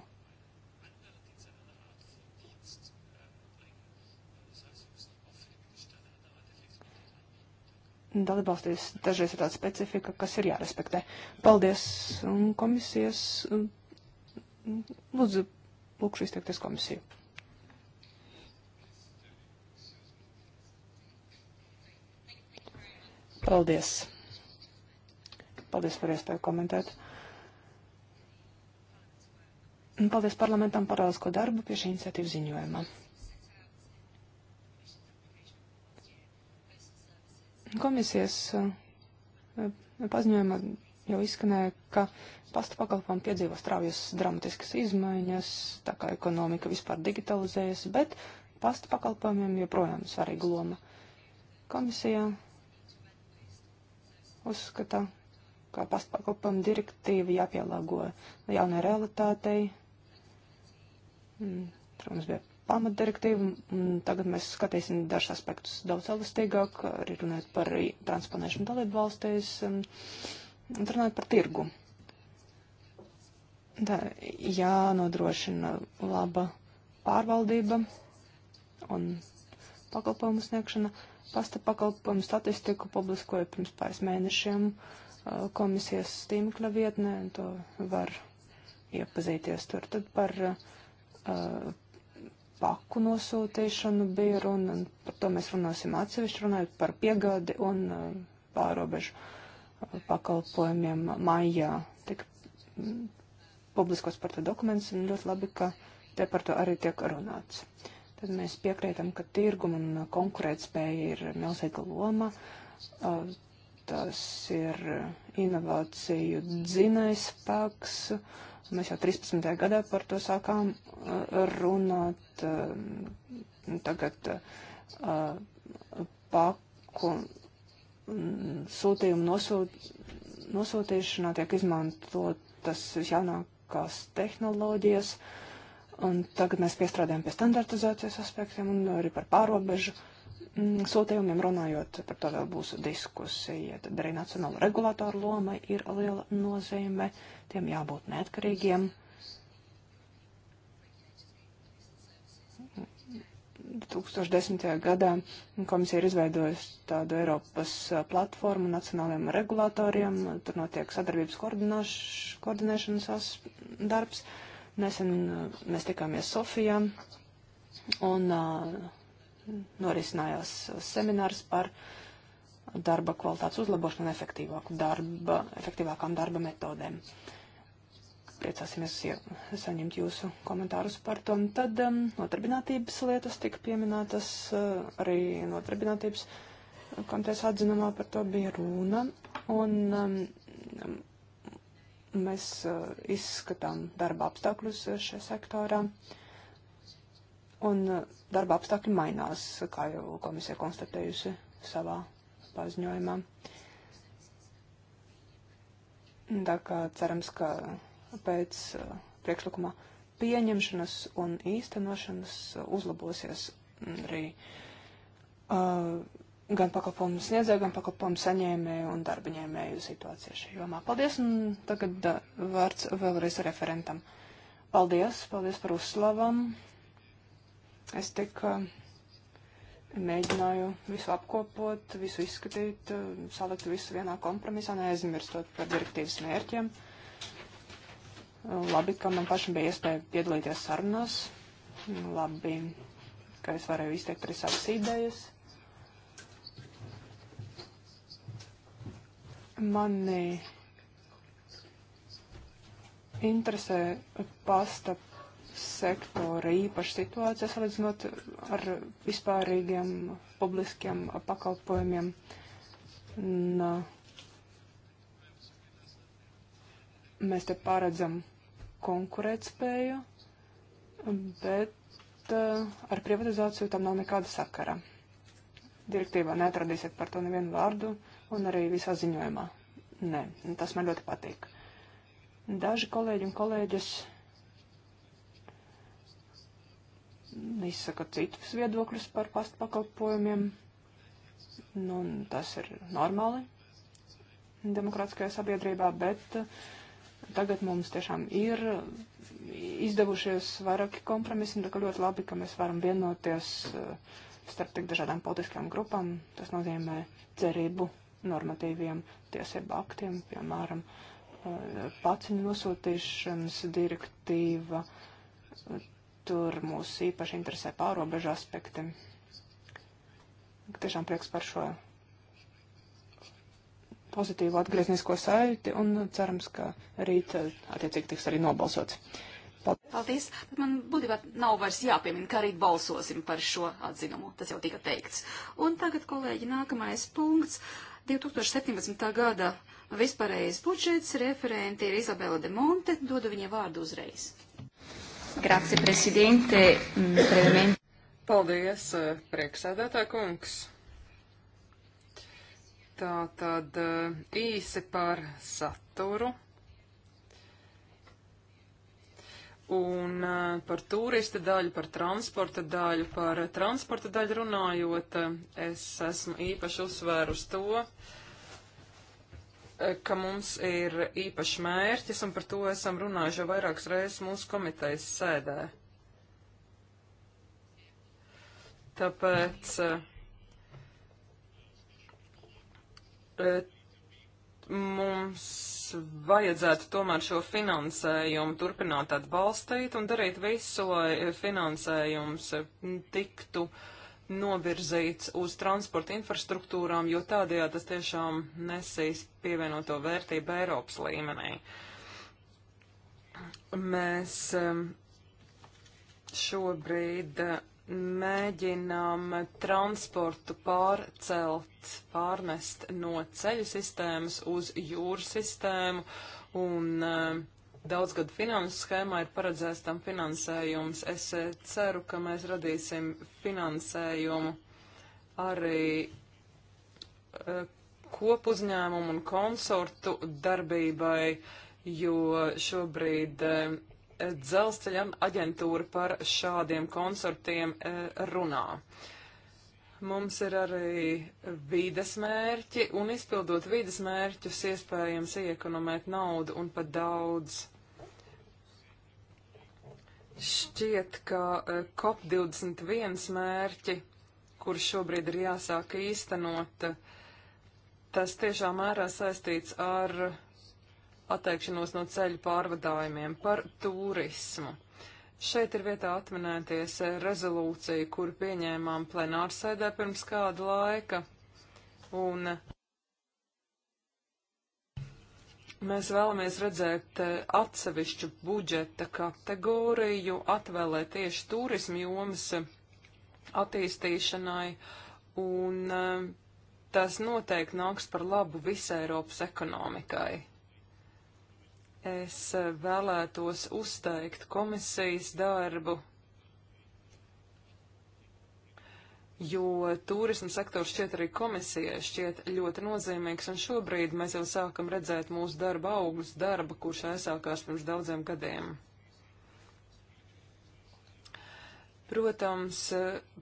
dalībvalstīs dažreiz ir tāda specifika, kas ir jārespektē. Paldies, un komisijas lūdzu lūkšu izteikties komisiju. Paldies. Paldies par iespēju komentēt. Un paldies parlamentam par lielisko darbu pie šī iniciatīva ziņojuma. Komisijas eh, paziņojuma jau izskanēja, ka pasta pakalpojumi piedzīvo straujas dramatiskas izmaiņas, tā kā ekonomika vispār digitalizējas, bet pasta pakalpojumiem joprojām ir svarīga loma. Komisija uzskata, ka pasta pakalpojumu direktīva jāpielāgo jaunai realitātei. Protams, mm, bija pamatdirektīva, un tagad mēs skatīsim dažus aspektus daudz elastīgāk, arī runājot par transponēšanu dalību valstīs. Um, Runājot par tirgu. Tā jānodrošina laba pārvaldība un pakalpojumu sniegšana. Pasta pakalpojumu statistiku publiskoja pirms pāris mēnešiem komisijas tīmekļa vietnē, un to var iepazīties tur. Tad par uh, paku nosūtīšanu bija runa, un par to mēs runāsim atsevišķi, runājot par piegādi un uh, pārobežu. Uh, pakalpojumiem maijā tika mm, publiskos par to dokuments, un ļoti labi, ka te par to arī tiek runāts. Tad mēs piekrītam, ka tirgum un konkurētspēja ir milzīga loma. Tas ir inovāciju dzinējs spēks. Mēs jau 13. gadā par to sākām runāt. Tagad paku sūtījuma nosūt, nosūtīšanā tiek izmantotas visjaunākās tehnoloģijas, un tagad mēs piestrādājam pie standartizācijas aspektiem un arī par pārobežu mm, sūtījumiem runājot, par to vēl būs diskusija. Tad arī nacionāla regulātora loma ir liela nozīme, tiem jābūt neatkarīgiem 2010. gadā komisija ir izveidojusi tādu Eiropas platformu nacionālajiem regulātoriem. Tur notiek sadarbības koordinēšanas darbs. Nesen mēs tikāmies Sofijā un norisinājās seminārs par darba kvalitātes uzlabošanu un efektīvāku darba, efektīvākām darba metodēm. Uh, priecāsimies ja saņemt jūsu komentārus par to. Un tad um, notarbinātības lietas tika pieminētas, uh, arī notarbinātības komitejas atzinumā par to bija runa. Un um, mēs uh, izskatām darba apstākļus uh, šajā sektorā. Un uh, darba apstākļi mainās, kā jau komisija konstatējusi savā paziņojumā. Tā kā cerams, ka pēc uh, priekšlikuma pieņemšanas un īstenošanas uh, uzlabosies arī uh, gan pakalpojumu sniedzēju, gan pakalpojumu saņēmēju un darbaņēmēju situācija šajā jomā. Paldies, un tagad uh, vārds vēlreiz referentam. Paldies, paldies par uzslavām. Es tik mēģināju visu apkopot, visu izskatīt, salikt visu vienā kompromisā, neaizmirstot par direktīvas mērķiem. Uh, Labi, ka man pašam bija iespēja piedalīties sarunās. Labi, ka es varēju izteikt arī savas idejas. Mani interesē pasta sektora īpaša situācija salīdzinot ar vispārīgiem publiskiem pakalpojumiem. Un, uh, mēs te paredzam konkurētspēju, bet eh, ar privatizāciju tam nav nekāda sakara. Direktīvā neatradīsiet par to nevienu vārdu un arī visā ziņojumā. Nē, tas man ļoti patīk. Daži kolēģi un kolēģis izsaka citus viedokļus par pastu pakalpojumiem. Nu, tas ir normāli demokrātiskajā sabiedrībā, bet uh, tagad mums tiešām ir izdevušies vairāki kompromisi, un tā kā ļoti labi, ka mēs varam vienoties eh, starp tik dažādām politiskajām grupām. Tas nozīmē cerību normatīviem tiesību aktiem, piemēram, eh, paciņu nosūtīšanas direktīva. Tur mūs īpaši interesē pārobežu aspekti. Tiešām prieks par šo pozitīvu atgrieznisko saiti un cerams, ka rīt eh, attiecīgi tiks arī nobalsots. Paldies. Paldies. Man būtībā nav vairs jāpiemina, ka arī balsosim par šo atzinumu. Tas jau tika teikts. Un tagad, kolēģi, nākamais punkts. 2017. gada vispārējais budžets referenti ir Izabela de Monte. Dodu viņai vārdu uzreiz. Grazie, prezidente. Mm, Paldies, eh, prieksēdētā kungs. Tā tad eh, īsi par saturu. Un eh, par turista daļu, par transporta daļu, par transporta daļu runājot, eh, es esmu īpaši uzsvērus to, ka mums ir īpaši mērķis, un par to esam runājuši jau vairākas reizes mūsu komitejas sēdē. Tāpēc. Uh, Eh, mums vajadzētu tomēr šo finansējumu turpināt atbalstīt un darīt visu, lai eh, finansējums eh, tiktu novirzīts uz transporta infrastruktūrām, jo tādējā tas tiešām nesīs pievienoto vērtību Eiropas līmenī. Mēs šobrīd mēģinām transportu pārcelt, pārmest no ceļu sistēmas uz jūras sistēmu, un uh, eh, daudzgadu finanses schēmā ir paredzēts tam finansējums. Es uh, ceru, ka mēs radīsim finansējumu arī uh, kopuzņēmumu un konsortu darbībai, jo šobrīd dzelzceļam aģentūra par šādiem konsortiem e, runā. Mums ir arī vīdes mērķi, un izpildot vīdes mērķus iespējams iekonomēt naudu un pat daudz. Šķiet, ka COP21 e, mērķi, kurus šobrīd ir jāsāk īstenot, tas tiešām ārā saistīts ar atteikšanos no ceļu pārvadājumiem, par turismu. Šeit ir vietā atminēties rezolūcija, kuru pieņēmām plenārsēdē pirms kāda laika. Un mēs vēlamies redzēt eh, atsevišķu budžeta kategoriju, atvēlēt tieši turismu jomas eh, attīstīšanai. Un eh, tas noteikti nāks par labu visai Eiropas ekonomikai. Es vēlētos uzteikt komisijas darbu, jo turisma sektors šķiet arī komisijai šķiet ļoti nozīmīgs, un šobrīd mēs jau sākam redzēt mūsu darba augļus, darba, kurš aizsākās pirms daudziem gadiem. Protams,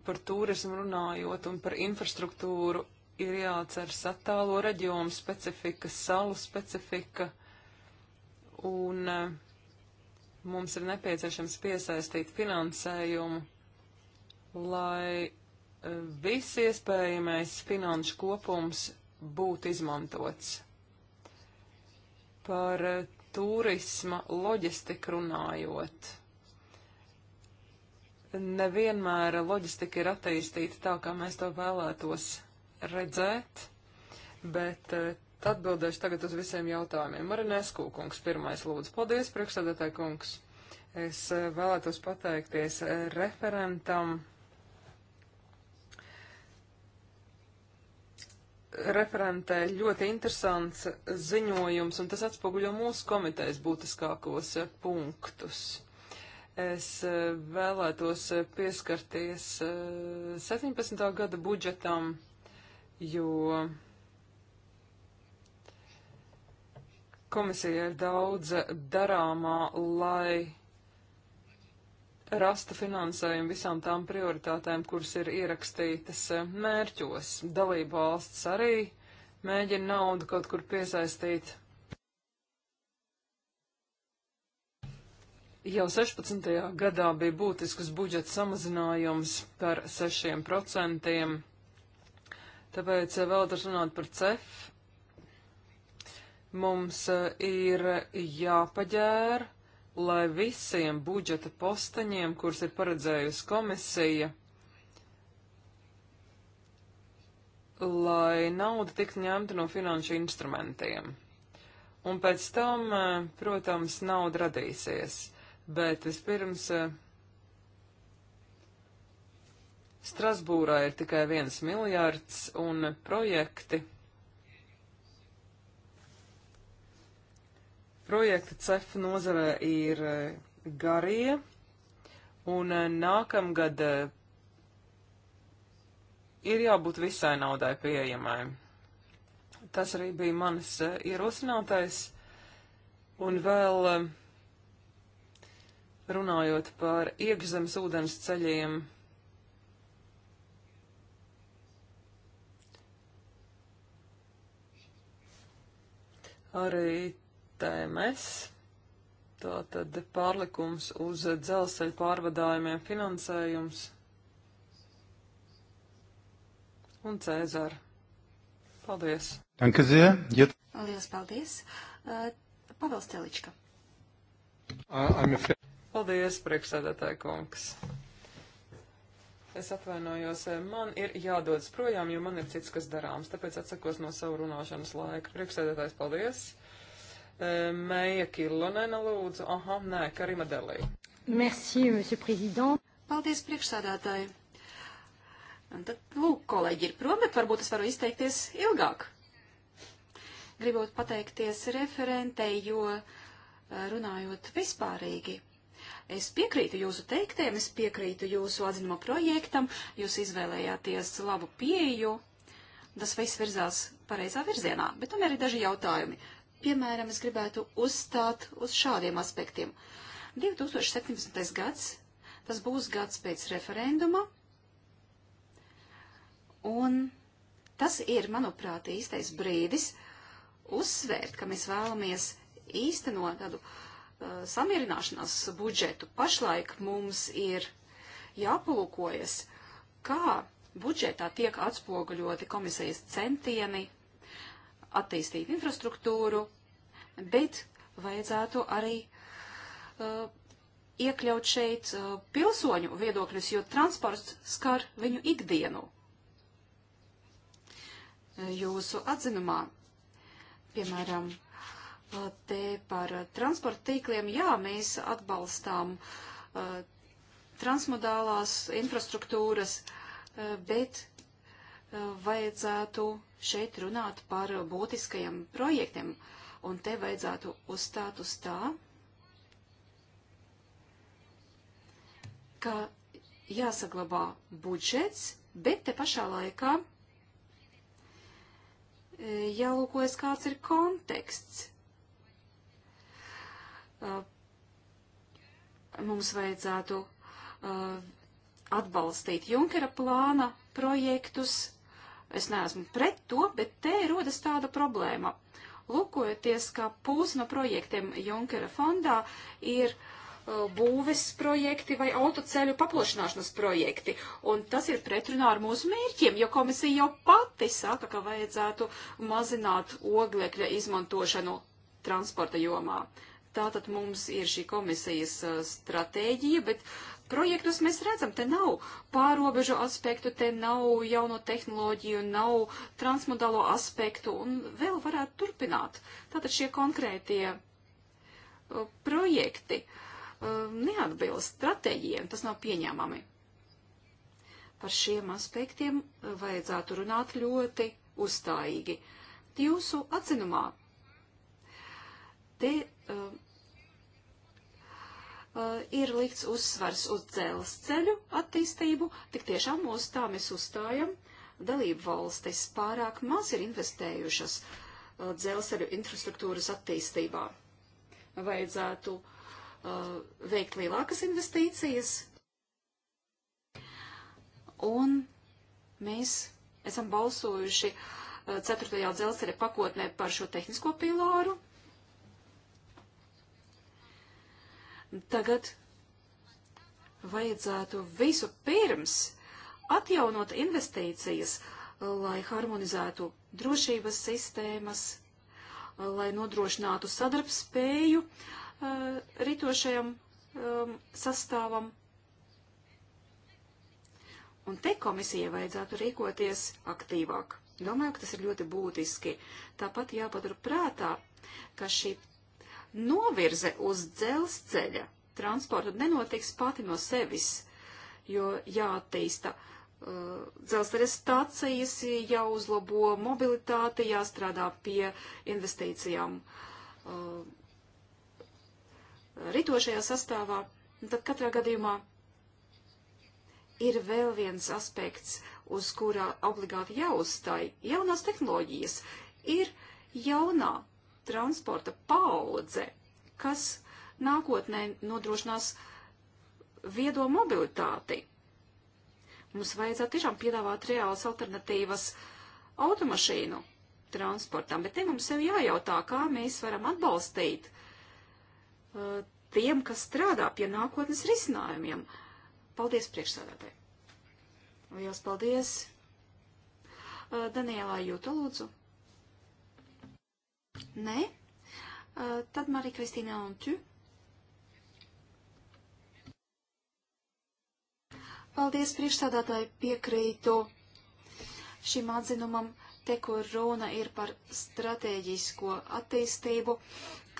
par turismu runājot un par infrastruktūru ir jāatceras attālo reģionu specifika, salu specifika un eh, mums ir nepieciešams piesaistīt finansējumu, lai eh, viss iespējamais finanšu kopums būtu izmantots. Par eh, turisma loģistiku runājot. Nevienmēr loģistika ir attīstīta tā, kā mēs to vēlētos redzēt, bet Atbildēšu tagad uz visiem jautājumiem. Marinesku kungs pirmais lūdzu. Paldies, priekšsēdētāji kungs. Es eh, vēlētos pateikties eh, referentam. referentē ļoti interesants ziņojums, un tas atspoguļo mūsu komitejas būtiskākos eh, punktus. Es vēlētos pieskarties 17. gada budžetam, jo Komisija ir daudz darāmā, lai rasta finansējumu visām tām prioritātēm, kuras ir ierakstītas eh, mērķos. Dalību valsts arī mēģina naudu kaut kur piesaistīt. Jau 16. gadā bija būtisks budžeta samazinājums par 6%, tāpēc eh, vēl tur runāt par CEF Mums eh, ir jāpaģēr, lai visiem budžeta postaņiem, kurus ir paredzējusi komisija, lai nauda tiktu ņemta no finanšu instrumentiem. Un pēc tam, eh, protams, nauda radīsies, bet vispirms eh, Strasbūrā ir tikai viens miljards un projekti Projekti CEF nozarē ir eh, garie, un eh, nākamgad eh, ir jābūt visai naudai pieejamai. Tas arī bija manis ierosinātais, un vēl runājot par iekšzemes ūdens ceļiem. Arī TMS, tātad pārlikums uz dzelzceļa pārvadājumiem finansējums un Cēzara. Paldies! Danke sehr. Jetzt. Lielas paldies. Uh, Pavels Telička. Uh, Paldies, priekšsēdētāji kungs. Es atvainojos, man ir jādodas projām, jo man ir cits, kas darāms, tāpēc atsakos no savu runāšanas laika. Priekšsēdētājs, paldies! Eh, Meija Kirlonena lūdzu. Aha, nē, Karima Delī. Merci, monsieur prezident. Paldies, priekšsādātāji. Un tad, lūk, kolēģi ir prom, bet varbūt es varu izteikties ilgāk. Gribot pateikties referentei, jo eh, runājot vispārīgi, Es piekrītu jūsu teiktiem, es piekrītu jūsu atzinuma projektam, jūs izvēlējāties labu pieju. Tas viss virzās pareizā virzienā, bet tomēr ir daži jautājumi. Piemēram, es gribētu uzstāt uz šādiem aspektiem. 2017. gads, tas būs gads pēc referenduma, un tas ir, manuprāt, īstais brīdis uzsvērt, ka mēs vēlamies īstenot tādu uh, samierināšanās budžetu. Pašlaik mums ir jāpalūkojas, kā budžetā tiek atspoguļoti komisijas centieni attīstīt infrastruktūru, bet vajadzētu arī uh, iekļaut šeit uh, pilsoņu viedokļus, jo transports skar viņu ikdienu. Jūsu atzinumā, piemēram, uh, te par transporta tīkliem, jā, mēs atbalstām uh, transmodālās infrastruktūras, uh, bet vajadzētu šeit runāt par būtiskajiem projektiem, un te vajadzētu uzstāt uz tā, ka jāsaglabā budžets, bet te pašā laikā e, jālūkojas, kāds ir konteksts. E, mums vajadzētu e, atbalstīt Junkera plāna projektus, Es neesmu pret to, bet te rodas tāda problēma. Lūkojoties, ka pūs no projektiem Junkera fondā ir uh, būves projekti vai autoceļu paplašināšanas projekti. Un tas ir pretrunā ar mūsu mērķiem, jo komisija jau pati saka, ka vajadzētu mazināt oglekļa izmantošanu transporta jomā. Tātad mums ir šī komisijas uh, stratēģija, bet projektus mēs redzam, te nav pārobežu aspektu, te nav jauno tehnoloģiju, nav transmodālo aspektu un vēl varētu turpināt. Tātad šie konkrētie uh, projekti uh, neatbilst stratēģiem, tas nav pieņēmami. Par šiem aspektiem uh, vajadzētu runāt ļoti uzstājīgi. Jūsu atzinumā te uh, uh, ir likts uzsvars uz dzelzceļu attīstību, tik tiešām uz tā mēs uzstājam. Dalību valstis pārāk maz ir investējušas uh, dzelzceļu infrastruktūras attīstībā. Vajadzētu uh, veikt lielākas investīcijas, un mēs esam balsojuši ceturtajā dzelzceļa pakotnē par šo tehnisko pilāru, Tagad vajadzētu visu pirms atjaunot investīcijas, lai harmonizētu drošības sistēmas, lai nodrošinātu sadarbspēju uh, eh, ritošajam um, ehm, sastāvam. Un te komisijai vajadzētu rīkoties aktīvāk. Domāju, ka tas ir ļoti būtiski. Tāpat jāpatur prātā, ka šī novirze uz dzelzceļa transportu nenotiks pati no sevis, jo jātīsta uh, dzelzceļa stācijas, jāuzlabo mobilitāte, jāstrādā pie investīcijām uh, ritošajā sastāvā. Un tad katrā gadījumā ir vēl viens aspekts, uz kurā obligāti jāuzstāj jaunās tehnoloģijas. Ir jaunā transporta paudze, kas nākotnē nodrošinās viedo mobilitāti. Mums vajadzētu tiešām piedāvāt reālas alternatīvas automašīnu transportam, bet te mums sev jājautā, kā mēs varam atbalstīt uh, tiem, kas strādā pie nākotnes risinājumiem. Paldies priekšsādātē. Liels paldies. Uh, Danielā Jūta lūdzu. Nē. Uh, tad Marija Kristīna un tu. Paldies priekšstādātāji piekrītu šim atzinumam, te, kur runa ir par strateģisko attīstību,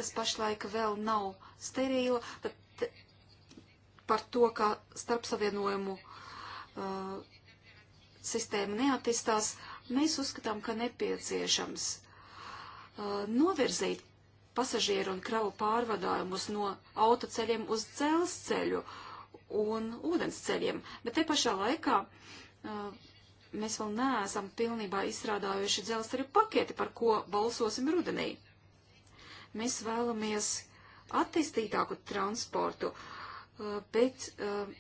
kas pašlaik vēl nav sterīla, tad par to, ka starpsavienojumu uh, sistēma neattistās, mēs uzskatām, ka nepieciešams uh, Uh, novirzīt pasažieru un kravu pārvadājumus no autoceļiem uz dzelzceļu un ūdensceļiem, bet te pašā laikā uh, mēs vēl neesam pilnībā izstrādājuši dzelzceļu paketi, par ko balsosim rudenī. Mēs vēlamies attīstītāku transportu, uh, bet uh,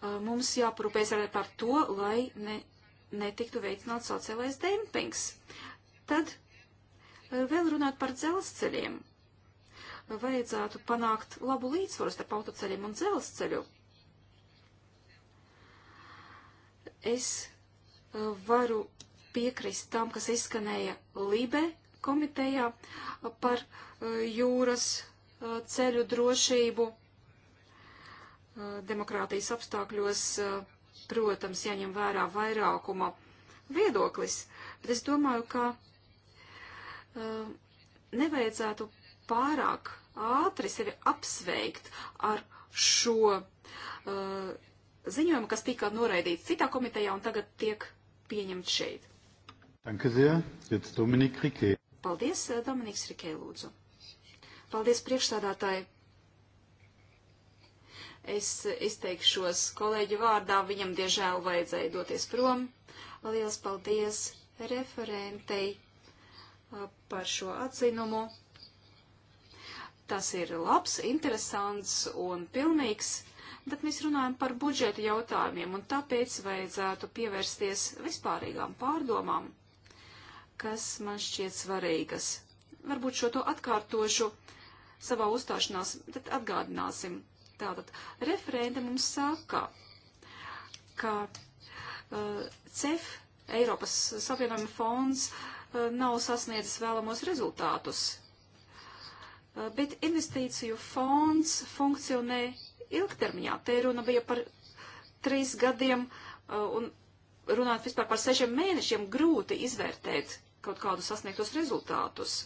uh mums jāparūpēs arī par to, lai ne, netiktu veicināts sociālais dempings. Uh, Tad eh, vēl runāt par dzelzceļiem. Vajadzētu panākt labu līdzsvaru starp autoceļiem un dzelzceļu. Es eh, varu piekrist tam, kas izskanēja Libe komitejā eh, par jūras ceļu drošību demokrātijas apstākļos, protams, jāņem vērā vairākuma viedoklis, bet es domāju, ka Um, nevajadzētu pārāk ātri sevi apsveikt ar šo uh, ziņojumu, kas tika noraidīts citā komitejā un tagad tiek pieņemts šeit. Danke sehr. Jetzt Dominik Rikē. Paldies, uh, Dominiks Rikē, lūdzu. Paldies priekšstādātāji. Es izteikšos kolēģi vārdā, viņam diežēl vajadzēja doties prom. Lielas paldies referentei par šo atzinumu. Tas ir labs, interesants un pilnīgs, bet mēs runājam par budžeta jautājumiem, un tāpēc vajadzētu pievērsties vispārīgām pārdomām, kas man šķiet svarīgas. Varbūt šo to atkārtošu savā uzstāšanās, tad atgādināsim. Tātad referente mums saka, ka uh, CEF Eiropas Savienojuma fonds uh, Uh, nav sasniedzis vēlamos rezultātus. Uh, bet investīciju fonds funkcionē ilgtermiņā. Te runa bija par trīs gadiem uh, un runāt vispār par sešiem mēnešiem grūti izvērtēt kaut kādus sasniegtos rezultātus.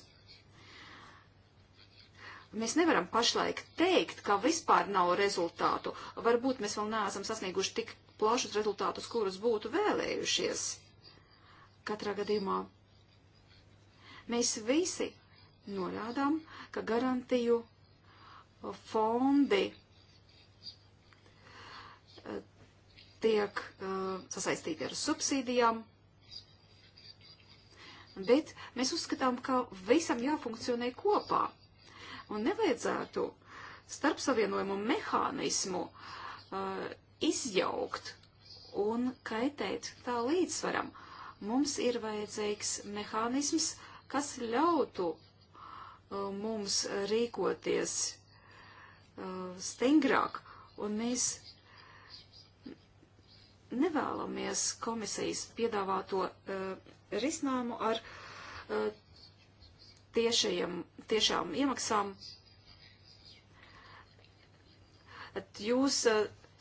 Mēs nevaram pašlaik teikt, ka vispār nav rezultātu. Varbūt mēs vēl neesam sasnieguši tik plašus rezultātus, kurus būtu vēlējušies. Katrā gadījumā Mēs visi norādām, ka garantiju fondi eh, tiek uh, sasaistīti ar subsīdijām, bet mēs uzskatām, ka visam jāfunkcionē kopā un nevajadzētu starp savienojumu mehānismu uh, izjaukt un kaitēt tā līdzsvaram. Mums ir vajadzīgs mehānisms, uh, kas ļautu uh, mums rīkoties uh, stingrāk, un mēs nevēlamies komisijas piedāvāto uh, risinājumu ar tiešajiem, tiešām iemaksām. Jūs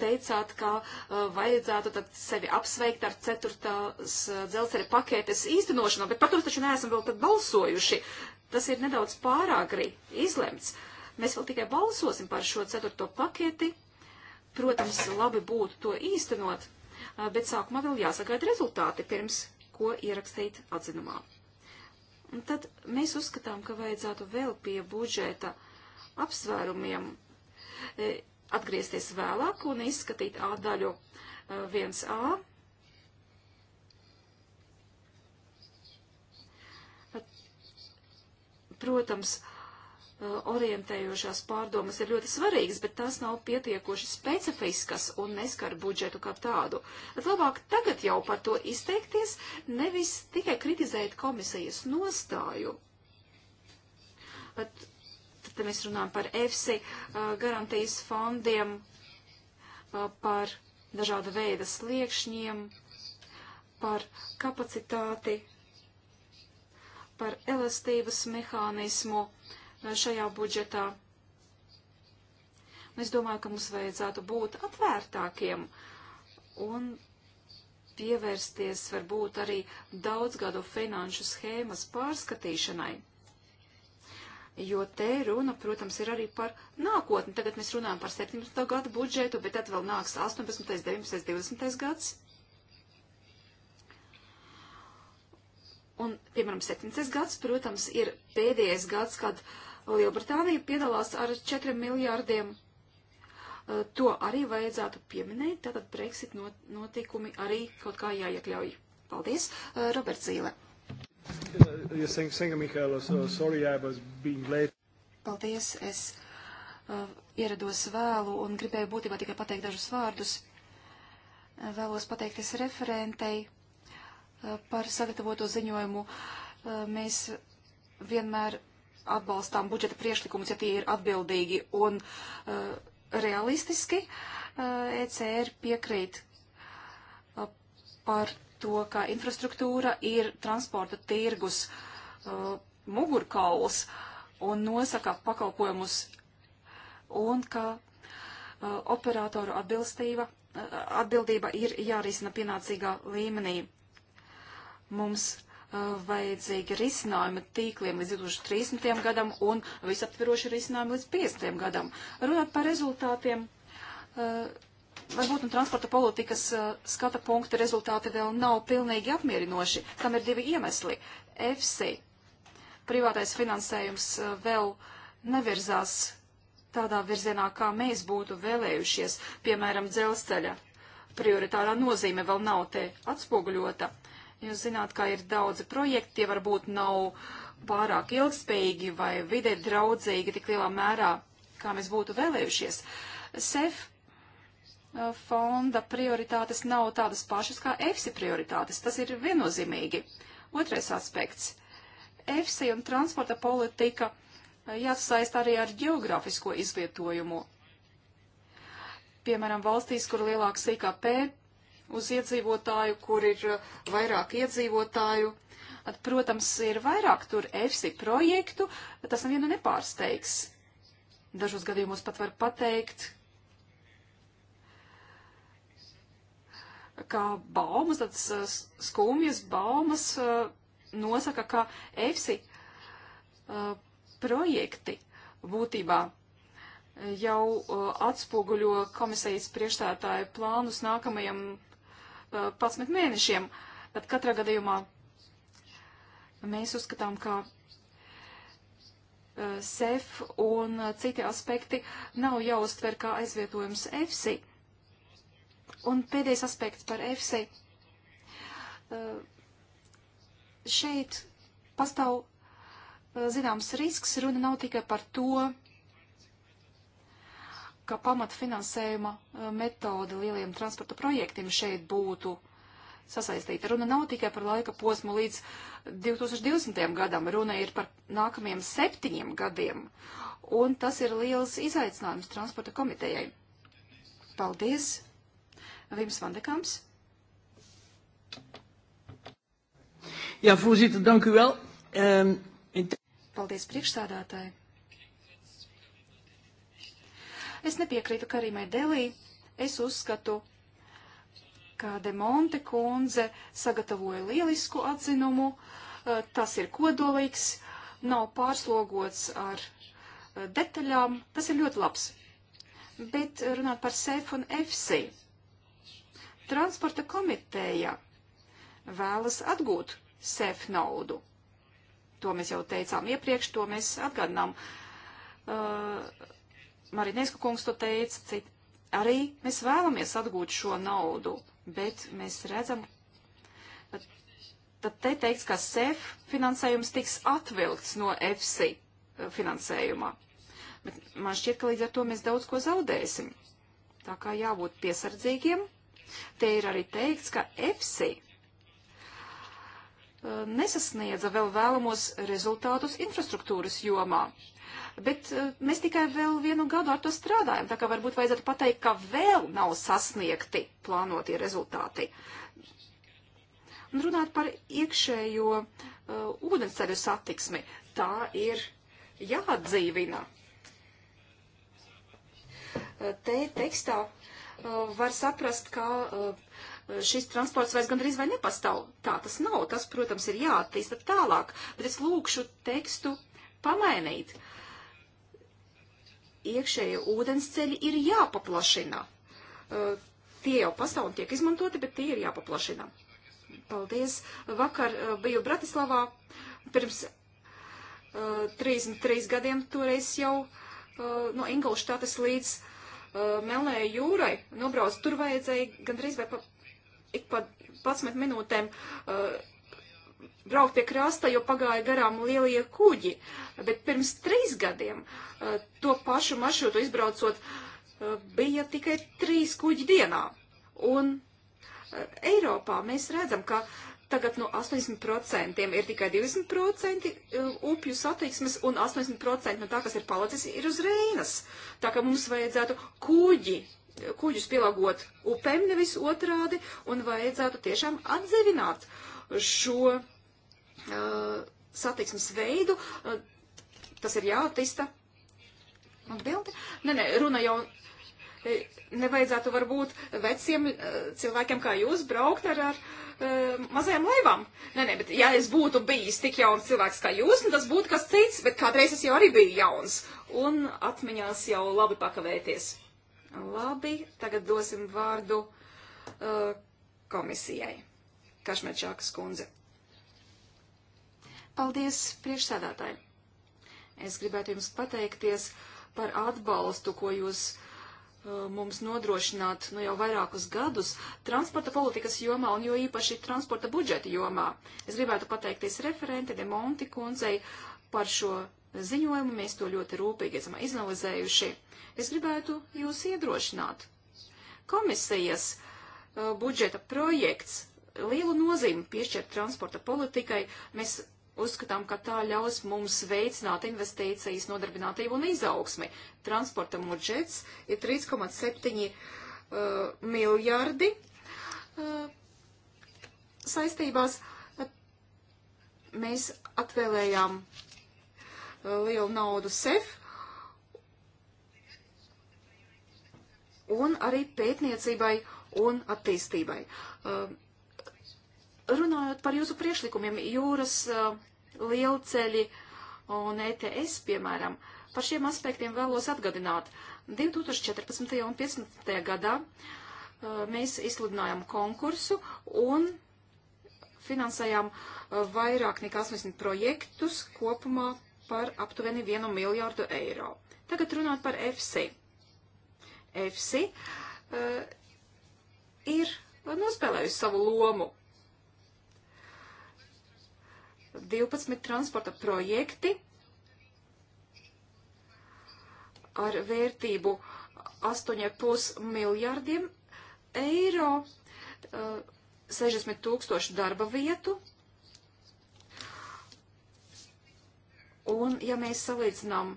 teicāt, ka uh, vajadzētu tad sevi apsveikt ar ceturtās uh, dzelzceļa paketes īstenošanu, bet par to taču neesam vēl tad balsojuši. Tas ir nedaudz pārāgri izlemts. Mēs vēl tikai balsosim par šo ceturto paketi. Protams, labi būtu to īstenot, uh, bet sākumā vēl jāsagaida rezultāti pirms, ko ierakstīt atzinumā. Un tad mēs uzskatām, ka vajadzētu vēl pie budžeta apsvērumiem e, atgriezties vēlāk un izskatīt A daļu 1A. Eh, Protams, eh, orientējošās pārdomas ir ļoti svarīgas, bet tās nav pietiekoši specifiskas un neskar budžetu kā tādu. Tad labāk tagad jau par to izteikties, nevis tikai kritizēt komisijas nostāju. Bet Tad mēs runājam par EFSI garantijas fondiem, par dažāda veida sliekšņiem, par kapacitāti, par elastības mehānismu šajā budžetā. Es domāju, ka mums vajadzētu būt atvērtākiem un pievērsties varbūt arī daudzgadu finanšu schēmas pārskatīšanai jo te runa, protams, ir arī par nākotni. Tagad mēs runājam par 17. gadu budžetu, bet tad vēl nāks 18., 19., 20. gads. Un, piemēram, 17. gads, protams, ir pēdējais gads, kad Lielbritānija piedalās ar 4 miljārdiem. Uh, to arī vajadzētu pieminēt, tātad Brexit notikumi arī kaut kā jāiekļauj. Paldies, uh, Roberts Zīle. Yes, eh, eh, thank, thank you, Mihailos. Uh, sorry, I was being late. Paldies, es uh, ierados vēlu un gribēju būtībā tikai pateikt dažus vārdus. Vēlos pateikties referentei uh, par sagatavoto ziņojumu. Uh, mēs vienmēr atbalstām budžeta priešlikumus, ja tie ir atbildīgi un uh, realistiski. Uh, ECR piekrīt uh, par to, ka infrastruktūra ir transporta tirgus uh, mugurkauls un nosaka pakalpojumus, un ka uh, operātoru atbilstība, uh, atbildība ir jārisina pienācīgā līmenī. Mums uh, vajadzīgi risinājumi tīkliem līdz 2030. gadam un visaptveroši risinājumi līdz 50. gadam. Runāt par rezultātiem. Uh, varbūt no transporta politikas eh, skata punkta rezultāti vēl nav pilnīgi apmierinoši. Tam ir divi iemesli. EFSI privātais finansējums eh, vēl nevirzās tādā virzienā, kā mēs būtu vēlējušies. Piemēram, dzelzceļa prioritārā nozīme vēl nav te atspoguļota. Jūs zināt, ka ir daudzi projekti, tie varbūt nav pārāk ilgspējīgi vai vidē draudzīgi tik lielā mērā, kā mēs būtu vēlējušies. SEF fonda prioritātes nav tādas pašas kā EFSI prioritātes. Tas ir viennozīmīgi. Otrais aspekts. EFSI un transporta politika jāsasaist arī ar geogrāfisko izvietojumu. Piemēram, valstīs, kur lielāks IKP uz iedzīvotāju, kur ir vairāk iedzīvotāju, tad, protams, ir vairāk tur EFSI projektu, tas nevienu nepārsteigs. Dažos gadījumos pat var pateikt, kā baumas, tādas skumjas baumas e, nosaka, ka EFSI projekti būtībā jau e, atspoguļo komisijas priekšstādātāju plānus nākamajam 11 e, mēnešiem. Tad katrā gadījumā mēs uzskatām, ka SEF un citi aspekti nav jāuztver kā aizvietojums EFSI. Uh, Un pēdējais aspekts par EFSI. Uh, šeit pastāv uh, zināms risks, runa nav tikai par to, ka pamatfinansējuma metode lieliem transporta projektiem šeit būtu sasaistīta. Runa nav tikai par laika posmu līdz 2020. gadam, runa ir par nākamajiem septiņiem gadiem, un tas ir liels izaicinājums transporta komitejai. Paldies! Vims Vandekams. Jā, voorzitter, dank u wel. Um, ehm, in... Paldies priekšsādātāji. Es nepiekrītu Karimai Delī. Es uzskatu, ka Demonte kundze sagatavoja lielisku atzinumu. Eh, tas ir kodolīgs, nav pārslogots ar eh, detaļām. Tas ir ļoti labs. Bet runāt par SEF un FC. Transporta komiteja vēlas atgūt SEF naudu. To mēs jau teicām iepriekš, to mēs atgādinām. Uh, Marinesku kungs to teica, cit, arī mēs vēlamies atgūt šo naudu, bet mēs redzam, tad, tad te teiks, ka SEF finansējums tiks atvilkts no EFSI uh, finansējumā. Bet man šķiet, ka līdz ar to mēs daudz ko zaudēsim. Tā kā jābūt piesardzīgiem Te ir arī teikts, ka EFSI uh, nesasniedza vēl vēlamos rezultātus infrastruktūras jomā. Bet uh, mēs tikai vēl vienu gadu ar to strādājam, tā kā varbūt vajadzētu pateikt, ka vēl nav sasniegti plānotie rezultāti. Un runāt par iekšējo uh, ūdensceļu satiksmi, tā ir jāatdzīvina. Uh, te tekstā var saprast, ka šis transports vairs gandrīz vai nepastāv. Tā tas nav. Tas, protams, ir jāattīsta tālāk, bet es lūkšu tekstu pamainīt. Iekšējo ūdensceļi ir jāpaplašina. Tie jau pastāv un tiek izmantoti, bet tie ir jāpaplašina. Paldies. Vakar biju Bratislavā. Pirms 33 gadiem toreiz jau no Ingolštātes līdz uh, uh, Melnējai jūrai nobrauc, tur vajadzēja gandrīz vai pa, ik pa 11 minūtēm uh, braukt pie krasta, jo pagāja garām lielie kuģi. Bet pirms trīs gadiem uh, to pašu maršrutu izbraucot uh, bija tikai trīs kuģi dienā. Un uh, Eiropā mēs redzam, ka Tagad no nu, 80% ir tikai 20% e, upju satiksmes un 80% no tā, kas ir palicis, ir uz Reinas. Tā kā mums vajadzētu kuģi, e, kuģus pielāgot upēm, nevis otrādi, un vajadzētu tiešām atdzevināt šo uh, satiksmes veidu. Uh, tas ir jāatista. Un vēl te, nē, nē, runa jau E, nevajadzētu varbūt veciem e, cilvēkiem kā jūs braukt ar, ar e, mazajām laivām. Nē, nē, bet ja es būtu bijis tik jauns cilvēks kā jūs, nu tas būtu kas cits, bet kādreiz es jau arī biju jauns. Un atmiņās jau labi pakavēties. Labi, tagad dosim vārdu uh, komisijai. Kašmečākas kundze. Paldies, priekšsēdētāji! Es gribētu jums pateikties par atbalstu, ko jūs uh, Uh, mums nodrošināt nu, jau vairākus gadus transporta politikas jomā un jo īpaši transporta budžeta jomā. Es gribētu pateikties referente de Monti kundzei par šo ziņojumu. Mēs to ļoti rūpīgi esam izanalizējuši. Es gribētu jūs iedrošināt. Komisijas uh, budžeta projekts lielu nozīmi piešķir transporta politikai. Mēs Uzskatām, ka tā ļaus mums veicināt investīcijas, nodarbinātību un izaugsmi. Transporta budžets ir 3,7 uh, miljardi uh, saistībās. Mēs atvēlējām uh, lielu naudu SEF un arī pētniecībai un attīstībai. Uh, Runājot par jūsu priešlikumiem, jūras uh, lielceļi un ETS, piemēram, par šiem aspektiem vēlos atgadināt. 2014. un 2015. gadā uh, mēs izsludinājām konkursu un finansējām uh, vairāk nekā 80 projektus kopumā par aptuveni 1 miljārdu eiro. Tagad runāt par EFSI. EFSI uh, ir nospēlējusi savu lomu 12 transporta projekti ar vērtību 8,5 miljārdiem eiro, 60 eh, tūkstoši darba vietu. Un, ja mēs salīdzinām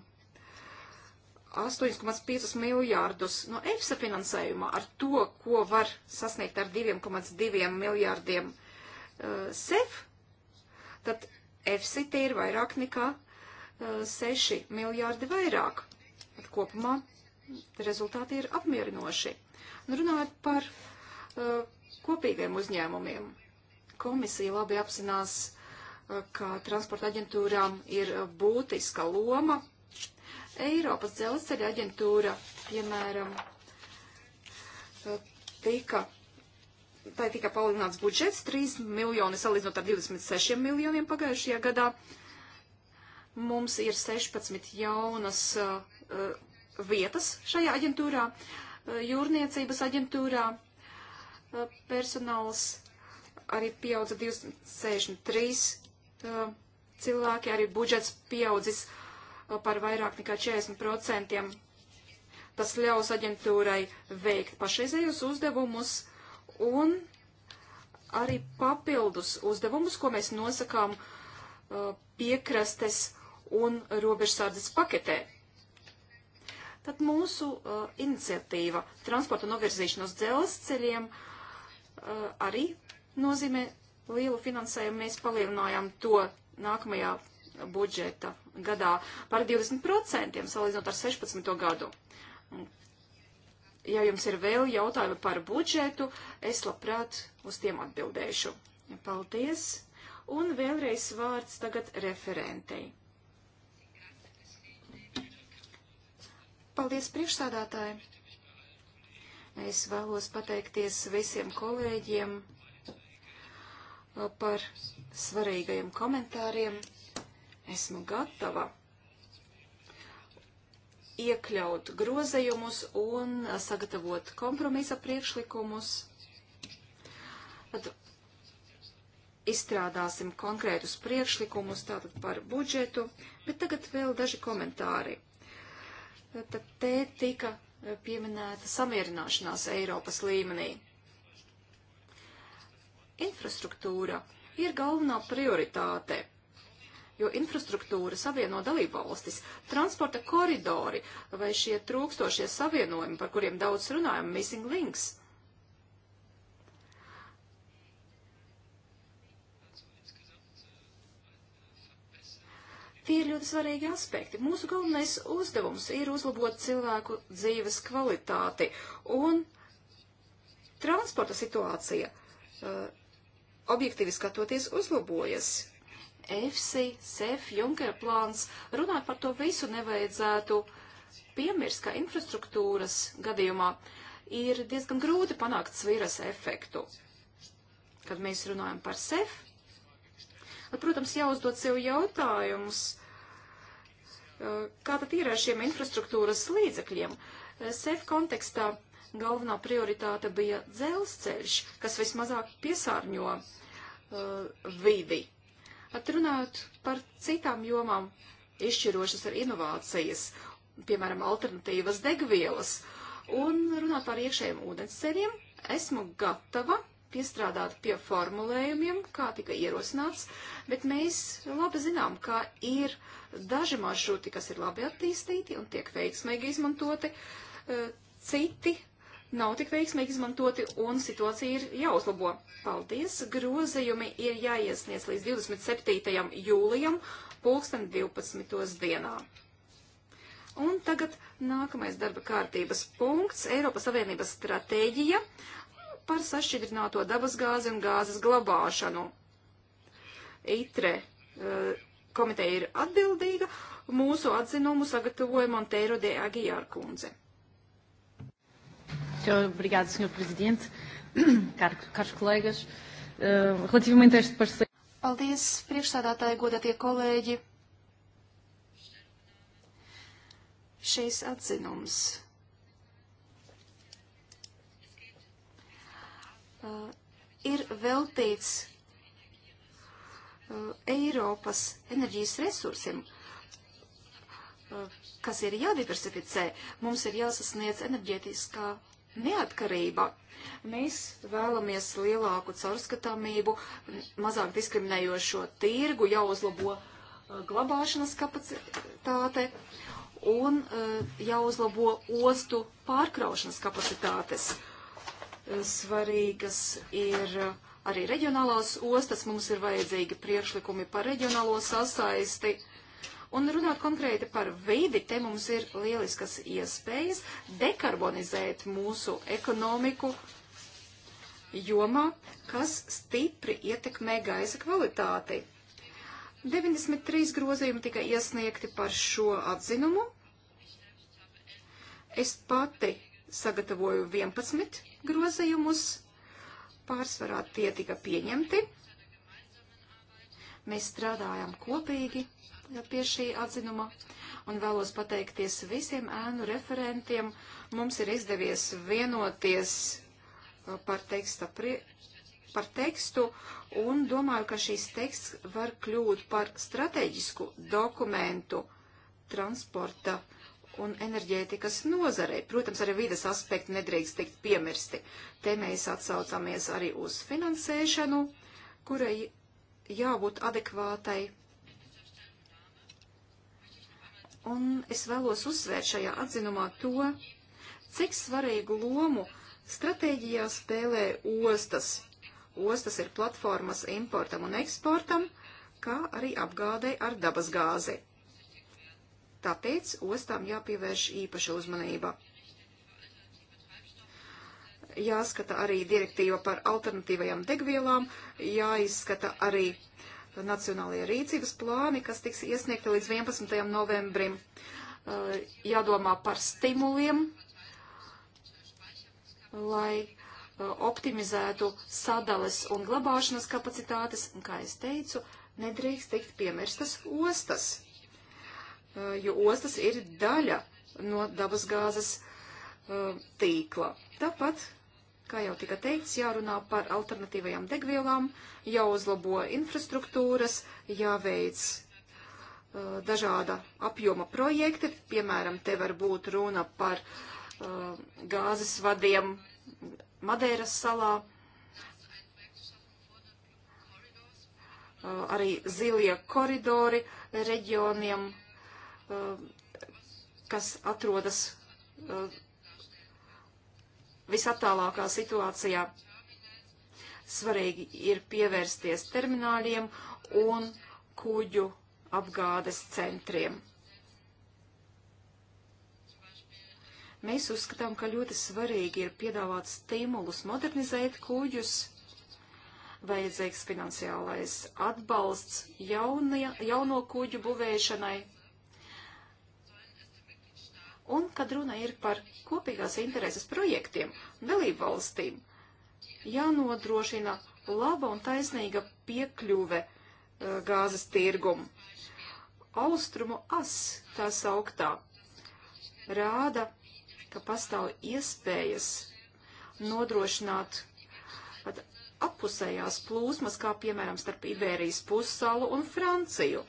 8,5 miljārdus no EFSA finansējuma ar to, ko var sasniegt ar 2,2 miljārdiem uh, SEF, tad EFSIT ir vairāk nekā 6 miljārdi vairāk. Kopumā rezultāti ir apmierinoši. Un runājot par uh, kopīgiem uzņēmumiem, komisija labi apzinās, uh, ka transporta aģentūrām ir būtiska loma. Eiropas dzelzceļa aģentūra, piemēram, uh, tika tai tika palielināts budžets 3 miljoni salīdzinot ar 26 miljoniem pagājušajā gadā. Mums ir 16 jaunas uh, vietas šajā aģentūrā, uh, jūrniecības aģentūrā. Uh, personāls arī pieaudza 263 uh, cilvēki, arī budžets pieaudzis uh, par vairāk nekā 40%. Tas ļaus aģentūrai veikt pašreizējos uzdevumus un arī papildus uzdevumus, ko mēs nosakām uh, piekrastes un robežsardzes paketē. Tad mūsu uh, iniciatīva transporta novirzīšanos dzelzceļiem uh, arī nozīmē lielu finansējumu. Mēs palielinājām to nākamajā budžeta gadā par 20% salīdzinot ar 16. gadu. Un ja jums ir vēl jautājumi par budžetu, es labprāt uz tiem atbildēšu. Paldies! Un vēlreiz vārds tagad referentei. Paldies priekšsādātāji! Es vēlos pateikties visiem kolēģiem uh, par svarīgajiem komentāriem. Esmu gatava iekļaut grozējumus un sagatavot kompromisa priekšlikumus. Tad izstrādāsim konkrētus priekšlikumus tātad par budžetu, bet tagad vēl daži komentāri. Tad te tika pieminēta samierināšanās Eiropas līmenī. Infrastruktūra ir galvenā prioritāte jo infrastruktūra savieno dalībvalstis, transporta koridori vai šie trūkstošie savienojumi, par kuriem daudz runājam, missing links. Tie ir ļoti svarīgi aspekti. Mūsu galvenais uzdevums ir uzlabot cilvēku dzīves kvalitāti un transporta situācija uh, objektīvi skatoties uzlabojas EFSI, SEF, Junker plāns, runāt par to visu nevajadzētu piemirst, ka infrastruktūras gadījumā ir diezgan grūti panākt sviras efektu. Kad mēs runājam par SEF, tad, protams, jāuzdod sev jautājumus, eh, kā tad ir ar šiem infrastruktūras līdzekļiem. SEF kontekstā galvenā prioritāte bija dzelzceļš, kas vismazāk piesārņo uh, vidi. Atrunājot par citām jomām, izšķirošas ir inovācijas, piemēram, alternatīvas degvielas, un runāt par iekšējiem ūdensceļiem, esmu gatava piestrādāt pie formulējumiem, kā tika ierosināts, bet mēs labi zinām, ka ir daži maršruti, kas ir labi attīstīti un tiek veiksmīgi izmantoti, eh, citi nav tik veiksmīgi izmantoti un situācija ir jāuzlabo. Paldies! Grozījumi ir jāiesniedz līdz 27. jūlijam, pulksten 12. dienā. Un tagad nākamais darba kārtības punkts - Eiropas Savienības stratēģija par sašķidrināto dabasgāzi un gāzes glabāšanu. ITRE eh, komiteja ir atbildīga, mūsu atzinumu sagatavoja Monteiro de Agijār kundze. Muito obrigado, Sr. Presidente, caros, caros colegas. Uh, relativamente a este parceiro. Paldies, priekšsādātāji, godatie kolēģi. Šīs atzinums. Uh, ir veltīts uh, Eiropas enerģijas resursiem, kas ir jādiversificē. Mums ir jāsasniedz enerģētiskā neatkarība. Mēs vēlamies lielāku caurskatāmību, mazāk diskriminējošo tirgu, jāuzlabo uh, glabāšanas kapacitāte un uh, jāuzlabo ostu pārkraušanas kapacitātes. Uh, svarīgas ir arī reģionālās ostas, mums ir vajadzīgi priekšlikumi par reģionālo sasaisti Un runāt konkrēti par vidi, te mums ir lieliskas iespējas dekarbonizēt mūsu ekonomiku jomā, kas stipri ietekmē gaisa kvalitāti. 93 grozījumi tika iesniegti par šo atzinumu. Es pati sagatavoju 11 grozījumus, pārsvarā tie tika pieņemti. Mēs strādājām kopīgi pie šī atzinuma un vēlos pateikties visiem ēnu referentiem. Mums ir izdevies vienoties uh, par, teksta, prie, par tekstu un domāju, ka šīs teksts var kļūt par strateģisku dokumentu transporta un enerģētikas nozarei. Protams, arī vides aspekti nedrīkst tikt piemirsti. Te mēs atsaucamies arī uz finansēšanu, kurai jābūt adekvātai un es vēlos uzsvērt šajā atzinumā to, cik svarīgu lomu stratēģijā spēlē ostas. Ostas ir platformas importam un eksportam, kā arī apgādē ar dabasgāzi. Tāpēc ostām jāpievērš īpaša uzmanība. Jāskata arī direktīva par alternatīvajām degvielām, jāizskata arī nacionālajie rīcības plāni, kas tiks iesniegti līdz 11. novembrim. Eh, jādomā par stimuliem, lai eh, optimizētu sadales un glabāšanas kapacitātes, un, kā es teicu, nedrīkst tikt piemirstas ostas, eh, jo ostas ir daļa no dabasgāzes tīkla. Tāpat Kā jau tika teikts, jārunā par alternatīvajām degvielām, jāuzlabo infrastruktūras, jāveic uh, dažāda apjoma projekti. Piemēram, te var būt runa par uh, gāzes vadiem Madeiras salā. Uh, arī zilie koridori reģioniem, uh, kas atrodas uh, visattālākā situācijā. Svarīgi ir pievērsties termināļiem un kuģu apgādes centriem. Mēs uzskatām, ka ļoti svarīgi ir piedāvāt stimulus modernizēt kuģus, vajadzīgs finansiālais atbalsts jaunie, jauno kuģu būvēšanai, Un, kad runa ir par kopīgās intereses projektiem un dalību valstīm, jānodrošina laba un taisnīga piekļuve uh, gāzes tirgumu. Austrumu as, tā sauktā, rāda, ka pastāv iespējas nodrošināt apusējās plūsmas, kā piemēram starp Iberijas pussalu un Franciju.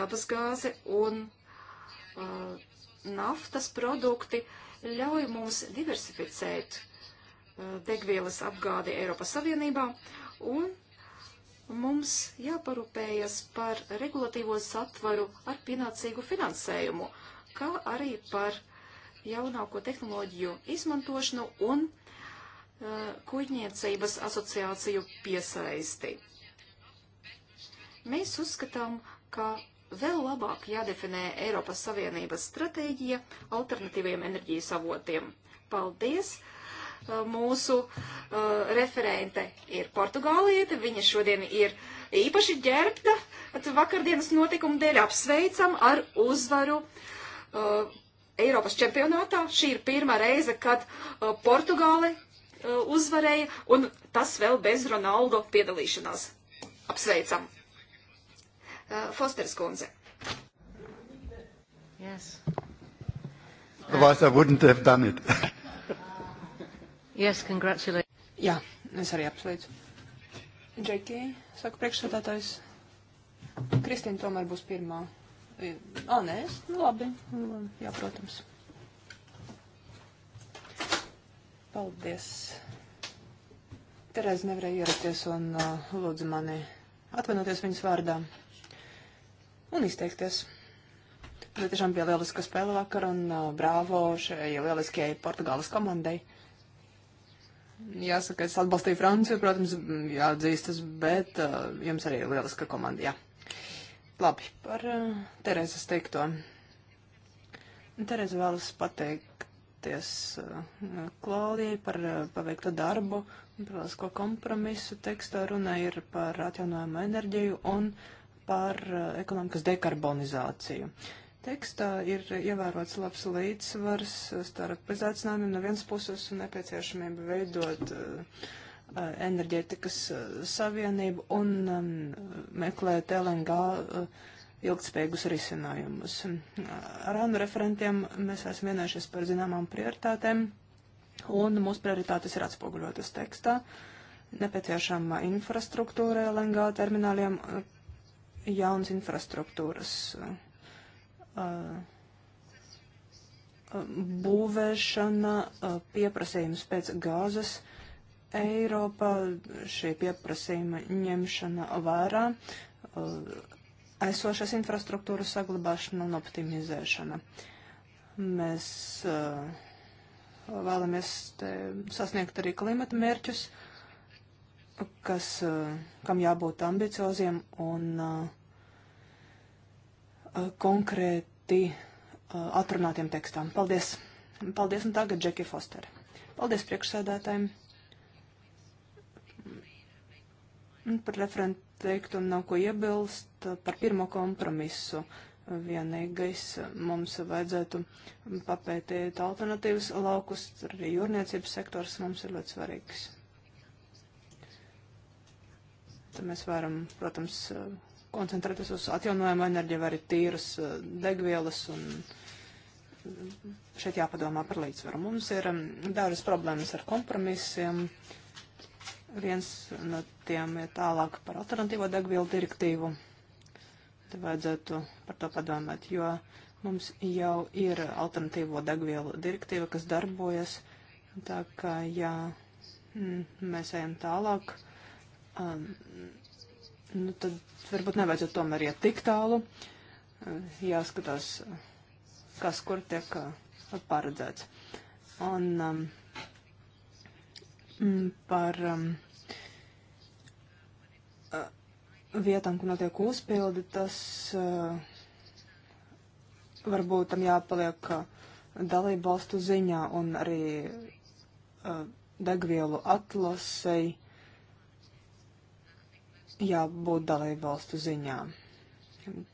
Dabasgāze un uh, naftas produkti ļauj mums diversificēt eh, degvielas apgādi Eiropas Savienībā un mums jāparūpējas par regulatīvo satvaru ar pienācīgu finansējumu, kā arī par jaunāko tehnoloģiju izmantošanu un uh, kuģniecības asociāciju piesaisti. Mēs uzskatām, ka vēl labāk jādefinē Eiropas Savienības stratēģija alternatīviem enerģijas avotiem. Paldies! Uh, mūsu uh, referente ir portugāliete, viņa šodien ir īpaši ģērbta, vakardienas notikumu dēļ apsveicam ar uzvaru uh, Eiropas čempionātā. Šī ir pirmā reize, kad uh, Portugāle uh, uzvarēja, un tas vēl bez Ronaldo piedalīšanās. Apsveicam! Eh, Fosters kundze. Yes. Otherwise I wouldn't have done it. yes, congratulations. Jā, es arī apsveicu. Džeki, saka priekšsēdētājs. Kristīna tomēr būs pirmā. E, ā, nē, es, nu labi, jā, protams. Paldies. Tereza nevarēja ierasties un uh, lūdzu mani atvainoties viņas vārdā un izteikties. Tas tiešām bija lieliska spēle vakar un uh, brāvo šai lieliskajai Portugāles komandai. Jāsaka, es atbalstīju Franciju, protams, jāatzīstas, bet uh, jums arī lieliska komanda, jā. Labi, par uh, Terezas teikto. Tereza vēlas pateikties uh, Klaudijai par uh, paveikto darbu, par lielisko kompromisu tekstā runa ir par atjaunojumu enerģiju un uh, par eh, ekonomikas dekarbonizāciju. Tekstā ir ievērots labs līdzsvars eh, starp izaicinājumiem no vienas puses un nepieciešamību veidot uh, enerģētikas savienību un um, meklēt LNG uh, ilgtspējīgus risinājumus. Ar ANU referentiem mēs esam vienojušies par zināmām prioritātēm, un mūsu prioritātes ir atspoguļotas tekstā. Nepieciešama infrastruktūra LNG termināliem, jaunas infrastruktūras uh, uh, būvēšana, uh, pieprasījums pēc gāzes Eiropā, šī pieprasījuma ņemšana vērā, esošas infrastruktūras saglabāšana un optimizēšana. Mēs vēlamies sasniegt arī klimata mērķus. Uh, kas, eh, kam jābūt ambicioziem un eh, konkrēti eh, atrunātiem tekstām. Paldies! Paldies un tagad Džeki Fosteri. Paldies priekšsēdētājiem. Nu, par referentu teiktu nav ko iebilst par pirmo kompromisu. Vienīgais mums vajadzētu papētīt alternatīvas laukus, arī jūrniecības sektors mums ir ļoti svarīgs. Tad mēs varam, protams, koncentrēties uz atjaunojumu enerģiju, arī tīras eh, degvielas. Un eh, šeit jāpadomā par līdzsvaru. Mums ir mm, dažas problēmas ar kompromisiem. Viens no tiem ir tālāk par alternatīvo degvielu direktīvu. Te vajadzētu par to padomāt, jo mums jau ir alternatīvo degvielu direktīva, kas darbojas. Tā kā, ja mm, mēs ejam tālāk, uh, um, nu tad varbūt nevajadzētu tomēr iet tik tālu. Ehm, jāskatās, kas kur tiek eh, paredzēts. Un um, par um, vietām, kur notiek uzpildi, tas uh, varbūt tam jāpaliek dalību valstu ziņā un arī uh, degvielu atlasei jābūt dalībvalstu ziņā.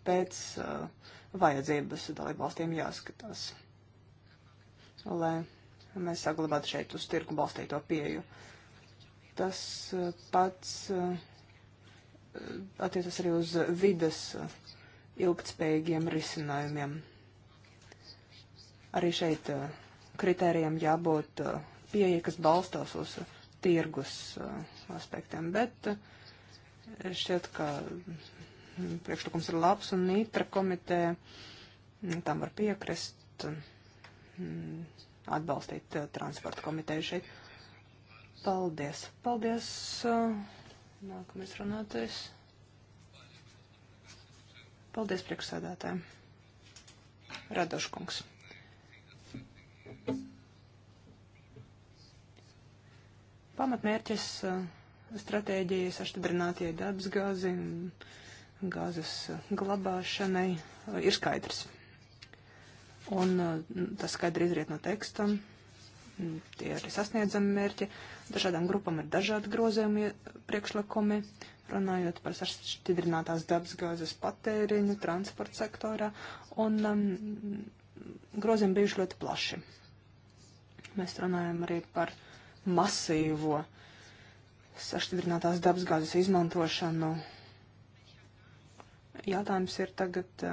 Pēc uh, vajadzības dalībvalstīm jāskatās, lai mēs saglabātu šeit uz tirku balstīto pieju. Tas uh, pats uh, attiecas arī uz vides uh, ilgtspējīgiem risinājumiem. Arī šeit uh, kritērijiem jābūt uh, pieeja, kas balstās uz tirgus aspektiem, bet uh, Šķiet, ka priekšlikums ir labs un nitra komiteja tam var piekrist mm, atbalstīt eh, transporta komiteju šeit. Paldies. Paldies. Eh, nākamais runātais. Paldies priekšsēdētājiem. Radoškungs. Pamatmērķis. Uh, stratēģijas aštubrinātie dabasgāzi un gāzes glabāšanai eh, ir skaidrs. Un eh, tas skaidri izriet no teksta. Mm, tie ir sasniedzami mērķi. Dažādām grupām ir dažādi grozējumi eh, priekšlikumi, runājot par sašķidrinātās dabasgāzes patēriņu transporta sektorā. Un um, mm, grozījumi bijuši ļoti plaši. Mēs runājam arī par masīvo uh, sašķidrinātās dabasgāzes izmantošanu. Jautājums ir tagad, eh,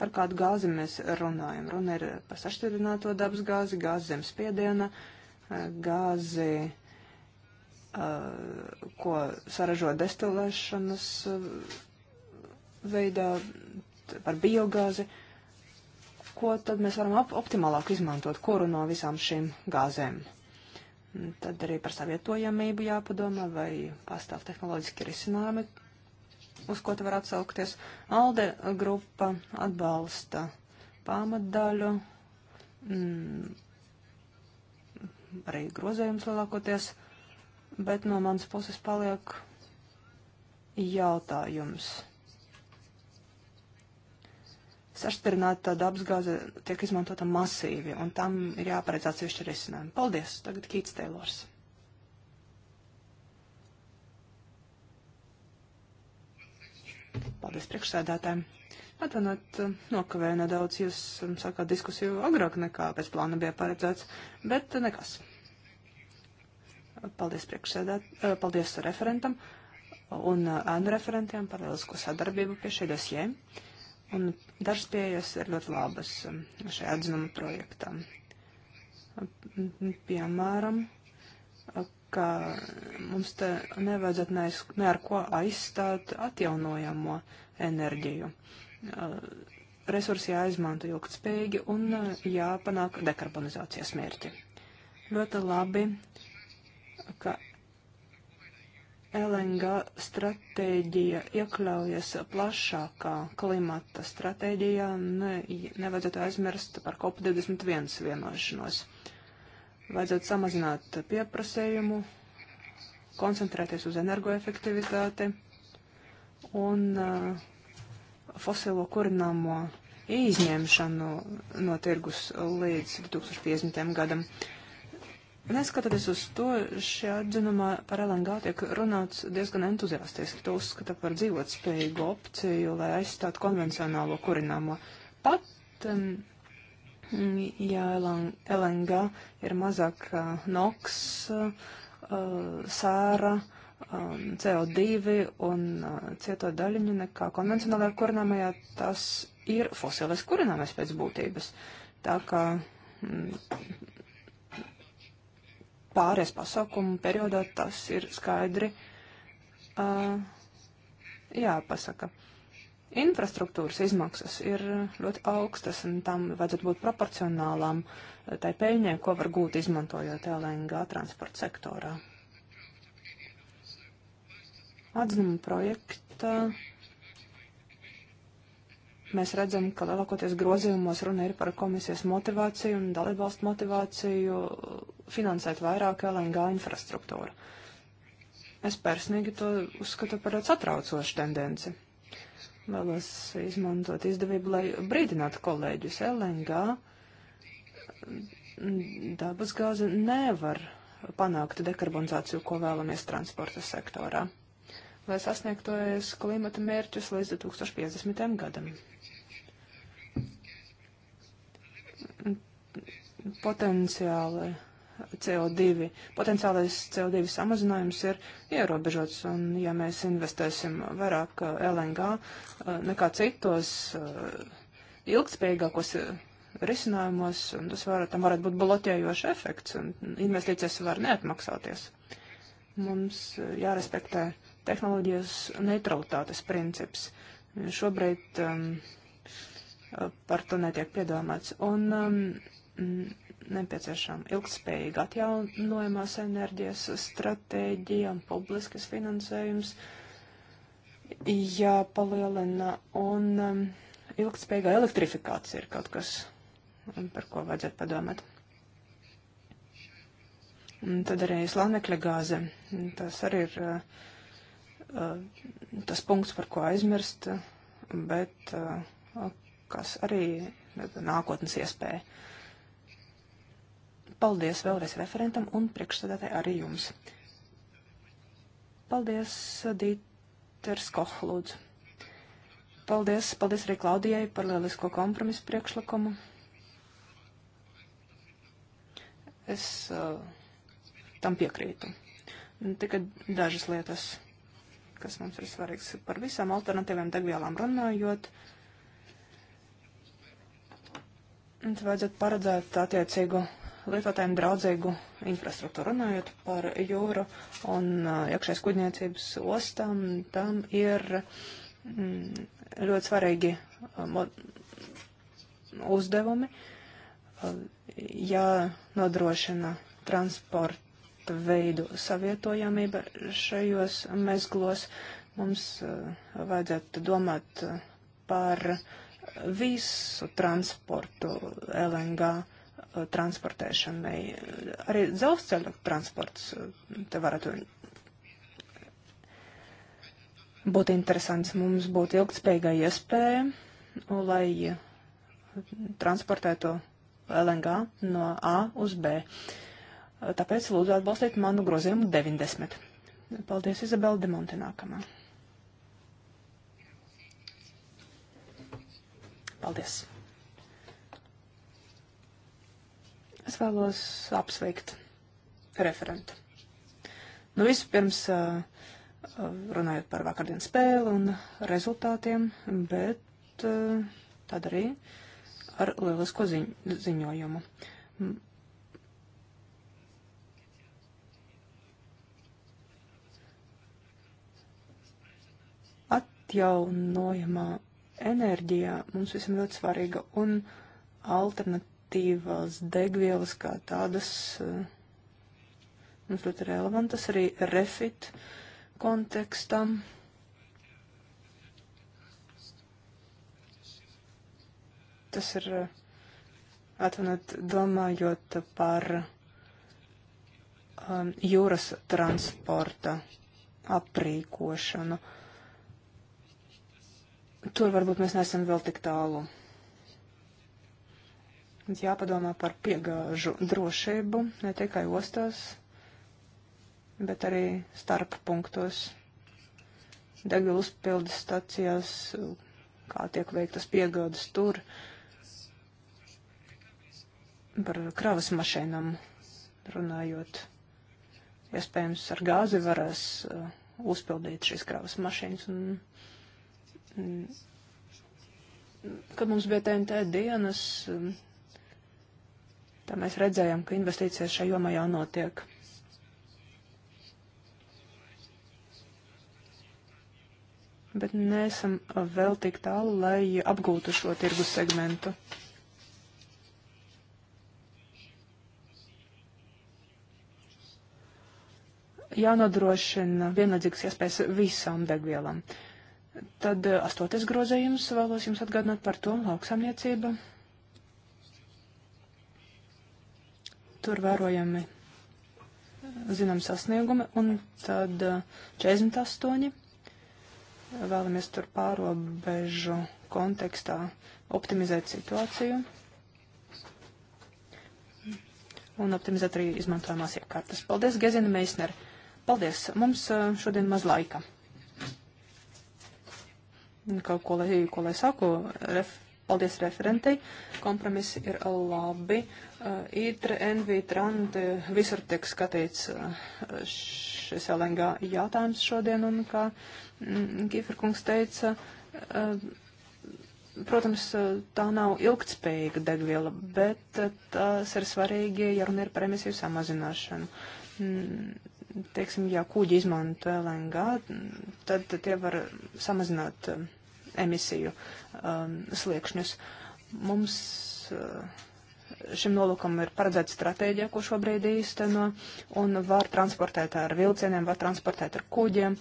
par kādu gāzi mēs runājam. Runa ir par sašķidrināto dabasgāzi, gāzi zem spiediena, eh, gāzi, eh, ko saražo destilēšanas veidā, par biogāzi. Ko tad mēs varam optimālāk izmantot? Kuru no visām šīm gāzēm? Tad arī par savietojamību jāpadomā, vai pastāv tehnoloģiski risinājumi, uz ko te var atsaukties. Alde grupa atbalsta pamatdaļu, mm, arī grozējums lielākoties, bet no manas puses paliek jautājums sašķirināta dabasgāze tiek izmantota masīvi, un tam ir jāparedz atsevišķi risinājumi. Paldies! Tagad Kīts Teilors. Paldies priekšsēdētājiem. Atvainojiet, nokavēju nedaudz, jūs um, sākāt diskusiju agrāk nekā pēc plāna bija paredzēts, bet nekas. Paldies priekšsēdētājiem, uh, paldies referentam un uh, ēnu referentiem par lielisko sadarbību pie šī dosjē. Ja. Un dažas pieejas ir ļoti labas um, šajā atzinuma projektā. Um, piemēram, uh, ka mums te nevajadzētu ne, ne ar ko aizstāt atjaunojamo enerģiju. Uh, resursi jāizmanto ilgtspējīgi un uh, jāpanāk dekarbonizācijas mērķi. Ļoti labi, ka LNG stratēģija iekļaujas plašākā klimata stratēģijā, ne, nevajadzētu aizmirst par COP21 vienošanos. Vajadzētu samazināt pieprasējumu, koncentrēties uz energoefektivitāti un uh, fosilo kurināmo izņemšanu no tirgus līdz 2050. gadam. Uh, Neskatoties uz to, šajā atzinumā par LNG tiek runāts diezgan entuziastiski. To uzskata par dzīvotspējīgu opciju, lai aizstātu konvencionālo kurināmo. Pat, um, ja LNG ir mazāk uh, NOX, uh, sāra, um, CO2 un uh, cieto daļiņu nekā konvencionālajā kurināmajā, tas ir fosilais kurināmais pēc būtības. Tā kā mm, pārējais pasākumu periodā tas ir skaidri uh, jāpasaka. Infrastruktūras izmaksas ir ļoti augstas, un tam vajadzētu būt proporcionālām tai peļņai, ko var gūt izmantojot LNG transporta sektorā. Atzinuma projekta. Uh, mēs redzam, ka lielākoties grozījumos runa ir par komisijas motivāciju un dalībvalstu motivāciju finansēt vairāk LNG infrastruktūru. Es personīgi to uzskatu par satraucošu tendenci. Vēlos izmantot izdevību, lai brīdinātu kolēģus. LNG dabasgāze nevar panākt dekarbonizāciju, ko vēlamies transporta sektorā, lai sasniegtojas klimata mērķus līdz 2050. gadam. potenciāli CO2, potenciālais CO2 samazinājums ir ierobežots, un ja mēs investēsim vairāk uh, LNG uh, nekā citos uh, ilgspējīgākos risinājumos, un tas var, tam varētu būt bloķējošs efekts, un investīcijas var neatmaksāties. Mums jārespektē tehnoloģijas neutralitātes princips. Šobrīd um, par to netiek piedomāts. Un um, Mm, nepieciešama ilgspējīga atjaunojamās enerģijas stratēģija un publiskas finansējums jāpalielina, un um, ilgspējīga elektrifikācija ir kaut kas, mm, par ko vajadzētu padomāt. Un tad arī slānekļa gāze. Tas arī ir uh, tas punkts, par ko aizmirst, bet uh, kas arī nākotnes iespēja. Uh, Paldies vēlreiz referentam un priekšstādātāji arī jums. Paldies, Dīters Koh, lūdzu. Paldies, paldies arī Klaudijai par lielisko kompromisu priekšlikumu. Es uh, tam piekrītu. Tikai dažas lietas, kas mums ir svarīgas par visām alternatīvām degvielām runājot. Vajadzētu paredzēt attiecīgu lietotājiem draudzīgu infrastruktūru. Runājot par jūru un uh, iekšējas kuģniecības ostām, tam ir mm, ļoti svarīgi uh, uzdevumi, uh, jānodrošina transporta veidu savietojamība šajos mezglos. Mums vajadzētu domāt par visu transportu LNG Eh, transportēšanai. Arī dzelzceļa transports eh, te varētu būt interesants. Mums būtu ilgtspējīga iespēja, lai eh, transportētu LNG no A uz B. Tāpēc lūdzu atbalstīt manu grozījumu 90. Paldies, Izabela Demonte nākamā. Paldies! Es vēlos apsveikt referentu. Nu, vispirms eh, eh, runājot par vakardienas spēli un rezultātiem, bet eh, tad arī ar lielisko ziņ ziņojumu. Atjaunojamā enerģija mums visam ļoti svarīga un alternatīva alternatīvās degvielas kā tādas mums eh, nu, ļoti relevantas arī refit kontekstam. Tas ir eh, atvinot domājot par um, jūras transporta aprīkošanu. Tur varbūt mēs neesam vēl tik tālu jāpadomā par piegāžu drošību ne tikai ostās, bet arī starp punktos, degvielas pildes stacijās, kā tiek veiktas piegādes tur, par kravas mašīnām runājot. Iespējams, ar gāzi varēs uh, uzpildīt šīs kravas mašīnas. Un, un, kad mums bija TNT dienas, um, Tā mēs redzējām, ka investīcijas šajā jomā jau notiek. Bet neesam vēl tik tālu, lai apgūtu šo tirgu segmentu. jānodrošina vienlīdzīgas iespējas visām degvielām. Tad astoties grozējums vēlos jums atgādināt par to lauksamniecība. tur vērojami zinām sasniegumi, un tad 48. Eh, vēlamies tur pārobežu kontekstā optimizēt situāciju un optimizēt arī izmantojamās iekārtas. Paldies, Gezina Meisner. Paldies. Mums eh, šodien maz laika. Kaut ko, lai, ko lai saku, ref, Paldies referentei. Kompromisi ir labi. Uh, eh, ITRE, NV, TRAND, eh, visur tiek skatīts uh, šis LNG jautājums šodien, un kā mm, Gīferkungs teica, uh, protams, tā nav ilgtspējīga degviela, bet tas ir svarīgi, ja runa ir par emisiju samazināšanu. Mm, teiksim, ja kuģi izmanto LNG, mm, tad tie var samazināt. Uh, emisiju um, sliekšņus. Mums uh, šim nolūkam ir paredzēta stratēģija, ko šobrīd īsteno, un var transportēt ar vilcieniem, var transportēt ar kuģiem.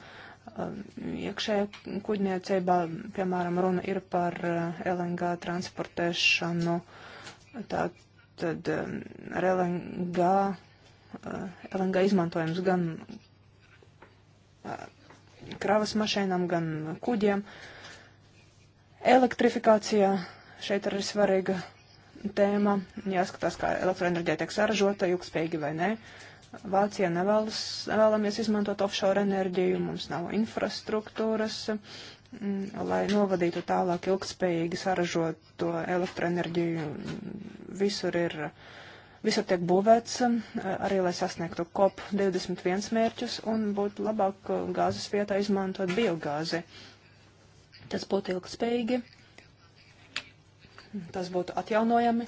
Um, Iekšējā kuģniecībā, piemēram, runa ir par uh, LNG transportēšanu, tātad um, ar LNG, uh, LNG izmantojums gan uh, kravas mašīnām, gan kuģiem. Uh, Elektrifikācija šeit arī svarīga tēma. Jāskatās, kā elektroenerģija tiek saražota, ilgspējīgi vai nē. Vācija nevēlas, nevēlamies izmantot offshore enerģiju, mums nav infrastruktūras, mm, lai novadītu tālāk ilgspējīgi saražoto elektroenerģiju. Visur ir, visur tiek būvēts, arī lai sasniegtu COP21 mērķus un būtu labāk gāzes vietā izmantot biogāzi. Uh, Tas būtu ilgspējīgi, tas būtu atjaunojami.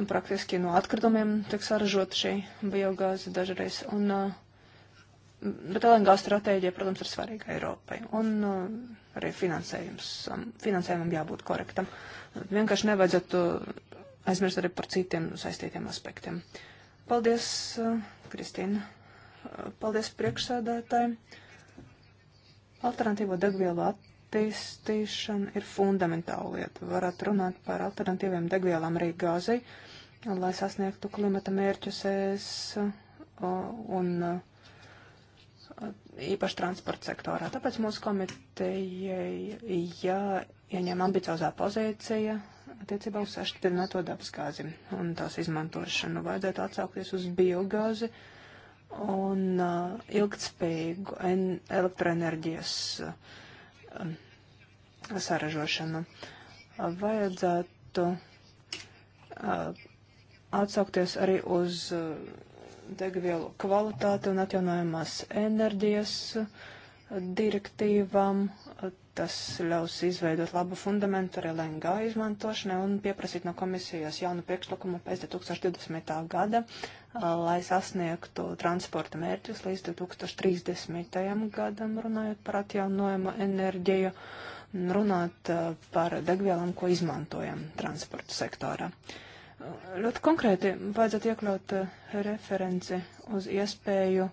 Un praktiski no atkritumiem tiek saražota šī biogāze dažreiz. Un, uh, bet LNG stratēģija, protams, ir svarīga Eiropai. Un uh, arī finansējums, um, finansējumam jābūt korektam. Vienkārši nevajadzētu aizmirst arī par citiem saistītiem aspektiem. Paldies, uh, Kristīna. Paldies priekšsēdētājiem. Alternatīvo degvielu attīstīšana ir fundamentāla lieta. Varat runāt par alternatīviem degvielām arī gāzei, lai sasniegtu klimata mērķus es un īpaši transporta sektorā. Tāpēc mūsu komitejai jāieņem ambiciozā pozīcija attiecībā uz sašķidrināto dabasgāzi un tās izmantošanu. Vajadzētu atsaukties uz biogāzi. Uh, un uh, ilgtspējīgu en elektroenerģijas uh, saražošanu. Uh, vajadzētu uh, atsaukties arī uz uh, degvielu kvalitāti un atjaunojamās enerģijas uh, direktīvām. Uh, Tas ļaus izveidot labu fundamentu arī LNG izmantošanai un pieprasīt no komisijas jaunu priekšlikumu pēc 2020. gada, lai sasniegtu transporta mērķus līdz 2030. gadam, runājot par atjaunojumu enerģiju, runāt par degvielām, ko izmantojam transporta sektorā. Ļoti konkrēti vajadzētu iekļaut referenci uz iespēju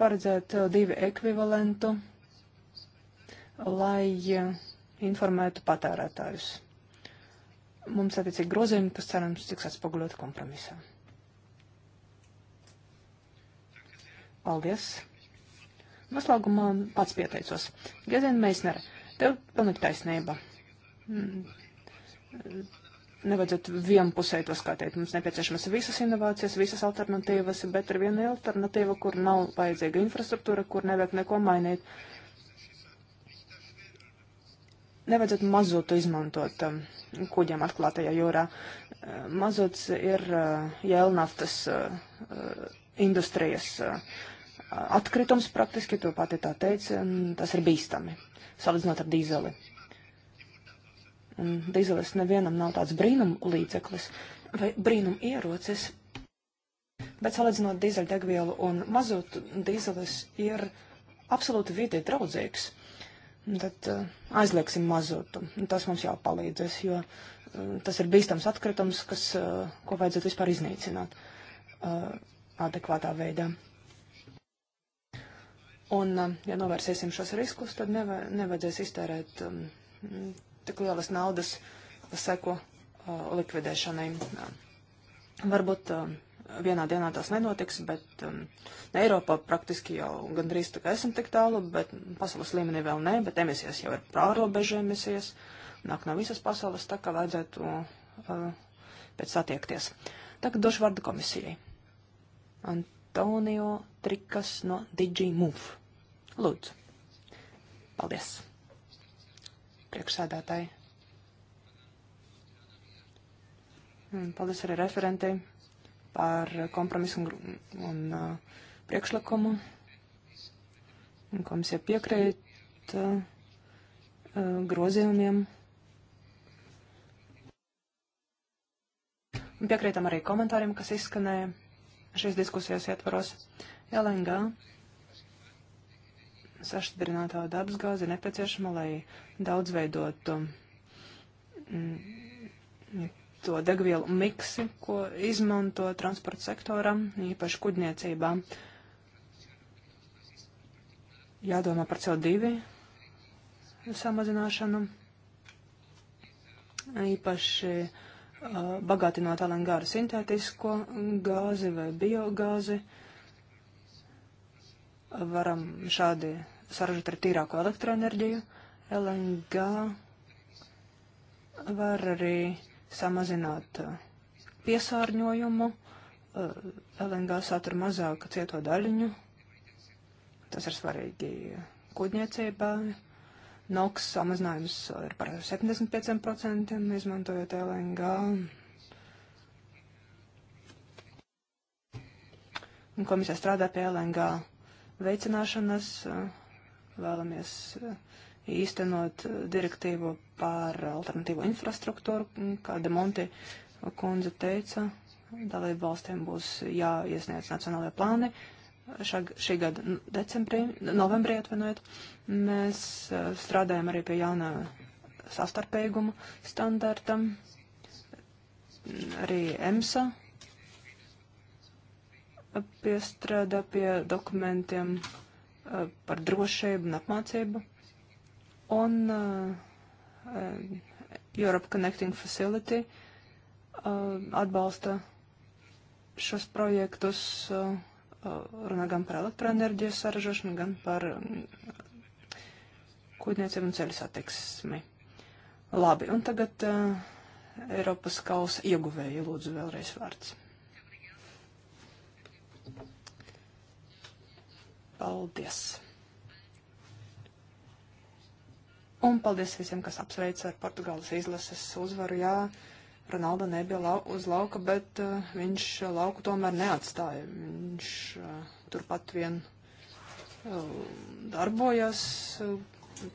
paredzēt divu ekvivalentu lai e, informētu patērētājus. Mums attiecīgi grozījumi, kas cerams tiks atspoguļot kompromisā. Paldies! Noslēgumā pats pieteicos. Gezina Meisnere, tev pilnīgi taisnība. Mm. Nevajadzētu vienpusē to skatīt. Mums nepieciešamas visas inovācijas, visas alternatīvas, bet ir viena alternatīva, kur nav vajadzīga infrastruktūra, kur nevajag neko mainīt. Uh, nevajadzētu mazotu izmantot um, kuģiem atklātajā jūrā. Uh, mazots ir uh, jēlnaftas uh, industrijas atkritums praktiski, to pati tā teica, tas ir bīstami, salīdzinot ar dīzeli. Dīzelis nevienam nav tāds brīnum līdzeklis vai brīnum ierocis, bet salīdzinot dīzeļdegvielu un mazotu, dīzelis ir absolūti vidē draudzīgs. Uh, tad eh, aizliegsim mazotu. Tas mums jāpalīdzēs, jo eh, tas ir bīstams atkritums, kas, eh, ko vajadzētu vispār iznīcināt adekvātā veidā. Un, ja novērsīsim šos riskus, tad neva, nevajadzēs iztērēt um, tik lielas naudas seko uh, likvidēšanai. Varbūt uh, vienā dienā tas nenotiks, bet um, Eiropā praktiski jau gandrīz tā kā esam tik tālu, bet pasaules līmenī vēl nē, bet emisijas jau ir prārobeža emisijas, nāk no visas pasaules, tā kā vajadzētu uh, pēc satiekties. Tagad došu vārdu komisijai. Antonio Trikas no DigiMove. Lūdzu. Paldies. Priekšsēdētāji. Mm, paldies arī referentei par kompromisu un, un uh, priekšlikumu. Un komisija piekrīt uh, uh, grozījumiem. Un piekrītam arī komentāriem, kas izskanēja šīs diskusijas ietvaros. LNG sašķidrinātā dabasgāze ir nepieciešama, lai daudz veidotu mm, to degvielu miksi, ko izmanto transporta sektoram, īpaši kuģniecībā. Jādomā par CO2 samazināšanu, īpaši uh, bagātinot LNG ar sintētisko gāzi vai biogāzi. Varam šādi saražot ar tīrāko elektroenerģiju. LNG var arī uh, samazināt uh, piesārņojumu, uh, LNG satura mazāk cieto daļiņu. Tas ir svarīgi kuģniecībā. NOX samazinājums uh, ir par 75%, izmantojot LNG. Un komisija strādā pie LNG veicināšanas. Vēlamies uh, īstenot eh, direktīvu par alternatīvo infrastruktūru, mm, kā Demonti kundze teica, dalību valstīm būs jāiesniedz nacionālajie plāni. Šā, šī gada decembrī, novembrī atvainojiet, mēs eh, strādājam arī pie jaunā sastarpējuma standartam, arī EMSA piestrādā pie dokumentiem eh, par drošību un apmācību on uh, eh, Europe Connecting Facility uh, atbalsta šos projektus, uh, runā gan par elektroenerģijas saražošanu, gan par mm, kūtniecību un ceļu satiksmi. Labi, un tagad uh, Eiropas kausa ieguvēja lūdzu vēlreiz vārds. Paldies! Un paldies visiem, kas apsveic ar Portugāles izlases uzvaru. Jā, Ronalda nebija lau uz lauka, bet uh, viņš eh, lauku tomēr neatstāja. Viņš uh, turpat vien uh, darbojas, uh,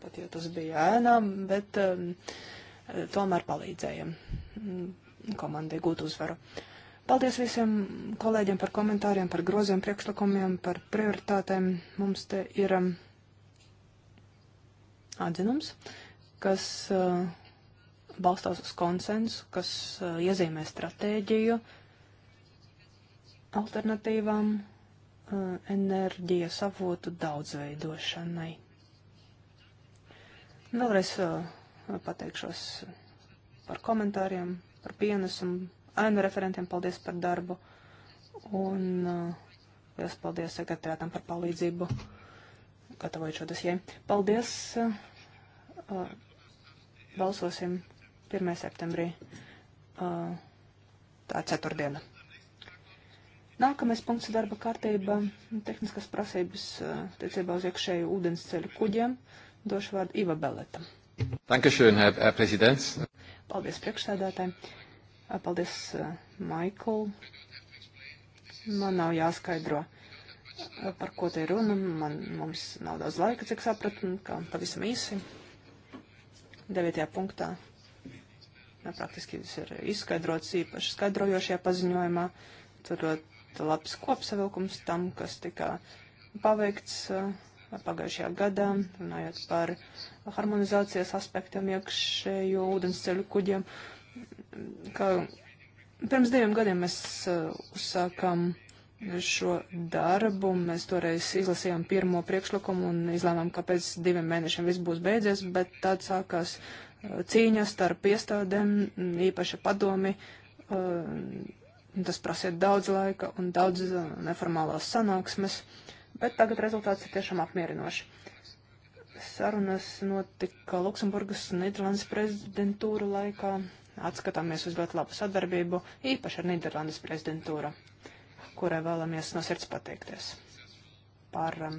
pat ja tas bija ēnām, bet uh, tomēr palīdzēja mm, komandai gūt uzvaru. Paldies visiem kolēģiem par komentāriem, par groziem, priekšlikumiem, par prioritātēm. Mums te ir. Um, atzinums, kas uh, balstās uz konsensu, kas uh, iezīmē stratēģiju alternatīvām uh, enerģijas avotu daudzveidošanai. Vēlreiz uh, pateikšos par komentāriem, par pienesumu, ainu referentiem paldies par darbu un uh, paldies sekretārātam par palīdzību gatavoju šo dosiju. Paldies! Uh, balsosim 1. septembrī. Uh, tā ceturtdiena. Nākamais punkts darba kārtība - tehniskas prasības tiecībā uz iekšēju ūdens ceļu kuģiem. Došu vārdu Iva Beletam. Dankeschön, Herr uh, Prezidents. Paldies priekšsēdētājiem. Paldies, uh, Maikl. Man nav jāskaidro. Uh, par ko te ir runa. Man, mums nav daudz laika, cik sapratu, ka pavisam īsi. Devietajā punktā ja, praktiski viss ir izskaidrots īpaši skaidrojošajā paziņojumā. Tur ļoti labs kopsavilkums tam, kas tika paveikts eh, pagājušajā gadā, runājot par harmonizācijas aspektiem iekšējo ūdensceļu kuģiem. Ka pirms diviem gadiem mēs eh, uzsākam uh, šo darbu. Mēs toreiz izlasījām pirmo priekšlikumu un izlēmām, ka pēc diviem mēnešiem viss būs beidzies, bet tad sākās uh, cīņa starp iestādēm, īpaši padomi. Uh, tas prasiet daudz laika un daudz uh, neformālās sanāksmes, bet tagad rezultāts ir tiešām apmierinošs. Sarunas notika Luksemburgas un Nīderlandes prezidentūra laikā. Atskatāmies uz ļoti labu sadarbību, īpaši ar Nīderlandes prezidentūru kurai vēlamies no sirds pateikties par um,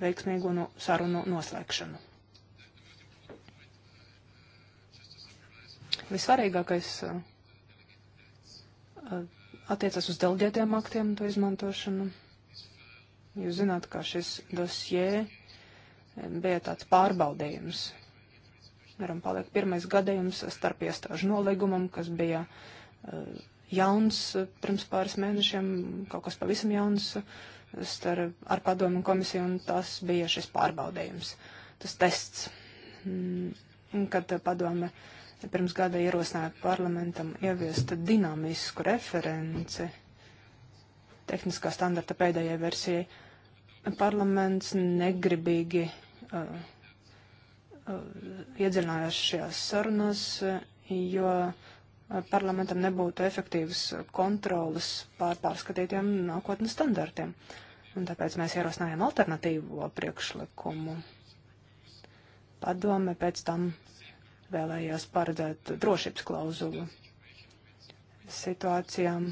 veiksmīgu no, nu, sarunu noslēgšanu. Visvarīgākais uh, uh attiecas uz delģētiem aktiem to izmantošanu. Jūs zināt, ka šis dosie eh, bija tāds pārbaudījums. Varam paliek pirmais gadījums starp iestāžu nolīgumam, kas bija uh, jauns, pirms pāris mēnešiem kaut kas pavisam jauns star, ar padomu komisiju, un tas bija šis pārbaudējums, tas tests, mm, kad padome pirms gada ierosināja parlamentam ieviest dinamisku referenci tehniskā standarta pēdējai versijai. Parlaments negribīgi uh, uh, iedziļinājās šajās sarunās, jo uh, parlamentam nebūtu efektīvas kontrolas pār pārskatītiem nākotnes standartiem. Un tāpēc mēs ierosinājām alternatīvo priekšlikumu. Padome pēc tam vēlējās paredzēt drošības klauzulu situācijām,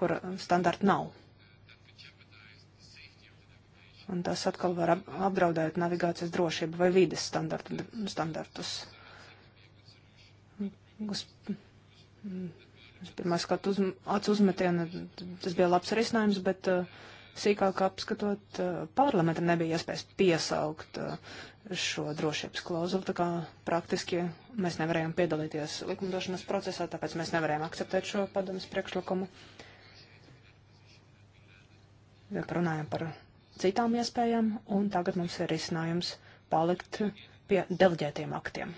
kur standarta nav. Un tas atkal var apdraudēt navigācijas drošību vai vides standartu, standartus uz, uz mm, pirmā skatu uz, acu uzmetiena, tas bija labs risinājums, bet uh, sīkāk apskatot, uh, parlamentam nebija iespējas piesaukt uh, šo drošības klauzulu, tā kā praktiski mēs nevarējām piedalīties likumdošanas procesā, tāpēc mēs nevarējām akceptēt šo padomas priekšlikumu. Runājam par citām iespējām, un tagad mums ir risinājums palikt pie deleģētiem aktiem.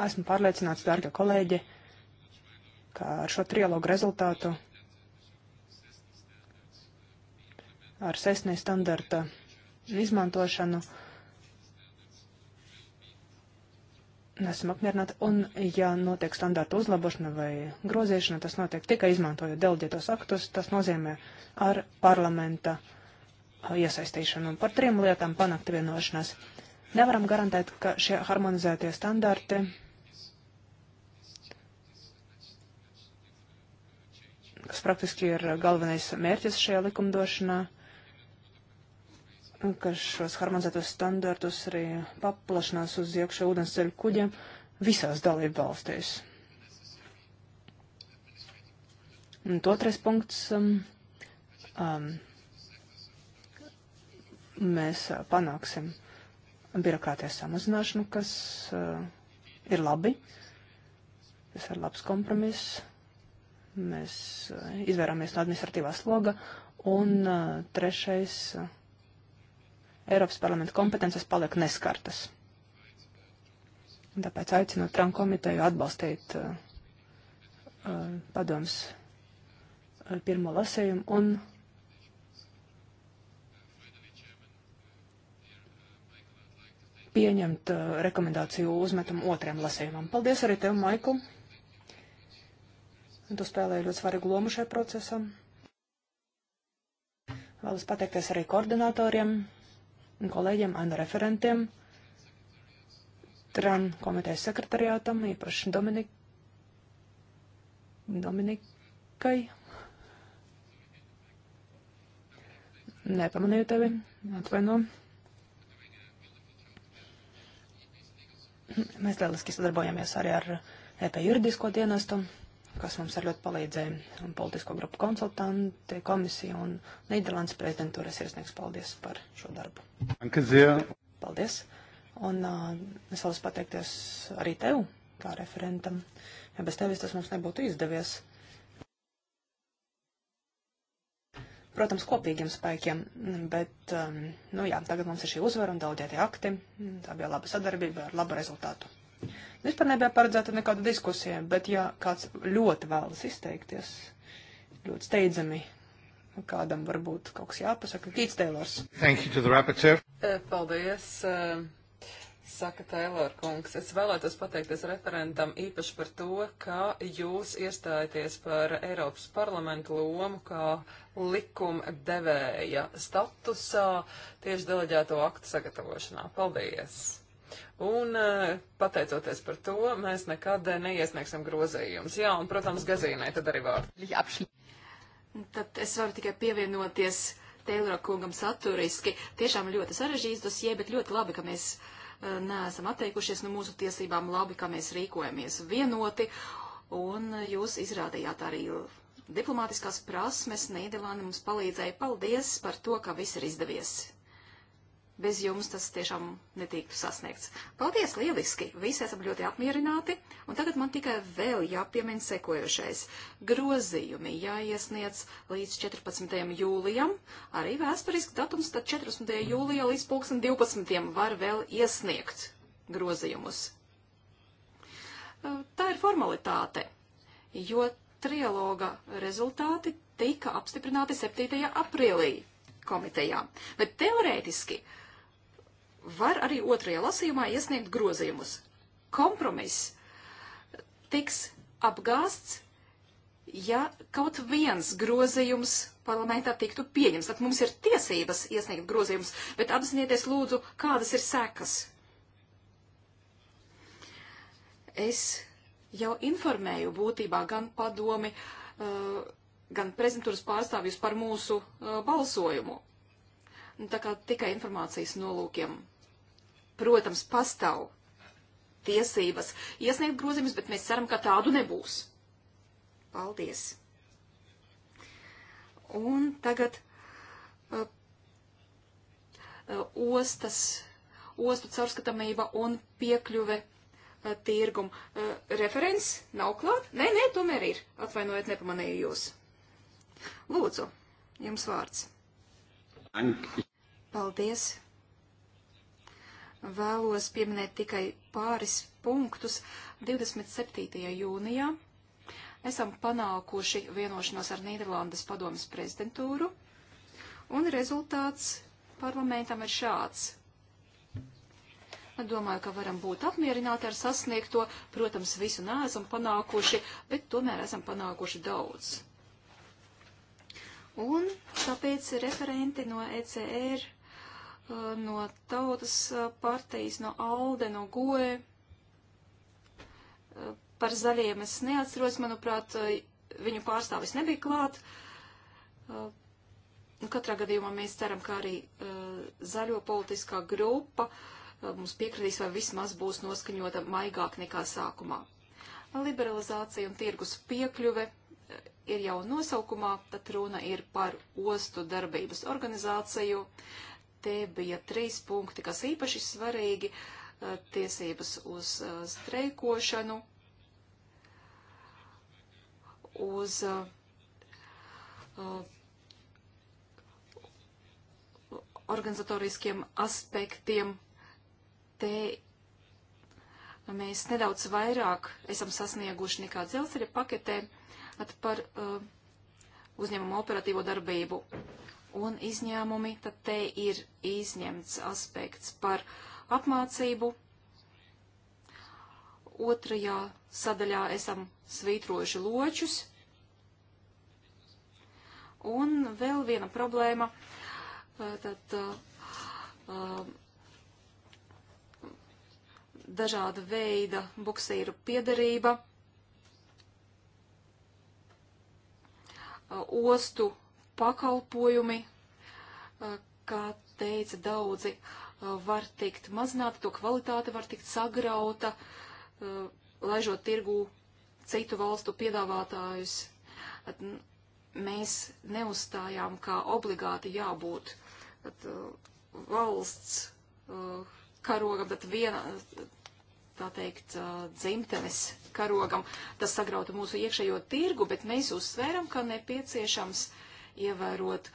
Esmu pārliecināts, dārga kolēģi, ka ar šo trialogu rezultātu, ar sesnī standarta izmantošanu, esam apmierināti, un ja notiek standarta uzlabošana vai groziešana, tas notiek tikai izmantojot delģētos aktus, tas nozīmē ar parlamenta uh, iesaistīšanu. Un par trim lietām panākt vienošanās. Nevaram garantēt, ka šie harmonizētie standarti kas praktiski ir galvenais mērķis šajā likumdošanā, ka šos harmonizētos standartus arī paplašinās uz iekšā ūdensceļu kuģiem visās dalību valstīs. Un otrais punkts. Um, um, mēs panāksim uh, birokrātijas samazināšanu, kas uh, ir labi. Tas ir labs kompromiss. Mēs uh, eh, izvērāmies no administratīvā sloga. Un uh, trešais, uh, Eiropas parlamenta kompetences paliek neskartas. Un tāpēc aicinu Trump komiteju atbalstīt uh, uh, padoms uh, pirmo lasējumu un pieņemt uh, rekomendāciju uzmetumu otriem lasējumam. Paldies arī tev, Maiku. Tu spēlēji ļoti svarīgu lomu šajā procesā. Vēlos pateikties arī koordinatoriem un kolēģiem, anu referentiem, TRAN komitejas sekretariātam, īpaši Dominik... Dominikai. Nepamanīju tevi, atvainoju. Mēs lieliski sadarbojamies arī ar EP juridisko dienestu, kas mums arī ļoti palīdzēja, un politisko grupu konsultanti, komisija un Nīderlandes prezidentūras iesniegs paldies par šo darbu. Paldies! Un uh, es vēlos pateikties arī tev, kā referentam, ja bez tevis tas mums nebūtu izdevies. protams, kopīgiem spēkiem, bet, um, nu jā, tagad mums ir šī uzvara un daudzietie akti, tā bija laba sadarbība ar labu rezultātu. Vispār nebija paredzēta nekāda diskusija, bet ja kāds ļoti vēlas izteikties, ļoti steidzami, kādam varbūt kaut kas jāpasaka, Kīts Teilors. Paldies. Uh saka Tēlor kungs. Es vēlētos pateikties referentam īpaši par to, ka jūs iestājaties par Eiropas parlamentu lomu kā likuma devēja statusā tieši deleģēto aktu sagatavošanā. Paldies! Un eh, pateicoties par to, mēs nekad neiesniegsim grozījumus. Jā, un, protams, gazīnai tad arī vārdu. Tad es varu tikai pievienoties Teilora kungam saturiski. Tiešām ļoti sarežģīts dosie, bet ļoti labi, ka mēs uh, neesam atteikušies no mūsu tiesībām labi, kā mēs rīkojamies vienoti, un jūs izrādījāt arī diplomātiskās prasmes, Nīderlanda mums palīdzēja. Paldies par to, ka viss ir izdevies bez jums tas tiešām netiktu sasniegts. Paldies, lieliski! Visi esam ļoti apmierināti, un tagad man tikai vēl jāpiemina sekojošais. Grozījumi jāiesniedz līdz 14. jūlijam, arī vēsturiski datums, tad 14. jūlijā līdz 2012. var vēl iesniegt grozījumus. Tā ir formalitāte, jo trialoga rezultāti tika apstiprināti 7. aprīlī komitejā. Bet teorētiski uh, var arī otrajā lasījumā iesniegt grozījumus. Kompromiss tiks apgāsts, ja kaut viens grozījums parlamentā tiktu pieņems. Tad mums ir tiesības iesniegt grozījumus, bet apzinieties lūdzu, kādas ir sekas. Es jau informēju būtībā gan padomi, uh, gan prezidentūras pārstāvjus par mūsu uh, balsojumu tā kā tikai informācijas nolūkiem. Protams, pastāv tiesības iesniegt grozījumus, bet mēs ceram, ka tādu nebūs. Paldies! Un tagad uh, uh, ostas, ostu caurskatāmība un piekļuve uh, tirgum. Uh, referents nav klāt? Nē, nē, tomēr ir. Atvainojiet, nepamanīju jūs. Lūdzu, jums vārds. Paldies! Vēlos pieminēt tikai pāris punktus. 27. jūnijā esam panākuši vienošanos ar Nīderlandes padomas prezidentūru, un rezultāts parlamentam ir šāds. Domāju, ka varam būt apmierināti ar sasniegto. Protams, visu neesam panākuši, bet tomēr esam panākuši daudz. Un tāpēc referenti no ECR Uh, no tautas uh, partijas, no ALDE, no GOE. Uh, par zaļiem es neatceros, manuprāt, viņu pārstāvis nebija klāt. Nu, katrā gadījumā mēs ceram, ka arī zaļo politiskā grupa mums piekritīs vai vismaz būs noskaņota maigāk nekā sākumā. Liberalizācija un tirgus piekļuve ir jau nosaukumā, tad runa ir par ostu darbības organizāciju. Uh, Te bija trīs punkti, kas īpaši svarīgi eh, - tiesības uz eh, streikošanu, uz eh, organizatoriskiem aspektiem. Te mēs nedaudz vairāk esam sasnieguši nekā dzelzceļa paketē par uh, uzņēmumu operatīvo darbību un izņēmumi, tad te ir izņemts aspekts par apmācību. Otrajā sadaļā esam svītrojuši ločus. Un vēl viena problēma. Tad, dažāda veida buksīru piederība, ostu pakalpojumi, kā teica daudzi, var tikt mazināta, to kvalitāte var tikt sagrauta, laižot tirgū citu valstu piedāvātājus. Mēs neuzstājām, kā obligāti jābūt tad, valsts karogam, tad viena, tā teikt, dzimtenes karogam. Tas sagrauta mūsu iekšējo tirgu, bet mēs uzsvēram, ka nepieciešams uh, ievērot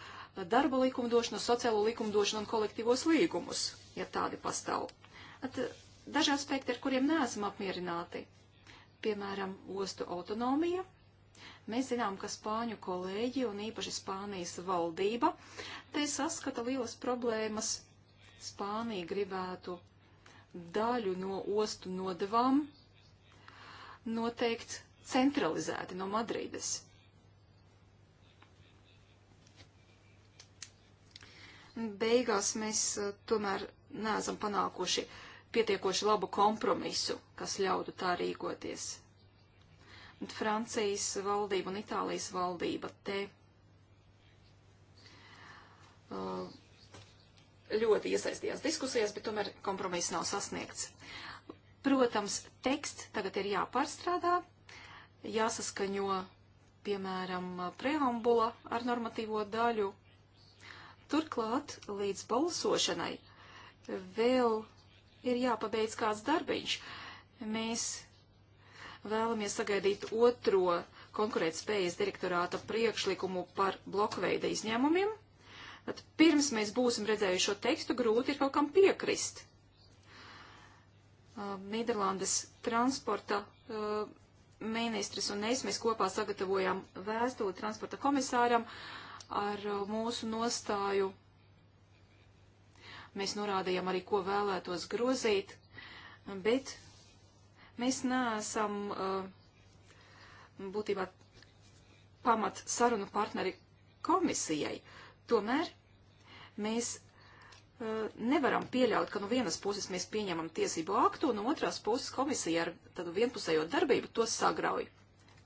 darba likumdošanu, sociālo likumdošanu un kolektīvos līgumus, ja tādi pastāv. At, daži aspekti, ar kuriem neesam apmierināti, piemēram, ostu autonomija. Mēs zinām, ka spāņu kolēģi un īpaši Spānijas valdība te saskata lielas problēmas. Spānija gribētu daļu no ostu nodevām noteikt centralizēti no Madrides. beigās mēs eh, tomēr neesam panākuši pietiekoši labu kompromisu, kas ļautu tā rīkoties. Un Francijas valdība un Itālijas valdība te eh, ļoti iesaistījās diskusijās, bet tomēr kompromiss nav sasniegts. Protams, teksts tagad ir jāpārstrādā, jāsaskaņo, piemēram, preambula ar normatīvo daļu Turklāt līdz balsošanai vēl ir jāpabeidz kāds darbiņš. Mēs vēlamies sagaidīt otro konkurētspējas direktorāta priekšlikumu par blokveida izņēmumiem. Tad pirms mēs būsim redzējuši šo tekstu, grūti ir kaut kam piekrist. Uh, Nīderlandes transporta uh, ministrs un es mēs kopā sagatavojām vēstuli transporta komisāram, uh, ar uh, mūsu nostāju. Mēs norādījām arī, ko vēlētos grozīt, bet mēs neesam uh, būtībā pamat sarunu partneri komisijai. Tomēr mēs uh, nevaram pieļaut, ka no vienas puses mēs pieņemam tiesību aktu, un no otrās puses komisija ar tādu vienpusējo darbību to sagrauj.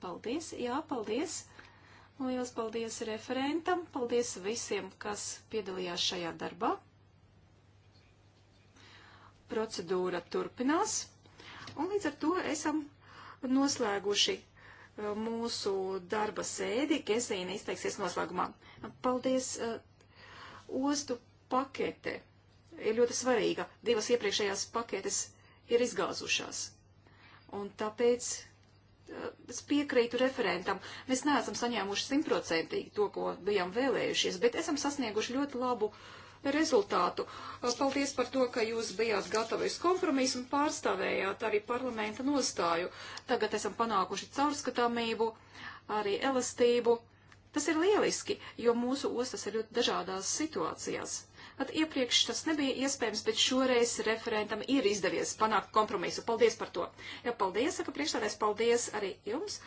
Paldies, jā, paldies. Lielas paldies referentam, paldies visiem, kas piedalījās šajā darbā. Procedūra turpinās, un līdz ar to esam noslēguši eh, mūsu darba sēdi. Gesīna izteiksies noslēgumā. Paldies! Eh, ostu pakete ir ļoti svarīga. Divas iepriekšējās paketes ir izgāzušās. Un tāpēc es piekrītu referentam. Mēs neesam saņēmuši simtprocentīgi to, ko bijām vēlējušies, bet esam sasnieguši ļoti labu rezultātu. Paldies par to, ka jūs bijāt gatavi uz kompromisu un pārstāvējāt arī parlamenta nostāju. Tagad esam panākuši caurskatāmību, arī elastību. Tas ir lieliski, jo mūsu ostas ir ļoti dažādās situācijās. Pat iepriekš tas nebija iespējams, bet šoreiz referentam ir izdevies panākt kompromisu. Paldies par to. Jā, paldies, saka priekšstādājs, paldies arī jums.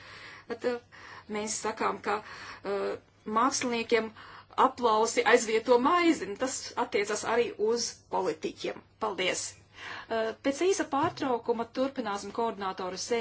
Tad, uh, mēs sakām, ka uh, māksliniekiem aplausi aizvieto maizi, un tas attiecas arī uz politiķiem. Paldies! Uh, pēc īsa pārtraukuma turpināsim koordinātoru sēdi.